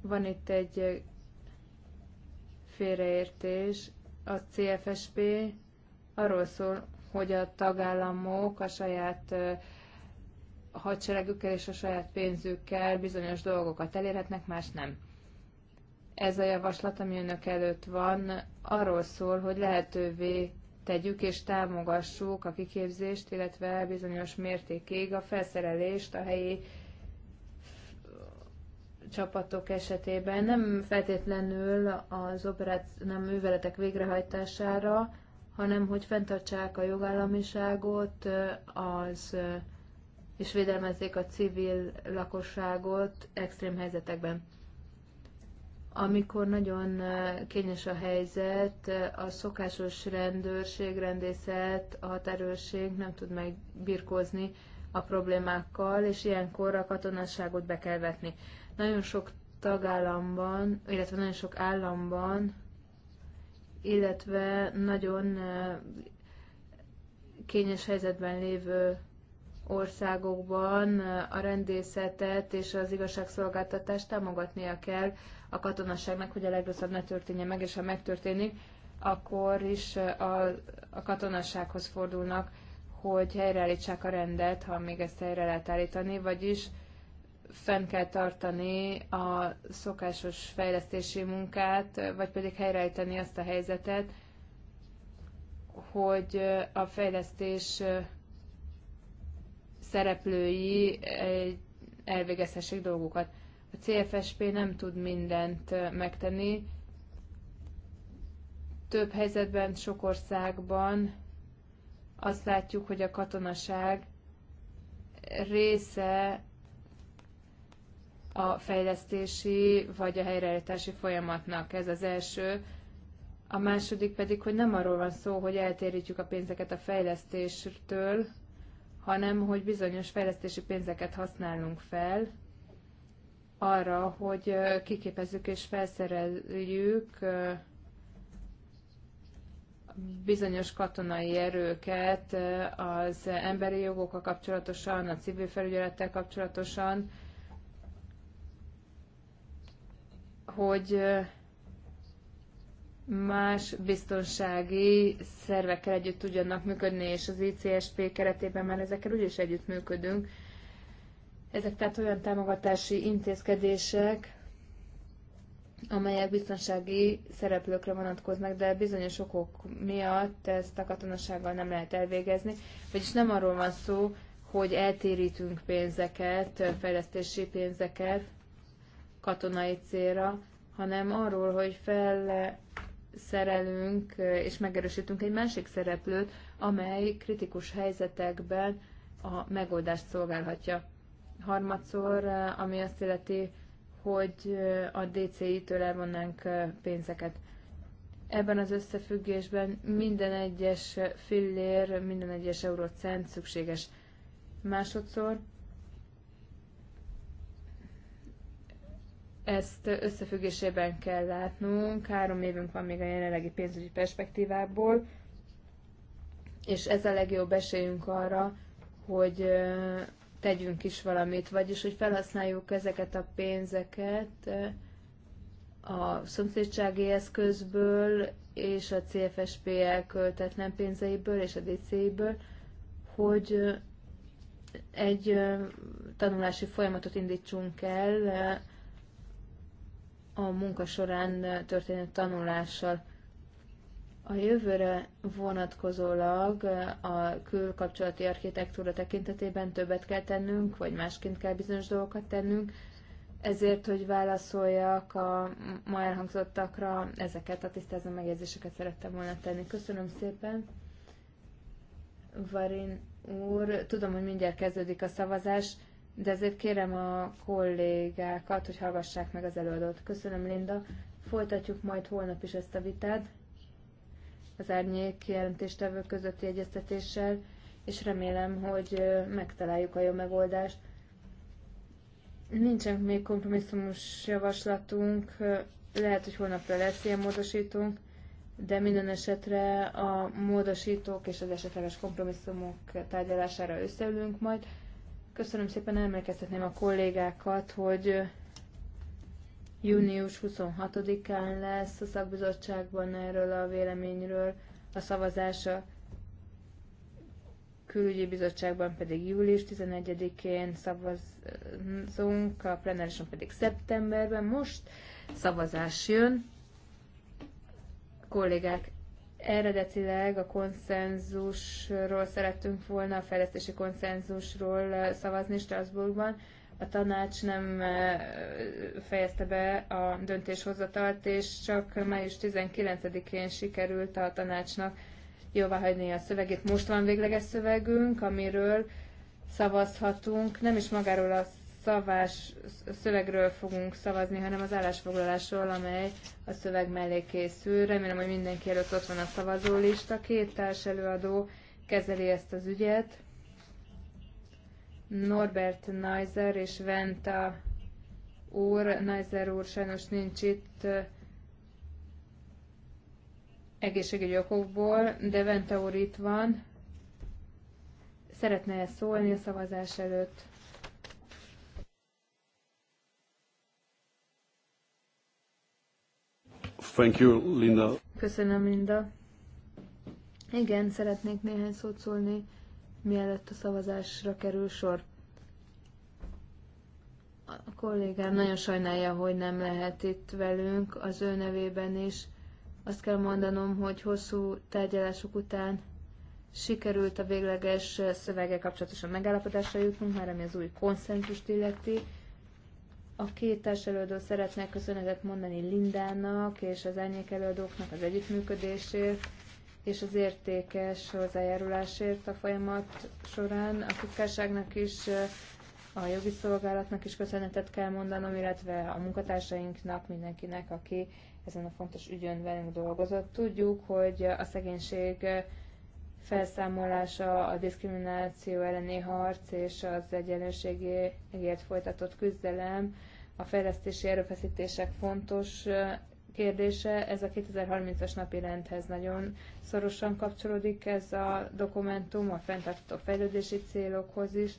Van itt egy félreértés, a CFSP arról szól, hogy a tagállamok a saját hadseregükkel és a saját pénzükkel bizonyos dolgokat elérhetnek, más nem. Ez a javaslat, ami önök előtt van, arról szól, hogy lehetővé tegyük és támogassuk a kiképzést, illetve bizonyos mértékig a felszerelést a helyi csapatok esetében, nem feltétlenül az operáció, nem műveletek végrehajtására, hanem hogy fenntartsák a jogállamiságot, az, és védelmezzék a civil lakosságot extrém helyzetekben. Amikor nagyon kényes a helyzet, a szokásos rendőrség, rendészet, a határőrség nem tud megbirkózni a problémákkal, és ilyenkor a katonasságot be kell vetni. Nagyon sok tagállamban, illetve nagyon sok államban illetve nagyon kényes helyzetben lévő országokban a rendészetet és az igazságszolgáltatást támogatnia kell a katonasságnak, hogy a legrosszabb ne történjen meg, és ha megtörténik, akkor is a, a katonassághoz fordulnak, hogy helyreállítsák a rendet, ha még ezt helyre lehet állítani, vagyis fenn kell tartani a szokásos fejlesztési munkát, vagy pedig helyreállítani azt a helyzetet, hogy a fejlesztés szereplői eh, elvégezhessék dolgukat. A CFSP nem tud mindent eh, megtenni. Több helyzetben, sok országban azt látjuk, hogy a katonaság része a fejlesztési vagy a helyreállítási folyamatnak. Ez az első. A második pedig, hogy nem arról van szó, hogy eltérítjük a pénzeket a fejlesztéstől, hanem hogy bizonyos fejlesztési pénzeket használunk fel arra, hogy kiképezzük és felszereljük bizonyos katonai erőket az emberi jogokkal kapcsolatosan, a civil felügyelettel kapcsolatosan, hogy más biztonsági szervekkel együtt tudjanak működni, és az ICSP keretében már ezekkel úgyis együtt működünk. Ezek tehát olyan támogatási intézkedések, amelyek biztonsági szereplőkre vonatkoznak, de bizonyos okok miatt ezt a katonasággal nem lehet elvégezni. Vagyis nem arról van szó, hogy eltérítünk pénzeket, fejlesztési pénzeket, katonai célra, hanem arról, hogy felszerelünk és megerősítünk egy másik szereplőt, amely kritikus helyzetekben a megoldást szolgálhatja. Harmadszor, ami azt illeti, hogy a DCI-től elvonnánk pénzeket. Ebben az összefüggésben minden egyes fillér, minden egyes eurócent szükséges. Másodszor Ezt összefüggésében kell látnunk. Három évünk van még a jelenlegi pénzügyi perspektívából, és ez a legjobb esélyünk arra, hogy tegyünk is valamit, vagyis hogy felhasználjuk ezeket a pénzeket a szomszédsági eszközből és a CFSP elköltetlen pénzeiből és a DC-ből, hogy egy tanulási folyamatot indítsunk el a munka során történő tanulással. A jövőre vonatkozólag a külkapcsolati architektúra tekintetében többet kell tennünk, vagy másként kell bizonyos dolgokat tennünk, ezért, hogy válaszoljak a ma elhangzottakra, ezeket a tisztázó megjegyzéseket szerettem volna tenni. Köszönöm szépen. Varin úr, tudom, hogy mindjárt kezdődik a szavazás de ezért kérem a kollégákat, hogy hallgassák meg az előadót. Köszönöm, Linda. Folytatjuk majd holnap is ezt a vitát az árnyék jelentéstevő közötti egyeztetéssel, és remélem, hogy megtaláljuk a jó megoldást. Nincsen még kompromisszumos javaslatunk, lehet, hogy holnapra lesz ilyen módosítunk, de minden esetre a módosítók és az esetleges kompromisszumok tárgyalására összeülünk majd. Köszönöm szépen, emlékeztetném a kollégákat, hogy június 26-án lesz a szakbizottságban erről a véleményről a szavazása, külügyi bizottságban pedig július 11-én szavazunk, a plenárison pedig szeptemberben. Most szavazás jön. Kollégák, Eredetileg a konszenzusról szerettünk volna, a fejlesztési konszenzusról szavazni Strasbourgban. A tanács nem eh, fejezte be a döntéshozatalt, és csak május 19-én sikerült a tanácsnak jóváhagyni a szövegét. Most van végleges szövegünk, amiről szavazhatunk, nem is magáról a szavás szövegről fogunk szavazni, hanem az állásfoglalásról, amely a szöveg mellé készül. Remélem, hogy mindenki előtt ott van a szavazólista. Két társ előadó kezeli ezt az ügyet. Norbert Neiser és Venta úr. Neiser úr sajnos nincs itt egészségügyi okokból, de Venta úr itt van. Szeretne -e szólni a szavazás előtt? Thank you, Linda. Köszönöm, Linda. Igen, szeretnék néhány szót szólni, mielőtt a szavazásra kerül sor. A kollégám nagyon sajnálja, hogy nem lehet itt velünk, az ő nevében is. Azt kell mondanom, hogy hosszú tárgyalások után sikerült a végleges szövege kapcsolatosan megállapodásra jutnunk, már ami az új konszenzust illeti. A két társelődő szeretnék köszönetet mondani Lindának és az árnyék előadóknak az együttműködésért, és az értékes hozzájárulásért a folyamat során. A titkárságnak is, a jogi szolgálatnak is köszönetet kell mondanom, illetve a munkatársainknak, mindenkinek, aki ezen a fontos ügyön velünk dolgozott. Tudjuk, hogy a szegénység felszámolása, a diszkrimináció elleni harc és az egyenlőségéért folytatott küzdelem, a fejlesztési erőfeszítések fontos kérdése, ez a 2030-as napi rendhez nagyon szorosan kapcsolódik ez a dokumentum, a fenntartható fejlődési célokhoz is,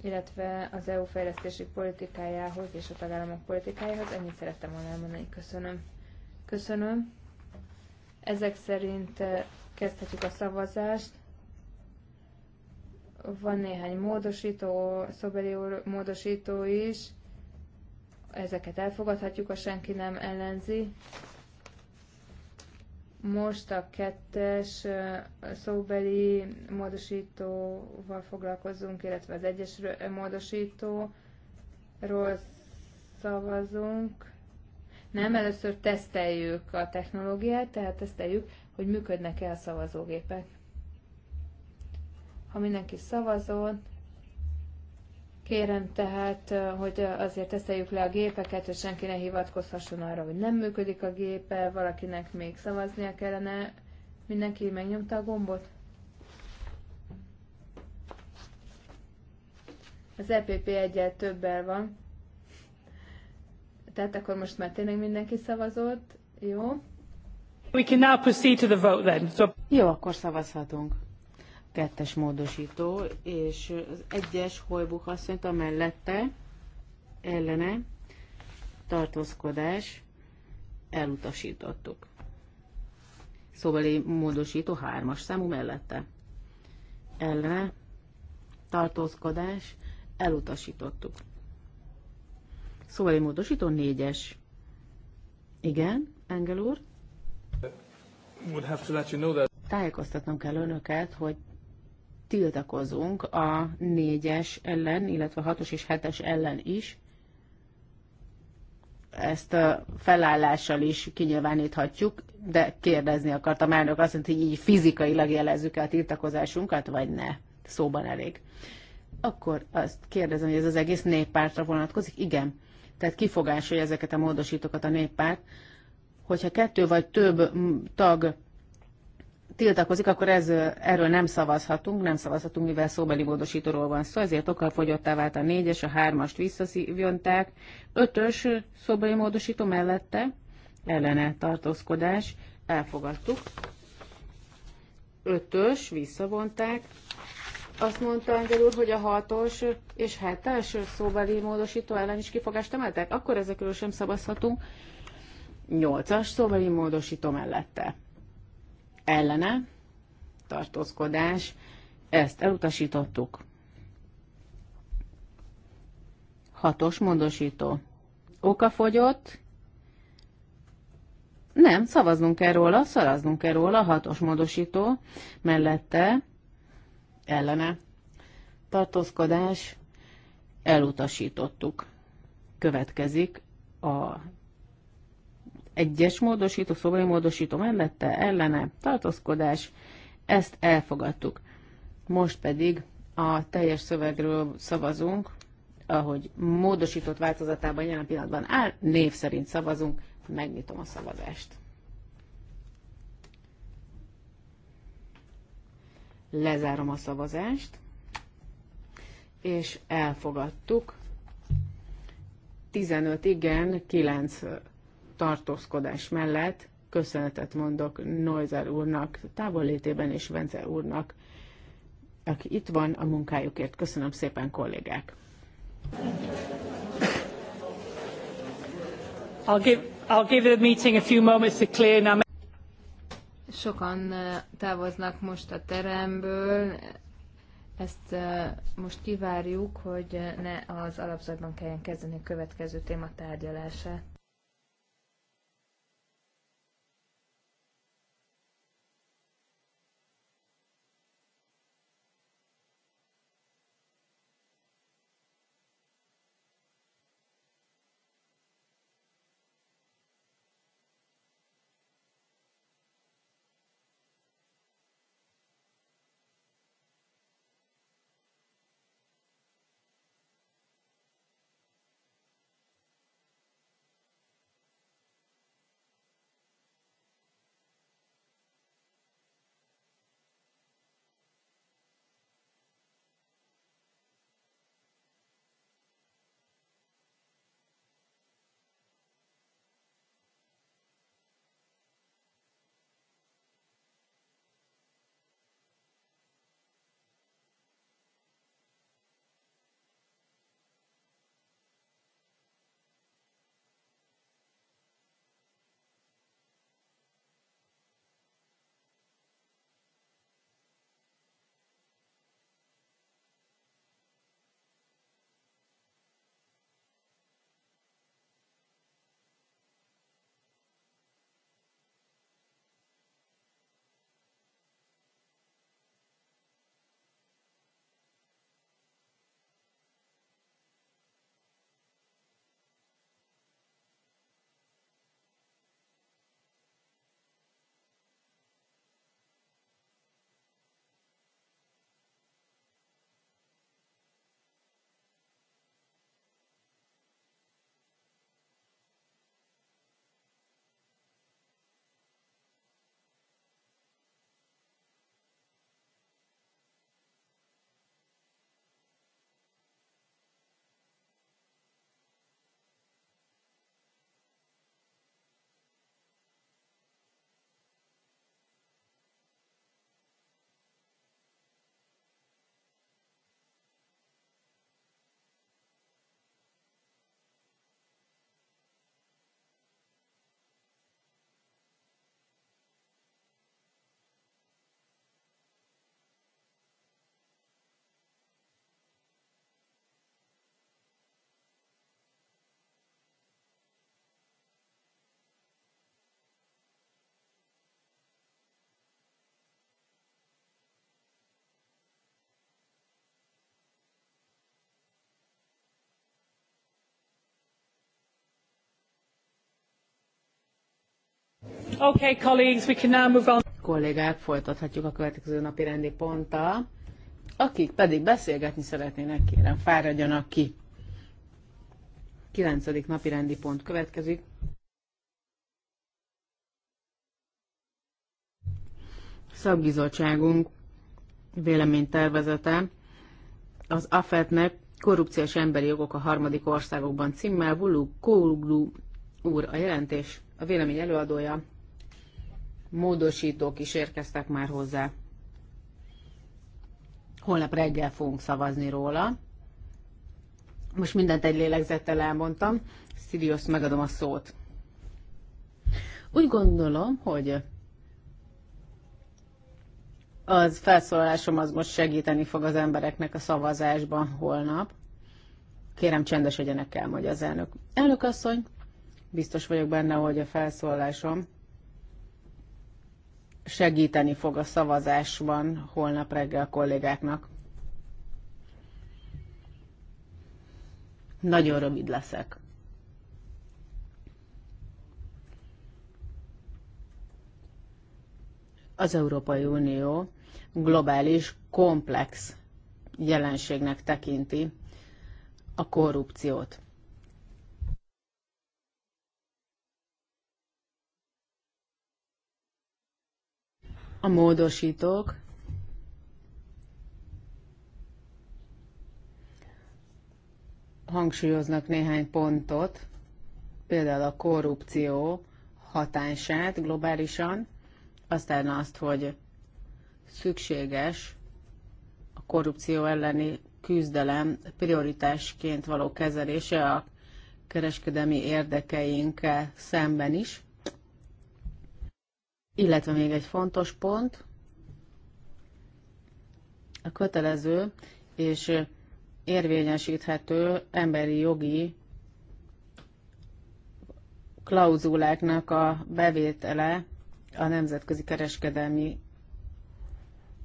illetve az EU fejlesztési politikájához és a tagállamok politikájához. Ennyit szerettem volna elmondani. Köszönöm. Köszönöm. Ezek szerint Kezdhetjük a szavazást. Van néhány módosító, szobeli módosító is. Ezeket elfogadhatjuk, ha senki nem ellenzi. Most a kettes szóbeli módosítóval foglalkozunk, illetve az egyes módosítóról szavazunk. Nem, először teszteljük a technológiát, tehát teszteljük hogy működnek-e a szavazógépek. Ha mindenki szavazott, Kérem tehát, hogy azért teszeljük le a gépeket, hogy senki ne hivatkozhasson arra, hogy nem működik a gépe, valakinek még szavaznia kellene. Mindenki megnyomta a gombot? Az EPP egyel többel van. Tehát akkor most már tényleg mindenki szavazott. Jó. We can now proceed to the vote then. So... Jó, akkor szavazhatunk. Kettes módosító, és az egyes Holbuk asszonyt a mellette, ellene, tartózkodás, elutasítottuk. Szóval egy módosító hármas számú mellette. Ellene, tartózkodás, elutasítottuk. Szóval egy módosító négyes. Igen, Engel úr? would have to let you know that. Tájékoztatnom kell önöket, hogy tiltakozunk a négyes ellen, illetve a hatos és hetes ellen is. Ezt a felállással is kinyilváníthatjuk, de kérdezni akartam elnök azt, mondta, hogy így fizikailag jelezzük el a tiltakozásunkat, vagy ne. Szóban elég. Akkor azt kérdezem, hogy ez az egész néppártra vonatkozik? Igen. Tehát kifogás, hogy ezeket a módosítókat a néppárt hogyha kettő vagy több mm, tag tiltakozik, akkor ez, erről nem szavazhatunk, nem szavazhatunk, mivel szóbeli módosítóról van szó, ezért okafogyottá vált a négyes a hármast ast visszavonták, 5 szóbeli módosító mellette ellene tartózkodás, elfogadtuk. ötös visszavonták, azt mondta Angel úr, hogy a hatos és hetes szóbeli módosító ellen is kifogást emeltek, akkor ezekről sem szavazhatunk. 8-as szóbeli módosító mellette. Ellene, tartózkodás, ezt elutasítottuk. 6-os módosító. fogyott. nem, szavaznunk kell róla, szavaznunk kell róla, hatos módosító, mellette ellene tartózkodás, elutasítottuk. Következik a egyes módosító, szobai módosító mellette, ellene, tartózkodás, ezt elfogadtuk. Most pedig a teljes szövegről szavazunk, ahogy módosított változatában jelen pillanatban áll, név szerint szavazunk, megnyitom a szavazást. Lezárom a szavazást, és elfogadtuk. 15 igen, 9 tartózkodás mellett köszönetet mondok Noizer úrnak, távollétében és Vence úrnak, aki itt van a munkájukért. Köszönöm szépen, kollégák! I'll give, I'll give the meeting a few moments to clear now. Sokan uh, távoznak most a teremből, ezt uh, most kivárjuk, hogy uh, ne az alapzatban kelljen kezdeni a következő téma tárgyalását. Okay, colleagues, we can now move on. Kollégák, folytathatjuk a következő napi rendi ponttal. Akik pedig beszélgetni szeretnének, kérem, fáradjanak ki. 9. napi rendi pont következik. Szakbizottságunk véleménytervezete az AFET-nek korrupciós emberi jogok a harmadik országokban címmel Vulu Kóglu úr a jelentés, a vélemény előadója módosítók is érkeztek már hozzá. Holnap reggel fogunk szavazni róla. Most mindent egy lélegzettel elmondtam. Sirius, megadom a szót. Úgy gondolom, hogy az felszólalásom az most segíteni fog az embereknek a szavazásban holnap. Kérem, csendesedjenek el, mondja az elnök. Elnök asszony, biztos vagyok benne, hogy a felszólalásom segíteni fog a szavazásban holnap reggel a kollégáknak. Nagyon rövid leszek. Az Európai Unió globális, komplex jelenségnek tekinti a korrupciót. a módosítók hangsúlyoznak néhány pontot, például a korrupció hatását globálisan, aztán azt, hogy szükséges a korrupció elleni küzdelem prioritásként való kezelése a kereskedelmi érdekeinkkel szemben is, illetve még egy fontos pont, a kötelező és érvényesíthető emberi jogi klauzuláknak a bevétele a nemzetközi kereskedelmi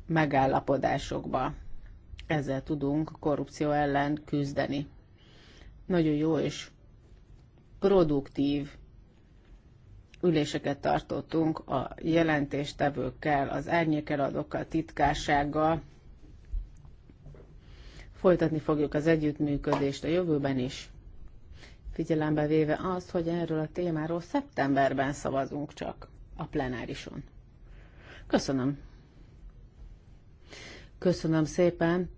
megállapodásokba. Ezzel tudunk korrupció ellen küzdeni. Nagyon jó és produktív üléseket tartottunk a jelentéstevőkkel, az árnyékeladókkal, titkársággal. Folytatni fogjuk az együttműködést a jövőben is, figyelembe véve azt, hogy erről a témáról szeptemberben szavazunk csak a plenárison. Köszönöm. Köszönöm szépen.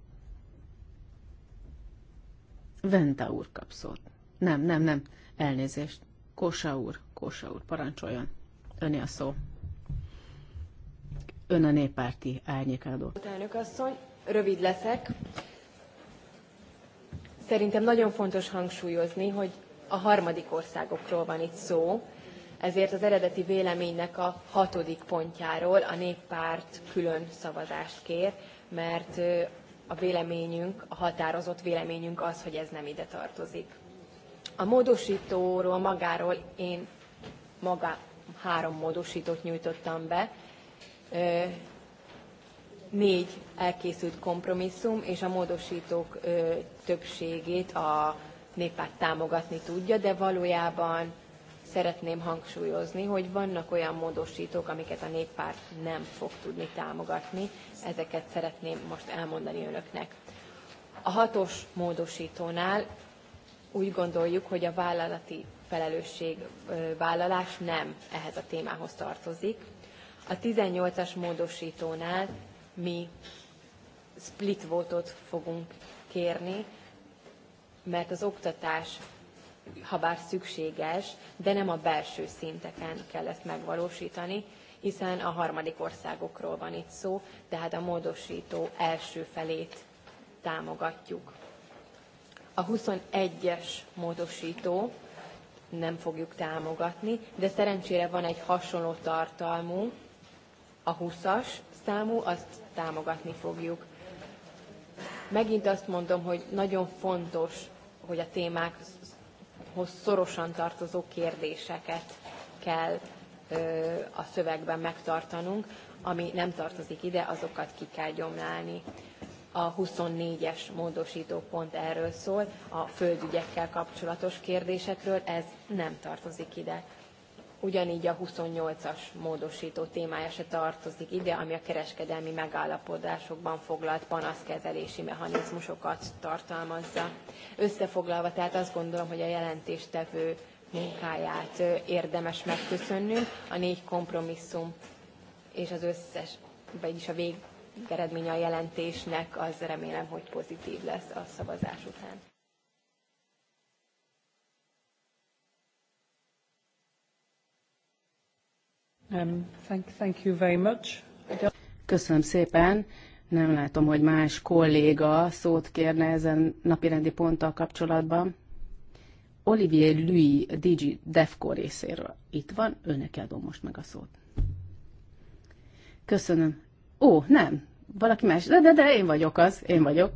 Venta úr kapszót. Nem, nem, nem. Elnézést. Kosa úr. Kósa úr, parancsoljon. Öné a szó. Ön a néppárti árnyékádó. Elnök asszony, rövid leszek. Szerintem nagyon fontos hangsúlyozni, hogy a harmadik országokról van itt szó, ezért az eredeti véleménynek a hatodik pontjáról a néppárt külön szavazást kér, mert a véleményünk, a határozott véleményünk az, hogy ez nem ide tartozik. A módosítóról magáról én maga három módosítót nyújtottam be, négy elkészült kompromisszum, és a módosítók többségét a néppárt támogatni tudja, de valójában szeretném hangsúlyozni, hogy vannak olyan módosítók, amiket a néppárt nem fog tudni támogatni. Ezeket szeretném most elmondani önöknek. A hatos módosítónál úgy gondoljuk, hogy a vállalati felelősségvállalás nem ehhez a témához tartozik. A 18-as módosítónál mi split votot fogunk kérni, mert az oktatás ha bár szükséges, de nem a belső szinteken kell ezt megvalósítani, hiszen a harmadik országokról van itt szó, tehát a módosító első felét támogatjuk. A 21-es módosító nem fogjuk támogatni, de szerencsére van egy hasonló tartalmú, a 20-as számú, azt támogatni fogjuk. Megint azt mondom, hogy nagyon fontos, hogy a témákhoz szorosan tartozó kérdéseket kell a szövegben megtartanunk, ami nem tartozik ide, azokat ki kell gyomlálni a 24-es módosító pont erről szól, a földügyekkel kapcsolatos kérdésekről, ez nem tartozik ide. Ugyanígy a 28-as módosító témája se tartozik ide, ami a kereskedelmi megállapodásokban foglalt panaszkezelési mechanizmusokat tartalmazza. Összefoglalva, tehát azt gondolom, hogy a jelentéstevő munkáját érdemes megköszönnünk. A négy kompromisszum és az összes, vagyis a vég eredménye a jelentésnek, az remélem, hogy pozitív lesz a szavazás után. Um, thank, thank you very much. Köszönöm szépen. Nem látom, hogy más kolléga szót kérne ezen napirendi ponttal kapcsolatban. Olivier Lui, DG Defco részéről itt van, önnek adom most meg a szót. Köszönöm, ó, nem, valaki más, de, de, de én vagyok az, én vagyok.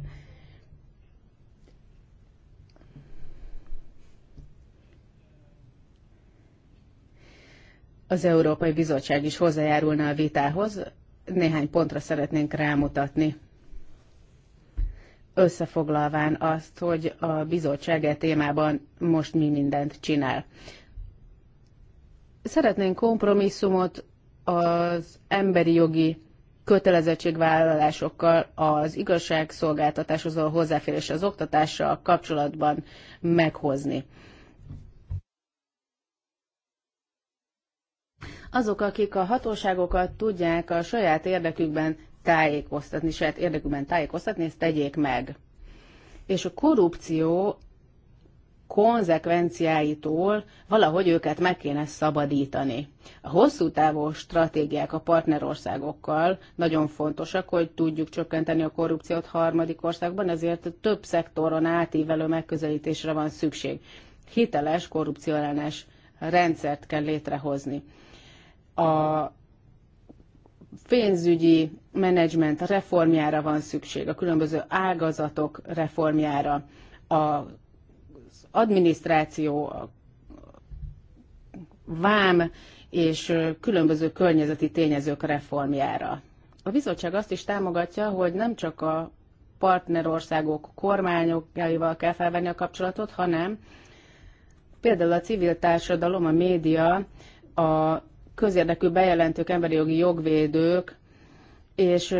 Az Európai Bizottság is hozzájárulna a vitához, néhány pontra szeretnénk rámutatni. Összefoglalván azt, hogy a bizottság e témában most mi mindent csinál. Szeretnénk kompromisszumot az emberi jogi kötelezettségvállalásokkal az igazságszolgáltatáshoz a hozzáférés az oktatással kapcsolatban meghozni. Azok, akik a hatóságokat tudják a saját érdekükben tájékoztatni, saját érdekükben tájékoztatni, ezt tegyék meg. És a korrupció konzekvenciáitól valahogy őket meg kéne szabadítani. A hosszú távú stratégiák a partnerországokkal nagyon fontosak, hogy tudjuk csökkenteni a korrupciót harmadik országban, ezért több szektoron átívelő megközelítésre van szükség. Hiteles, korrupcióellenes rendszert kell létrehozni. A pénzügyi menedzsment reformjára van szükség, a különböző ágazatok reformjára, a adminisztráció, a vám és különböző környezeti tényezők reformjára. A bizottság azt is támogatja, hogy nem csak a partnerországok kormányokjaival kell felvenni a kapcsolatot, hanem például a civil társadalom, a média, a közérdekű bejelentők, emberi jogi jogvédők, és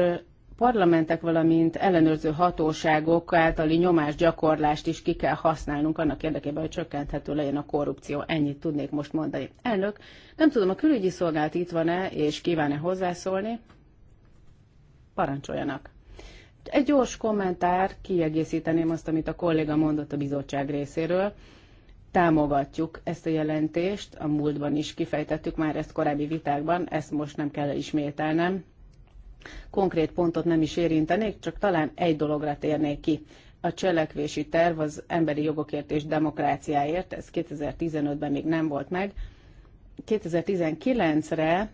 parlamentek, valamint ellenőrző hatóságok általi nyomásgyakorlást is ki kell használnunk annak érdekében, hogy csökkenthető legyen a korrupció. Ennyit tudnék most mondani. Elnök, nem tudom, a külügyi szolgált itt van-e, és kíván-e hozzászólni? Parancsoljanak. Egy gyors kommentár, kiegészíteném azt, amit a kolléga mondott a bizottság részéről. Támogatjuk ezt a jelentést, a múltban is kifejtettük már ezt korábbi vitákban, ezt most nem kell ismételnem, Konkrét pontot nem is érintenék, csak talán egy dologra térnék ki. A cselekvési terv az emberi jogokért és demokráciáért, ez 2015-ben még nem volt meg. 2019-re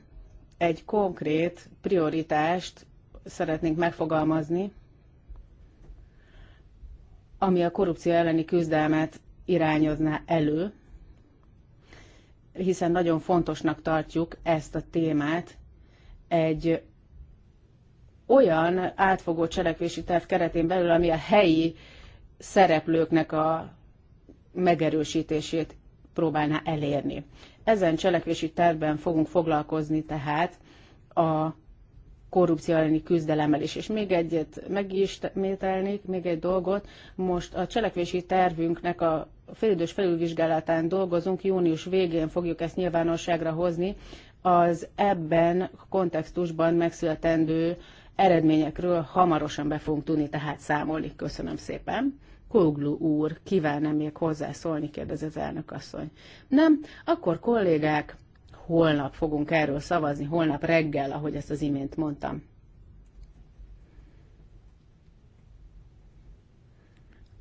egy konkrét prioritást szeretnénk megfogalmazni, ami a korrupció elleni küzdelmet irányozná elő, hiszen nagyon fontosnak tartjuk ezt a témát egy olyan átfogó cselekvési terv keretén belül, ami a helyi szereplőknek a megerősítését próbálná elérni. Ezen cselekvési tervben fogunk foglalkozni tehát a korrupció elleni küzdelemmel is. És még egyet megismételnék, még egy dolgot. Most a cselekvési tervünknek a félidős felülvizsgálatán dolgozunk, június végén fogjuk ezt nyilvánosságra hozni. Az ebben kontextusban megszületendő eredményekről hamarosan be fogunk tudni tehát számolni. Köszönöm szépen. Koglu úr, kívánna még hozzászólni, kérdez az elnök asszony. Nem? Akkor kollégák, holnap fogunk erről szavazni, holnap reggel, ahogy ezt az imént mondtam.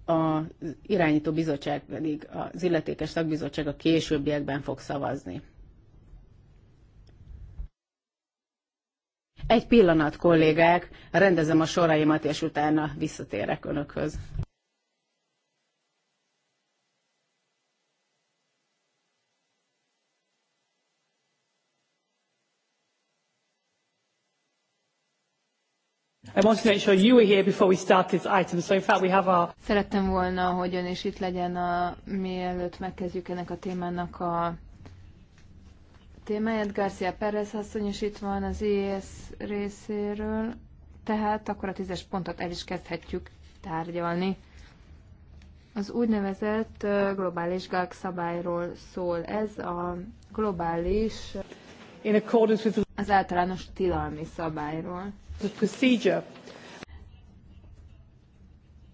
Az irányító bizottság pedig az illetékes szakbizottság a későbbiekben fog szavazni. Egy pillanat, kollégák, rendezem a soraimat, és utána visszatérek önökhöz. I wanted to make sure you were here before we start this item, so in fact we have our... Szerettem volna, hogy ön is itt legyen, a, mielőtt megkezdjük ennek a témának a témáját. Garcia Perez asszony is itt van az IES részéről, tehát akkor a tízes pontot el is kezdhetjük tárgyalni. Az úgynevezett globális GAG szabályról szól. Ez a globális In accordance with az általános tilalmi szabályról. The procedure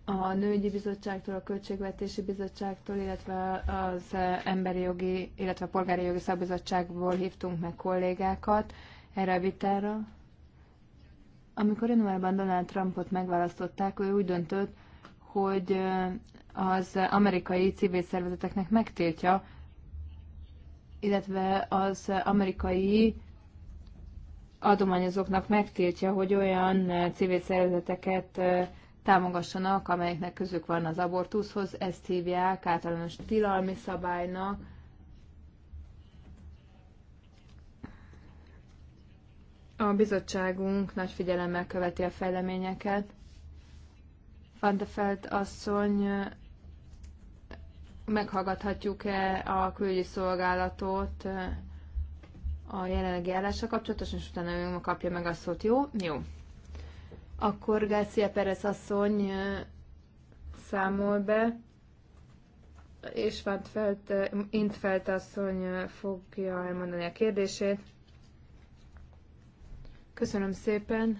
a Nőgyi Bizottságtól, a Költségvetési Bizottságtól, illetve az Emberi Jogi, illetve a Polgári Jogi szabizottságból hívtunk meg kollégákat erre a vitára. Amikor januárban Donald Trumpot megválasztották, ő úgy döntött, hogy az amerikai civil szervezeteknek megtiltja, illetve az amerikai adományozóknak megtiltja, hogy olyan civil szervezeteket támogassanak, amelyeknek közük van az abortuszhoz, ezt hívják általános tilalmi szabálynak. A bizottságunk nagy figyelemmel követi a fejleményeket. Van de Felt asszony, meghallgathatjuk-e a külügyi szolgálatot eh, a jelenlegi állása kapcsolatosan, és utána ő kapja meg a szót. Jó? Jó akkor Gácia Perez asszony számol be, és Van Felt, Intfelt asszony fogja elmondani a kérdését. Köszönöm szépen!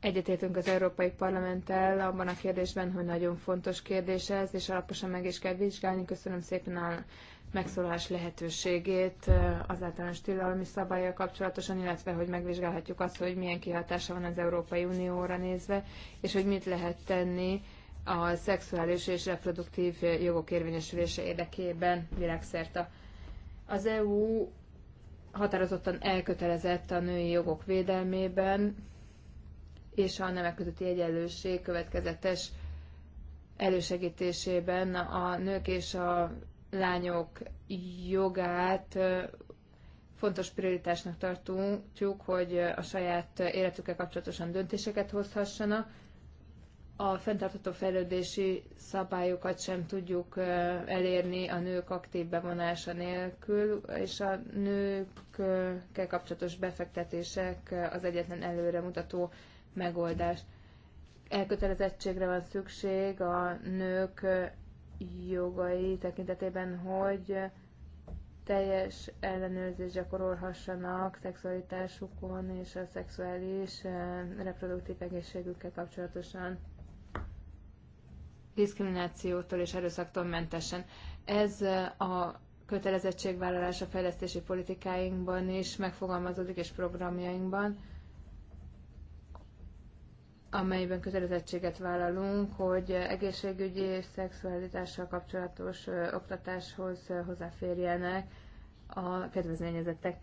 Egyetértünk az Európai Parlamenttel abban a kérdésben, hogy nagyon fontos kérdés ez, és alaposan meg is kell vizsgálni. Köszönöm szépen a megszólalás lehetőségét az általános tilalmi szabályjal kapcsolatosan, illetve hogy megvizsgálhatjuk azt, hogy milyen kihatása van az Európai Unióra nézve, és hogy mit lehet tenni a szexuális és reproduktív jogok érvényesülése érdekében világszerte. Az EU határozottan elkötelezett a női jogok védelmében, és a nemek közötti egyenlőség következetes elősegítésében a nők és a lányok jogát fontos prioritásnak tartjuk, hogy a saját életükkel kapcsolatosan döntéseket hozhassanak. A fenntartható fejlődési szabályokat sem tudjuk elérni a nők aktív bevonása nélkül, és a nőkkel kapcsolatos befektetések az egyetlen előremutató megoldás. Elkötelezettségre van szükség a nők jogai tekintetében, hogy teljes ellenőrzést gyakorolhassanak szexualitásukon és a szexuális eh, reproduktív egészségükkel kapcsolatosan diszkriminációtól és erőszaktól mentesen. Ez eh, a kötelezettségvállalás a fejlesztési politikáinkban is megfogalmazódik és programjainkban amelyben kötelezettséget vállalunk, hogy egészségügyi és szexualitással kapcsolatos oktatáshoz hozzáférjenek a kedvezményezettek.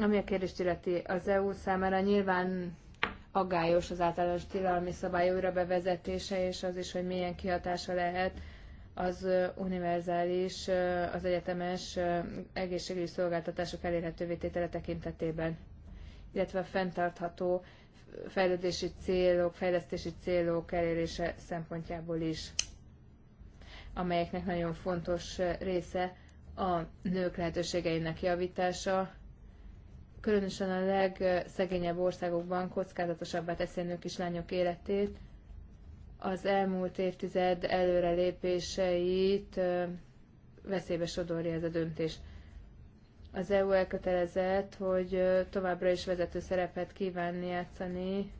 Ami a kérdést illeti, az EU számára nyilván aggályos az általános tilalmi szabály újra bevezetése, és az is, hogy milyen kihatása lehet az univerzális, az egyetemes egészségügyi szolgáltatások elérhetővé tétele tekintetében, illetve a fenntartható fejlődési célok, fejlesztési célok elérése szempontjából is, amelyeknek nagyon fontos része a nők lehetőségeinek javítása, különösen a legszegényebb országokban kockázatosabbá teszi a nők és lányok életét. Az elmúlt évtized előrelépéseit veszélybe sodorja ez a döntés. Az EU elkötelezett, hogy továbbra is vezető szerepet kíván játszani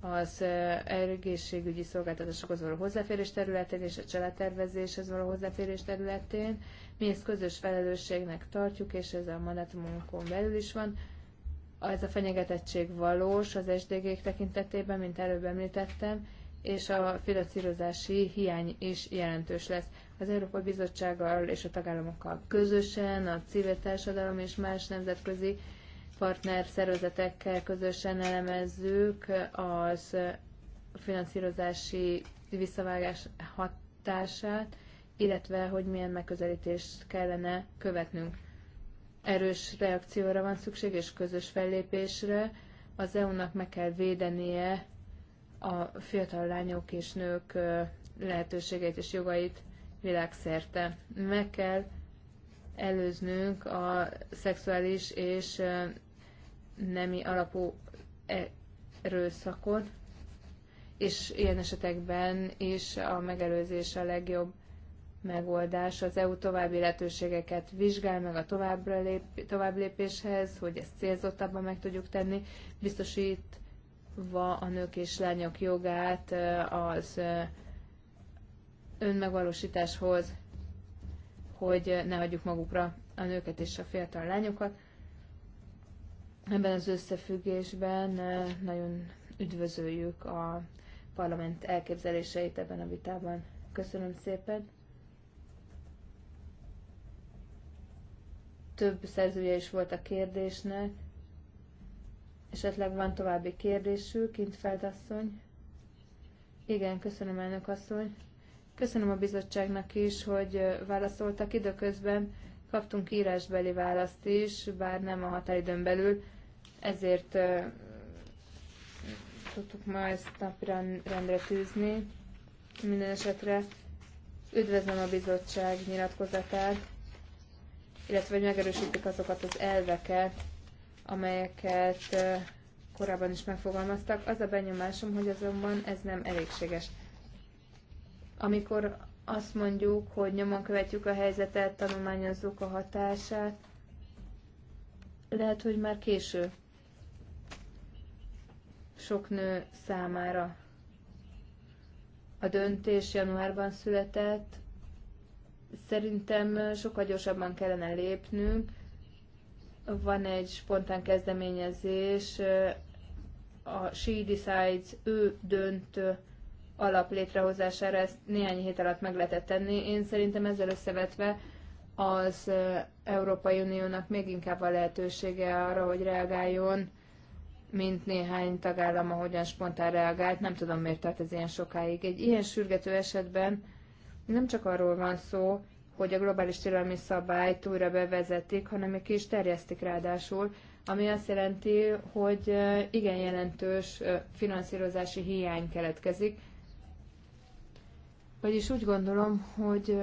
az egészségügyi szolgáltatásokhoz való hozzáférés területén és a családtervezéshez való hozzáférés területén. Mi ezt közös felelősségnek tartjuk, és ez a mandátumunkon belül is van. Ez a fenyegetettség valós az sdg tekintetében, mint előbb említettem, és a finanszírozási hiány is jelentős lesz az Európai Bizottsággal és a tagállamokkal közösen, a civil társadalom és más nemzetközi partner szervezetekkel közösen elemezzük az finanszírozási visszavágás hatását, illetve hogy milyen megközelítést kellene követnünk. Erős reakcióra van szükség és közös fellépésre. Az EU-nak meg kell védenie a fiatal lányok és nők lehetőségeit és jogait világszerte. Meg kell előznünk a szexuális és nemi alapú e- erőszakot, és ilyen esetekben is a megelőzés a legjobb megoldás. Az EU további lehetőségeket vizsgál meg a tovább, lép, tovább lépéshez, hogy ezt célzottabban meg tudjuk tenni, biztosítva a nők és lányok jogát az önmegvalósításhoz, hogy ne hagyjuk magukra a nőket és a fiatal lányokat. Ebben az összefüggésben eh, nagyon üdvözöljük a parlament elképzeléseit ebben a vitában. Köszönöm szépen! Több szerzője is volt a kérdésnek. Esetleg van további kérdésük, Kintfeld asszony? Igen, köszönöm elnök asszony. Köszönöm a bizottságnak is, hogy válaszoltak időközben. Kaptunk írásbeli választ is, bár nem a határidőn belül, ezért tudtuk ma ezt napirendre tűzni. Minden esetre üdvözlöm a bizottság nyilatkozatát, illetve hogy megerősítik azokat az elveket, amelyeket korábban is megfogalmaztak. Az a benyomásom, hogy azonban ez nem elégséges amikor azt mondjuk, hogy nyomon követjük a helyzetet, tanulmányozzuk a hatását, lehet, hogy már késő sok nő számára. A döntés januárban született, szerintem sokkal gyorsabban kellene lépnünk. Van egy spontán kezdeményezés, a She Decides, ő dönt alap létrehozására ezt néhány hét alatt meg lehetett tenni. Én szerintem ezzel összevetve az Európai Uniónak még inkább a lehetősége arra, hogy reagáljon, mint néhány tagállam, ahogyan spontán reagált. Nem tudom, miért tart ez ilyen sokáig. Egy ilyen sürgető esetben nem csak arról van szó, hogy a globális tilalmi szabályt újra bevezetik, hanem ki is terjesztik ráadásul, ami azt jelenti, hogy igen jelentős finanszírozási hiány keletkezik, vagyis úgy gondolom, hogy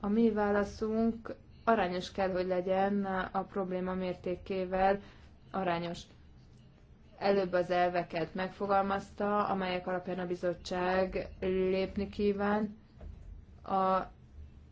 a mi válaszunk arányos kell, hogy legyen a probléma mértékével arányos. Előbb az elveket megfogalmazta, amelyek alapján a bizottság lépni kíván. A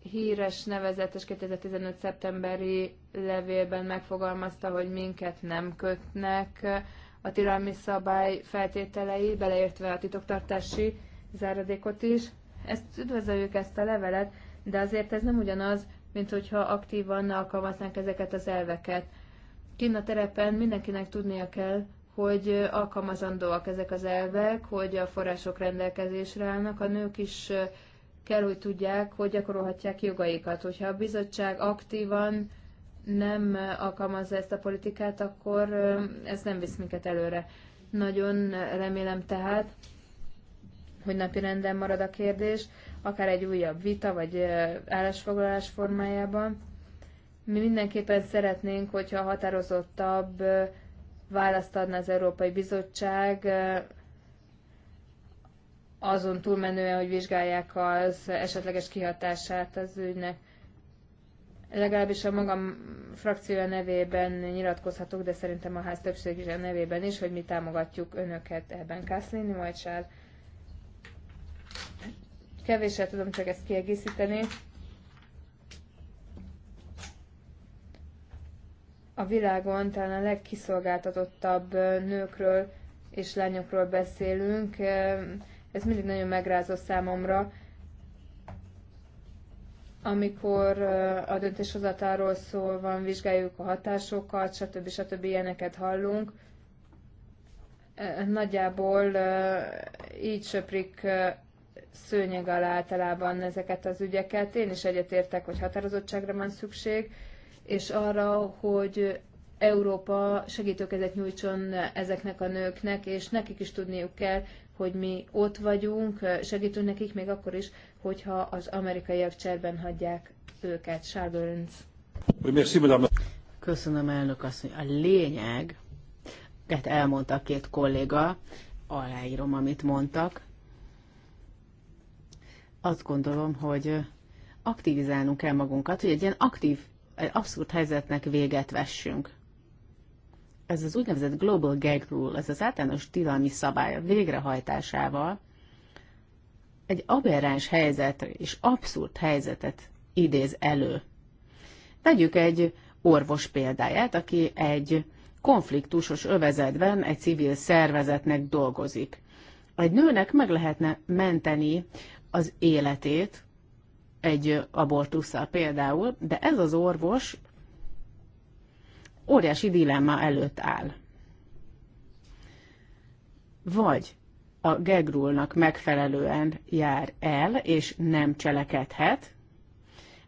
híres nevezetes 2015. szeptemberi levélben megfogalmazta, hogy minket nem kötnek a tilalmi szabály feltételei, beleértve a titoktartási záradékot is. Ezt üdvözöljük ezt a levelet, de azért ez nem ugyanaz, mint hogyha aktívan alkalmaznánk ezeket az elveket. Kinn a terepen mindenkinek tudnia kell, hogy alkalmazandóak ezek az elvek, hogy a források rendelkezésre állnak, a nők is kell, hogy tudják, hogy gyakorolhatják jogaikat. Hogyha a bizottság aktívan nem alkalmazza ezt a politikát, akkor ez nem visz minket előre. Nagyon remélem tehát, hogy napirenden marad a kérdés, akár egy újabb vita vagy állásfoglalás formájában. Mi mindenképpen szeretnénk, hogyha határozottabb választ adna az Európai Bizottság azon túlmenően, hogy vizsgálják az esetleges kihatását az ügynek. Legalábbis a magam frakciója nevében nyilatkozhatok, de szerintem a ház többség is a nevében is, hogy mi támogatjuk önöket ebben. Kászlini Majcsár Kevéssel tudom csak ezt kiegészíteni. A világon talán a legkiszolgáltatottabb nőkről és lányokról beszélünk. Ez mindig nagyon megrázó számomra, amikor a döntéshozatáról szól van, vizsgáljuk a hatásokat, stb. stb. ilyeneket hallunk. Nagyjából így söprik szőnyeg alá általában ezeket az ügyeket. Én is egyetértek, hogy határozottságra van szükség, és arra, hogy Európa segítőkezet nyújtson ezeknek a nőknek, és nekik is tudniuk kell, hogy mi ott vagyunk, segítünk nekik még akkor is, hogyha az amerikaiak cserben hagyják őket. Sárgőrönc. Köszönöm, elnök asszony. A lényeg, hát elmondta két kolléga, aláírom, amit mondtak, azt gondolom, hogy aktivizálnunk kell magunkat, hogy egy ilyen aktív, egy abszurd helyzetnek véget vessünk. Ez az úgynevezett Global Gag Rule, ez az általános tilalmi szabály végrehajtásával egy aberráns helyzet és abszurd helyzetet idéz elő. Vegyük egy orvos példáját, aki egy konfliktusos övezetben egy civil szervezetnek dolgozik. Egy nőnek meg lehetne menteni az életét egy abortussal például, de ez az orvos óriási dilemma előtt áll. Vagy a gegrulnak megfelelően jár el, és nem cselekedhet,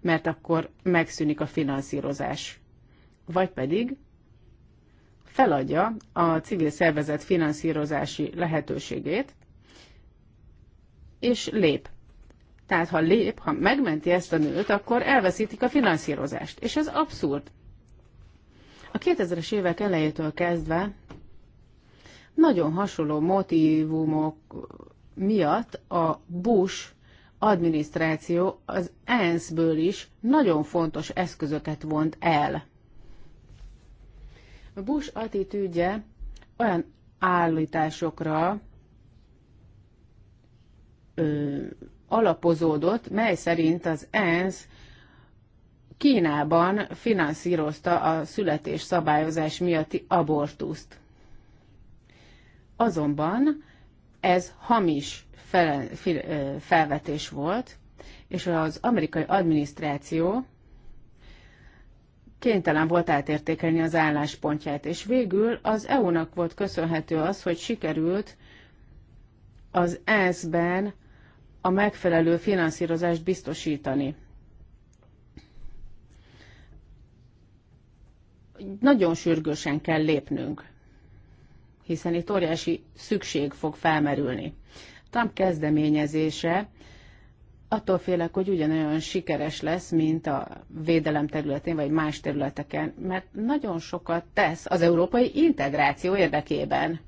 mert akkor megszűnik a finanszírozás. Vagy pedig feladja a civil szervezet finanszírozási lehetőségét, és lép. Tehát ha lép, ha megmenti ezt a nőt, akkor elveszítik a finanszírozást. És ez abszurd. A 2000-es évek elejétől kezdve nagyon hasonló motivumok miatt a Bush adminisztráció az ENSZ-ből is nagyon fontos eszközöket vont el. A Bush attitűdje olyan állításokra ö, alapozódott, mely szerint az ENSZ Kínában finanszírozta a születés szabályozás miatti abortuszt. Azonban ez hamis fel, felvetés volt, és az amerikai adminisztráció kénytelen volt átértékelni az álláspontját, és végül az EU-nak volt köszönhető az, hogy sikerült az ENSZ-ben a megfelelő finanszírozást biztosítani. Nagyon sürgősen kell lépnünk, hiszen itt óriási szükség fog felmerülni. Trump kezdeményezése attól félek, hogy ugyanolyan sikeres lesz, mint a védelem területén, vagy más területeken, mert nagyon sokat tesz az európai integráció érdekében.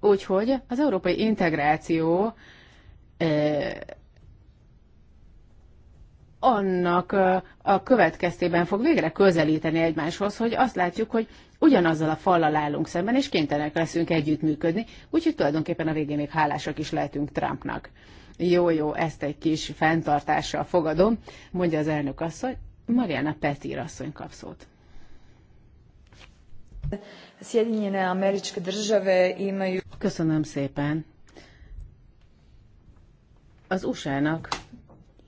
Úgyhogy az európai integráció annak a következtében fog végre közelíteni egymáshoz, hogy azt látjuk, hogy ugyanazzal a fallal állunk szemben, és kénytelenek leszünk együttműködni, úgyhogy tulajdonképpen a végén még hálásak is lehetünk Trumpnak. Jó, jó, ezt egy kis fenntartással fogadom, mondja az elnök asszony. Mariana Petir asszony kap szót. Köszönöm szépen az USA-nak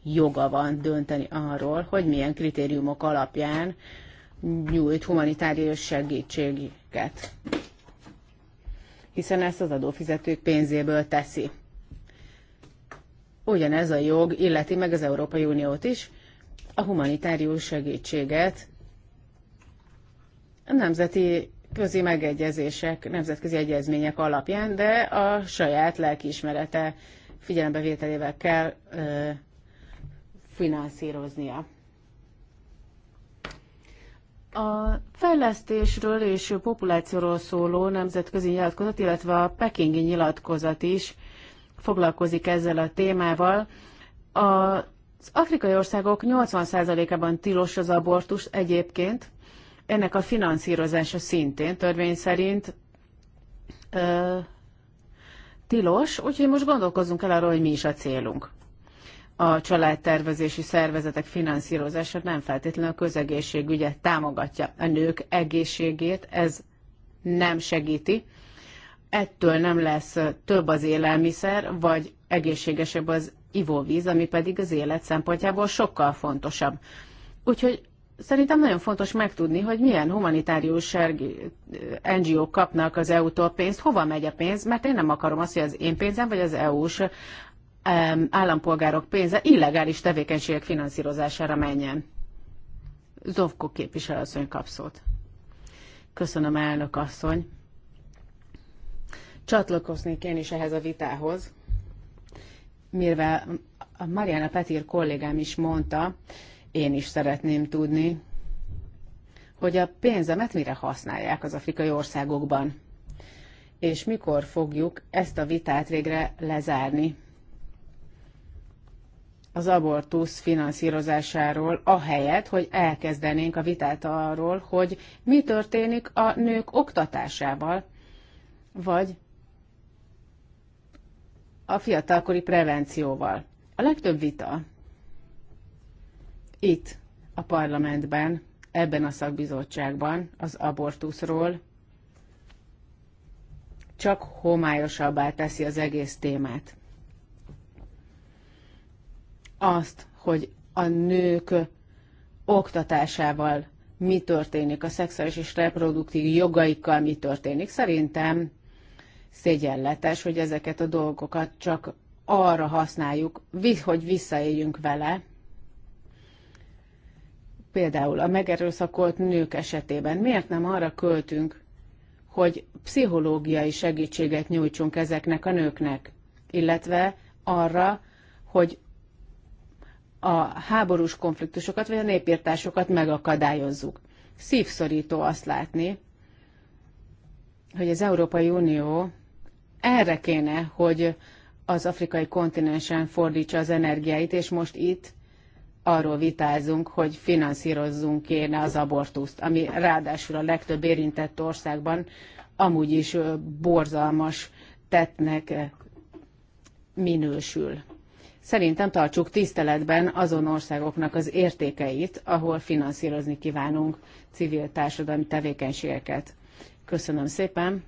joga van dönteni arról, hogy milyen kritériumok alapján nyújt humanitárius segítséget. Hiszen ezt az adófizetők pénzéből teszi. Ugyanez a jog illeti meg az Európai Uniót is, a humanitárius segítséget a nemzeti közi megegyezések, nemzetközi egyezmények alapján, de a saját lelkiismerete figyelembevételével kell ö, finanszíroznia. A fejlesztésről és populációról szóló nemzetközi nyilatkozat, illetve a pekingi nyilatkozat is foglalkozik ezzel a témával. Az afrikai országok 80%-ában tilos az abortus egyébként, ennek a finanszírozása szintén törvény szerint tilos, úgyhogy most gondolkozzunk el arról, hogy mi is a célunk. A családtervezési szervezetek finanszírozása nem feltétlenül a közegészségügyet támogatja. A nők egészségét ez nem segíti. Ettől nem lesz több az élelmiszer, vagy egészségesebb az ivóvíz, ami pedig az élet szempontjából sokkal fontosabb. Úgyhogy Szerintem nagyon fontos megtudni, hogy milyen humanitárius NGO-k kapnak az EU-tól pénzt, hova megy a pénz, mert én nem akarom azt, hogy az én pénzem vagy az EU-s állampolgárok pénze illegális tevékenységek finanszírozására menjen. Zovko képviselőasszony kap szót. Köszönöm, elnök asszony. Csatlakoznék én is ehhez a vitához, mivel a Mariana Petir kollégám is mondta, én is szeretném tudni, hogy a pénzemet mire használják az afrikai országokban, és mikor fogjuk ezt a vitát végre lezárni az abortusz finanszírozásáról, ahelyett, hogy elkezdenénk a vitát arról, hogy mi történik a nők oktatásával, vagy a fiatalkori prevencióval. A legtöbb vita itt a parlamentben, ebben a szakbizottságban az abortuszról csak homályosabbá teszi az egész témát. Azt, hogy a nők oktatásával mi történik, a szexuális és reproduktív jogaikkal mi történik. Szerintem szégyenletes, hogy ezeket a dolgokat csak arra használjuk, hogy visszaéljünk vele, például a megerőszakolt nők esetében miért nem arra költünk, hogy pszichológiai segítséget nyújtsunk ezeknek a nőknek, illetve arra, hogy a háborús konfliktusokat vagy a népírtásokat megakadályozzuk. Szívszorító azt látni, hogy az Európai Unió erre kéne, hogy az afrikai kontinensen fordítsa az energiáit, és most itt arról vitázunk, hogy finanszírozzunk kéne az abortuszt, ami ráadásul a legtöbb érintett országban amúgy is borzalmas tettnek minősül. Szerintem tartsuk tiszteletben azon országoknak az értékeit, ahol finanszírozni kívánunk civil társadalmi tevékenységeket. Köszönöm szépen!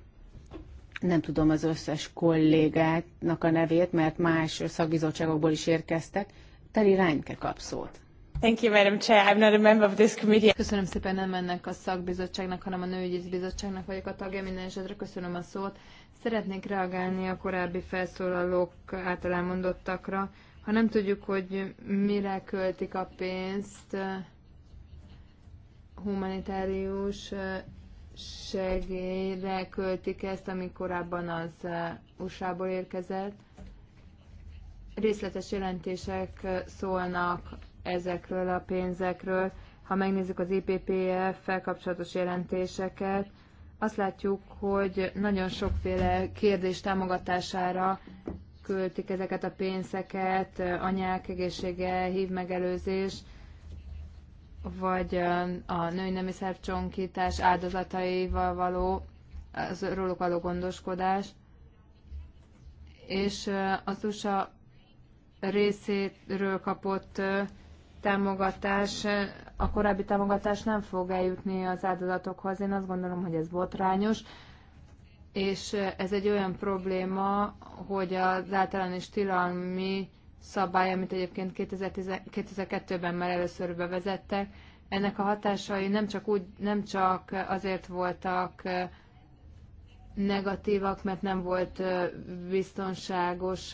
nem tudom az összes kollégáknak a nevét, mert más szakbizottságokból is érkeztek, Teri Reinke kap szót. Thank you, Madam Chair. I'm not a member of this committee. Köszönöm szépen, nem ennek a szakbizottságnak, hanem a nőügyi bizottságnak vagyok a tagja. Minden esetre köszönöm a szót. Szeretnék reagálni a korábbi felszólalók által elmondottakra. Ha nem tudjuk, hogy mire költik a pénzt, humanitárius segélyre költik ezt, ami korábban az eh, USA-ból érkezett, részletes jelentések szólnak ezekről a pénzekről. Ha megnézzük az ippf felkapcsolatos kapcsolatos jelentéseket, azt látjuk, hogy nagyon sokféle kérdés támogatására költik ezeket a pénzeket, anyák egészsége, hív megelőzés, vagy a női nemi szervcsonkítás áldozataival való, az róluk való gondoskodás. És az USA részéről kapott támogatás, a korábbi támogatás nem fog eljutni az áldozatokhoz. Én azt gondolom, hogy ez botrányos, és ez egy olyan probléma, hogy az általános tilalmi szabály, amit egyébként 2002-ben már először bevezettek, ennek a hatásai nem csak, úgy, nem csak azért voltak negatívak, mert nem volt biztonságos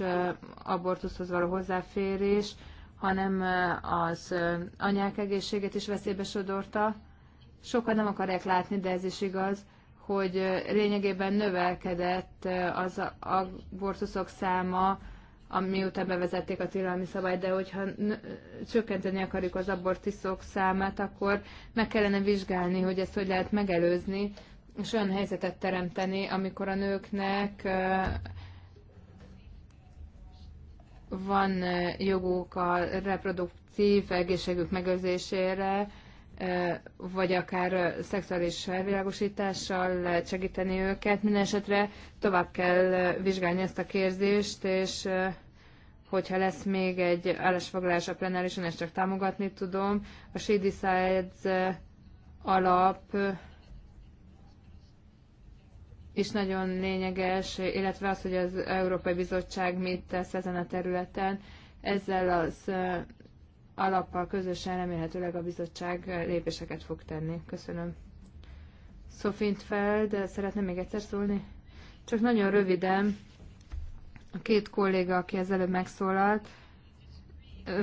abortuszhoz való hozzáférés, hanem az anyák egészségét is veszélybe sodorta. Sokan nem akarják látni, de ez is igaz, hogy lényegében növelkedett az abortuszok száma, miután bevezették a tilalmi szabályt, de hogyha csökkenteni akarjuk az abortiszok számát, akkor meg kellene vizsgálni, hogy ezt hogy lehet megelőzni, és olyan helyzetet teremteni, amikor a nőknek van joguk a reproduktív egészségük megőrzésére, vagy akár szexuális felvilágosítással segíteni őket. Minden esetre tovább kell vizsgálni ezt a kérdést, és hogyha lesz még egy állásfoglalás a plenárison, ezt csak támogatni tudom. A She Decides alap is nagyon lényeges, illetve az, hogy az Európai Bizottság mit tesz ezen a területen. Ezzel az alappal közösen remélhetőleg a bizottság lépéseket fog tenni. Köszönöm. Szofint fel, de szeretném még egyszer szólni? Csak nagyon röviden, a két kolléga, aki az előbb megszólalt,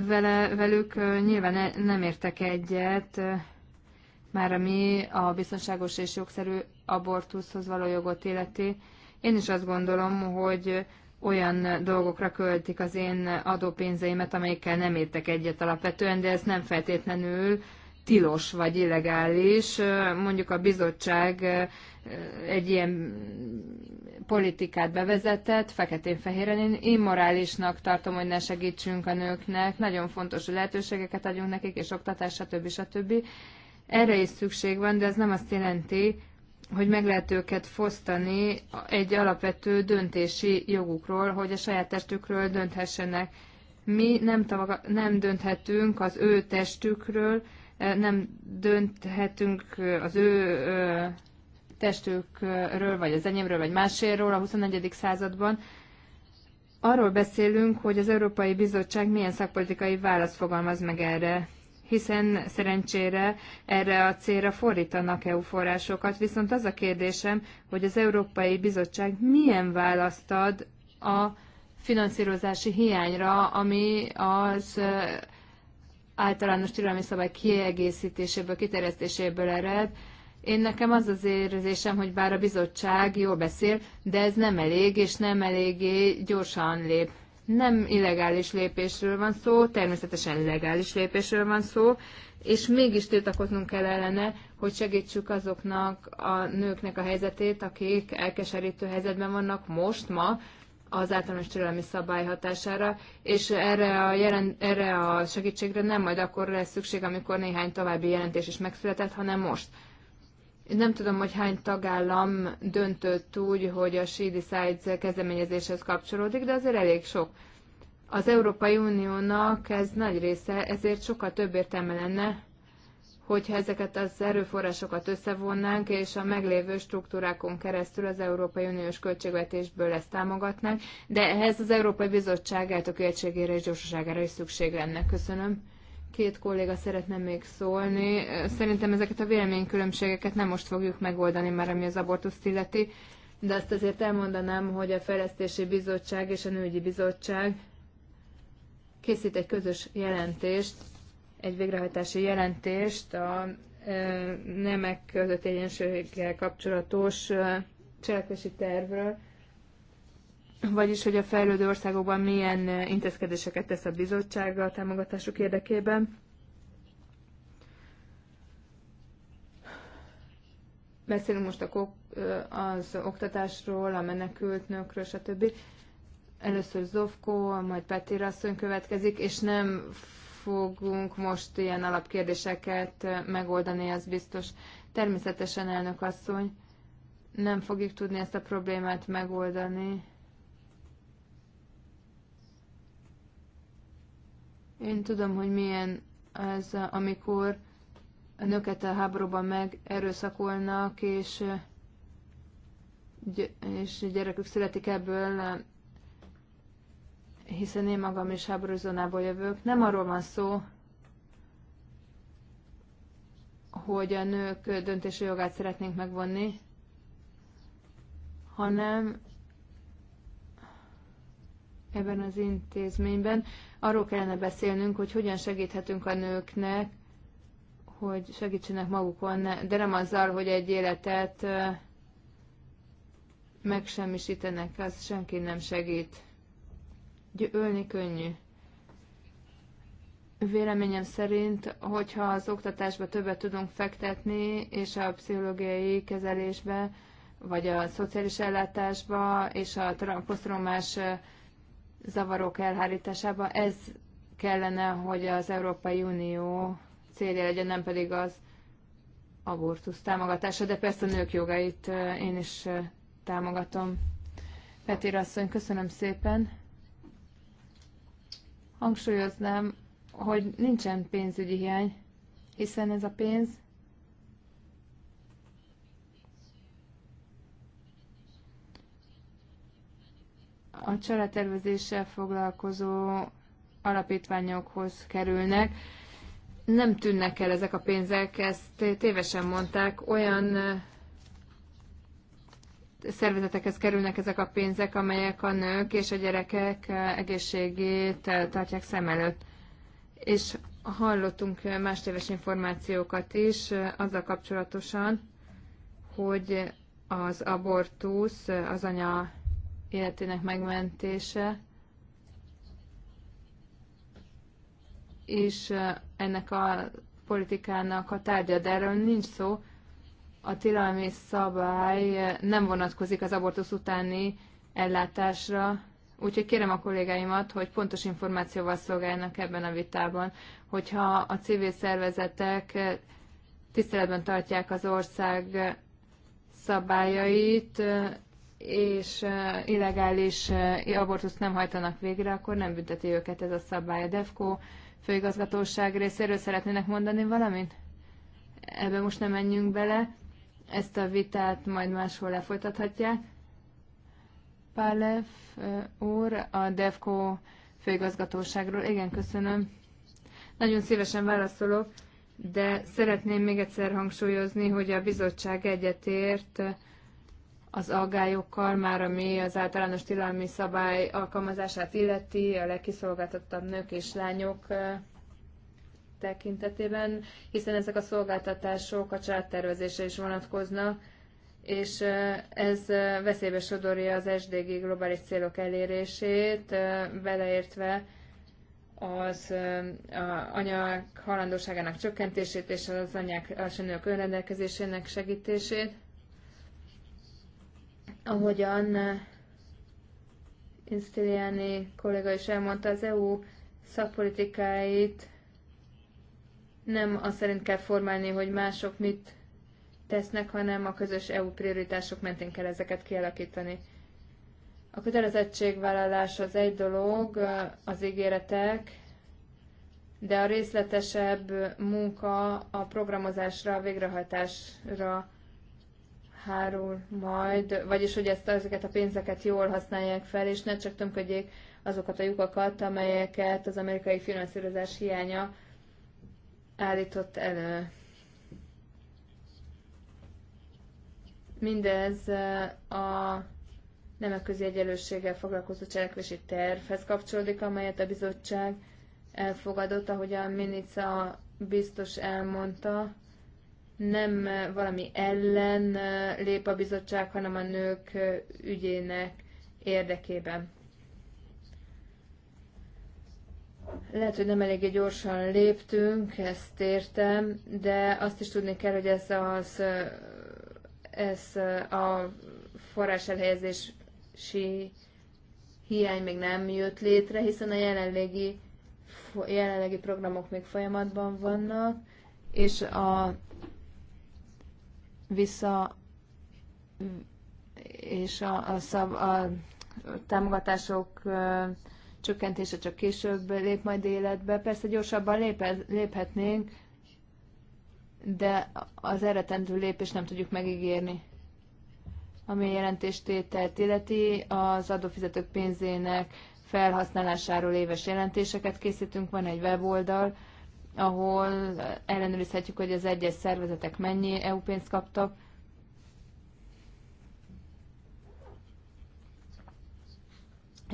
vele, velük nyilván nem értek egyet, már ami a biztonságos és jogszerű abortuszhoz való jogot illeti. Én is azt gondolom, hogy olyan dolgokra költik az én adópénzeimet, amelyekkel nem értek egyet alapvetően, de ez nem feltétlenül tilos vagy illegális. Mondjuk a bizottság egy ilyen politikát bevezetett, feketén-fehéren. Én immorálisnak tartom, hogy ne segítsünk a nőknek, nagyon fontos, hogy lehetőségeket adjunk nekik, és oktatás, stb. stb. Erre is szükség van, de ez nem azt jelenti, hogy meg lehet őket fosztani egy alapvető döntési jogukról, hogy a saját testükről dönthessenek. Mi nem, tavaga, nem dönthetünk az ő testükről, eh, nem dönthetünk eh, az ő testükről, vagy az enyémről, vagy máséről a 21. században. Arról beszélünk, hogy az Európai Bizottság milyen szakpolitikai választ fogalmaz meg erre hiszen szerencsére erre a célra fordítanak EU forrásokat. Viszont az a kérdésem, hogy az Európai Bizottság milyen választ ad a finanszírozási hiányra, ami az általános tilalmi szabály kiegészítéséből, kiterjesztéséből ered. Én nekem az az érzésem, hogy bár a bizottság jól beszél, de ez nem elég, és nem eléggé gyorsan lép nem illegális lépésről van szó, természetesen legális lépésről van szó, és mégis tiltakoznunk kell ellene, hogy segítsük azoknak a nőknek a helyzetét, akik elkeserítő helyzetben vannak most, ma, az általános türelmi szabály hatására, és erre a, jelen, erre a segítségre nem majd akkor lesz szükség, amikor néhány további jelentés is megszületett, hanem most. Nem tudom, hogy hány tagállam döntött úgy, hogy a She Decides kezdeményezéshez kapcsolódik, de azért elég sok. Az Európai Uniónak ez nagy része, ezért sokkal több értelme lenne, hogyha ezeket az erőforrásokat összevonnánk, és a meglévő struktúrákon keresztül az Európai Uniós költségvetésből ezt támogatnánk, de ehhez az Európai Bizottság eltökéltségére és gyorsaságára is szükség lenne. Köszönöm. Két kolléga szeretne még szólni. Szerintem ezeket a véleménykülönbségeket nem most fogjuk megoldani már, ami az abortuszt illeti, de azt azért elmondanám, hogy a Fejlesztési Bizottság és a Nőgyi Bizottság készít egy közös jelentést, egy végrehajtási jelentést a nemek között egyensúlykel kapcsolatos cselekvési tervről, vagyis hogy a fejlődő országokban milyen intézkedéseket tesz a bizottság a támogatásuk érdekében. Beszélünk most a, az oktatásról, a menekültnökről, stb. Először Zovko, majd Peti Rasszony következik, és nem fogunk most ilyen alapkérdéseket megoldani, az biztos. Természetesen elnök asszony, nem fogjuk tudni ezt a problémát megoldani Én tudom, hogy milyen ez, amikor a nőket a háborúban meg erőszakolnak, és, és gyerekük születik ebből, hiszen én magam is zónából jövök. Nem arról van szó, hogy a nők döntési jogát szeretnénk megvonni, hanem ebben az intézményben. Arról kellene beszélnünk, hogy hogyan segíthetünk a nőknek, hogy segítsenek magukon, de nem azzal, hogy egy életet megsemmisítenek, az senki nem segít. Ölni könnyű. Véleményem szerint, hogyha az oktatásba többet tudunk fektetni, és a pszichológiai kezelésbe, vagy a szociális ellátásba, és a posztromás zavarok elhárításába. Ez kellene, hogy az Európai Unió célja legyen, nem pedig az abortusz támogatása, de persze a nők jogait én is támogatom. Petir asszony, köszönöm szépen. Hangsúlyoznám, hogy nincsen pénzügyi hiány, hiszen ez a pénz a családtervezéssel foglalkozó alapítványokhoz kerülnek. Nem tűnnek el ezek a pénzek, ezt tévesen mondták, olyan eh, szervezetekhez kerülnek ezek a pénzek, amelyek a nők és a gyerekek eh, egészségét eh, tartják szem előtt. És hallottunk más téves információkat is azzal kapcsolatosan, hogy az abortusz, az anya életének megmentése, és ennek a politikának a tárgya, de erről nincs szó. A tilalmi szabály nem vonatkozik az abortusz utáni ellátásra, úgyhogy kérem a kollégáimat, hogy pontos információval szolgáljanak ebben a vitában, hogyha a civil szervezetek tiszteletben tartják az ország szabályait, és illegális abortuszt nem hajtanak végre, akkor nem bünteti őket ez a szabály. A DEFCO főigazgatóság részéről szeretnének mondani valamit? Ebbe most nem menjünk bele. Ezt a vitát majd máshol lefolytathatják. Pálev úr, a DEFCO főigazgatóságról. Igen, köszönöm. Nagyon szívesen válaszolok, de szeretném még egyszer hangsúlyozni, hogy a bizottság egyetért az aggályokkal, már ami az általános tilalmi szabály alkalmazását illeti, a legkiszolgáltatottabb nők és lányok tekintetében, hiszen ezek a szolgáltatások a családtervezésre is vonatkoznak, és ez veszélybe sodorja az SDG globális célok elérését, beleértve az anyák halandóságának csökkentését és az anyák első nők önrendelkezésének segítését Ahogyan eh, Instiliani kolléga is elmondta, az EU szakpolitikáit nem azt szerint kell formálni, hogy mások mit tesznek, hanem a közös EU prioritások mentén kell ezeket kialakítani. A kötelezettségvállalás az egy dolog, eh, az ígéretek, de a részletesebb munka a programozásra, a végrehajtásra hárul majd, vagyis hogy ezt, ezeket a pénzeket jól használják fel, és ne csak tömködjék azokat a lyukakat, amelyeket az amerikai finanszírozás hiánya állított elő. Mindez eh, a közi egyenlősséggel foglalkozó cselekvési tervhez kapcsolódik, amelyet a bizottság elfogadott, ahogy a Minica biztos elmondta, nem valami ellen lép a bizottság, hanem a nők ügyének érdekében. Lehet, hogy nem eléggé gyorsan léptünk, ezt értem, de azt is tudni kell, hogy ez, az, ez a forrás elhelyezési hiány még nem jött létre, hiszen a jelenlegi, jelenlegi programok még folyamatban vannak, és a vissza és a, a, szav, a támogatások csökkentése csak később lép majd életbe. Persze gyorsabban léphetnénk, de az eretendő lépést nem tudjuk megígérni. Ami a jelentéstételt illeti, az adófizetők pénzének felhasználásáról éves jelentéseket készítünk, van egy weboldal, ahol ellenőrizhetjük, hogy az egyes szervezetek mennyi EU pénzt kaptak,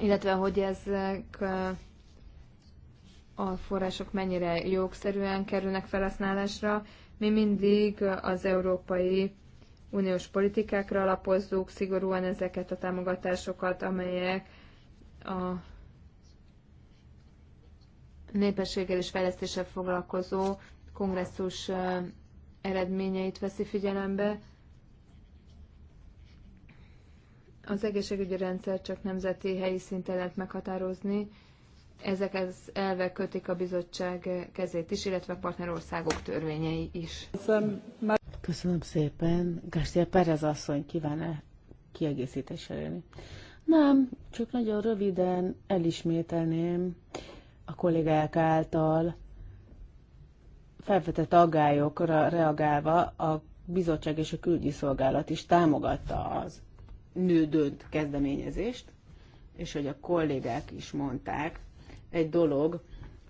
illetve hogy ezek a források mennyire jogszerűen kerülnek felhasználásra. Mi mindig az európai uniós politikákra alapozzuk szigorúan ezeket a támogatásokat, amelyek a népességgel és fejlesztéssel foglalkozó kongresszus eredményeit veszi figyelembe. Az egészségügyi rendszer csak nemzeti helyi szinten lehet meghatározni. Ezek az elvek kötik a bizottság kezét is, illetve a partnerországok törvényei is. Köszönöm szépen. Garcia Perez asszony kíván-e kiegészítésre jönni? Nem, csak nagyon röviden elismételném a kollégák által felvetett aggályokra reagálva a bizottság és a külügyi szolgálat is támogatta az nő dönt kezdeményezést, és hogy a kollégák is mondták, egy dolog,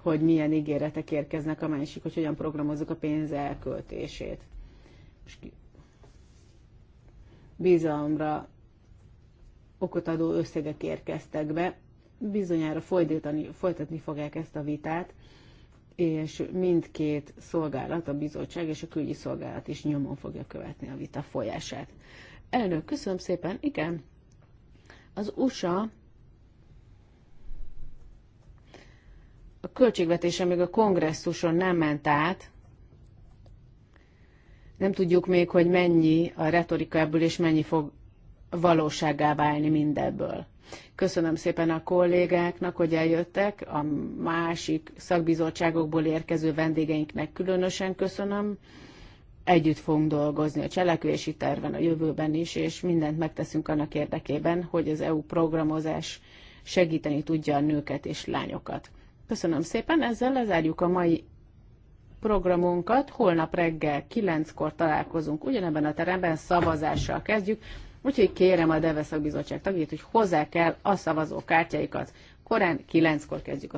hogy milyen ígéretek érkeznek, a másik, hogy hogyan programozzuk a pénz elköltését. És bizalomra okot adó összegek érkeztek be, bizonyára folytatni, folytatni fogják ezt a vitát, és mindkét szolgálat, a bizottság és a külügyi szolgálat is nyomon fogja követni a vita folyását. Elnök, köszönöm szépen, igen. Az USA a költségvetése még a kongresszuson nem ment át, nem tudjuk még, hogy mennyi a retorika ebből, és mennyi fog valóságá válni mindebből. Köszönöm szépen a kollégáknak, hogy eljöttek, a másik szakbizottságokból érkező vendégeinknek különösen köszönöm. Együtt fogunk dolgozni a cselekvési terven a jövőben is, és mindent megteszünk annak érdekében, hogy az EU programozás segíteni tudja a nőket és lányokat. Köszönöm szépen, ezzel lezárjuk a mai programunkat. Holnap reggel 9-kor találkozunk ugyanebben a teremben, szavazással kezdjük. Úgyhogy kérem a Deveszak Bizottság tagjait, hogy hozzá kell a szavazókártyáikat. Korán kilenckor kezdjük a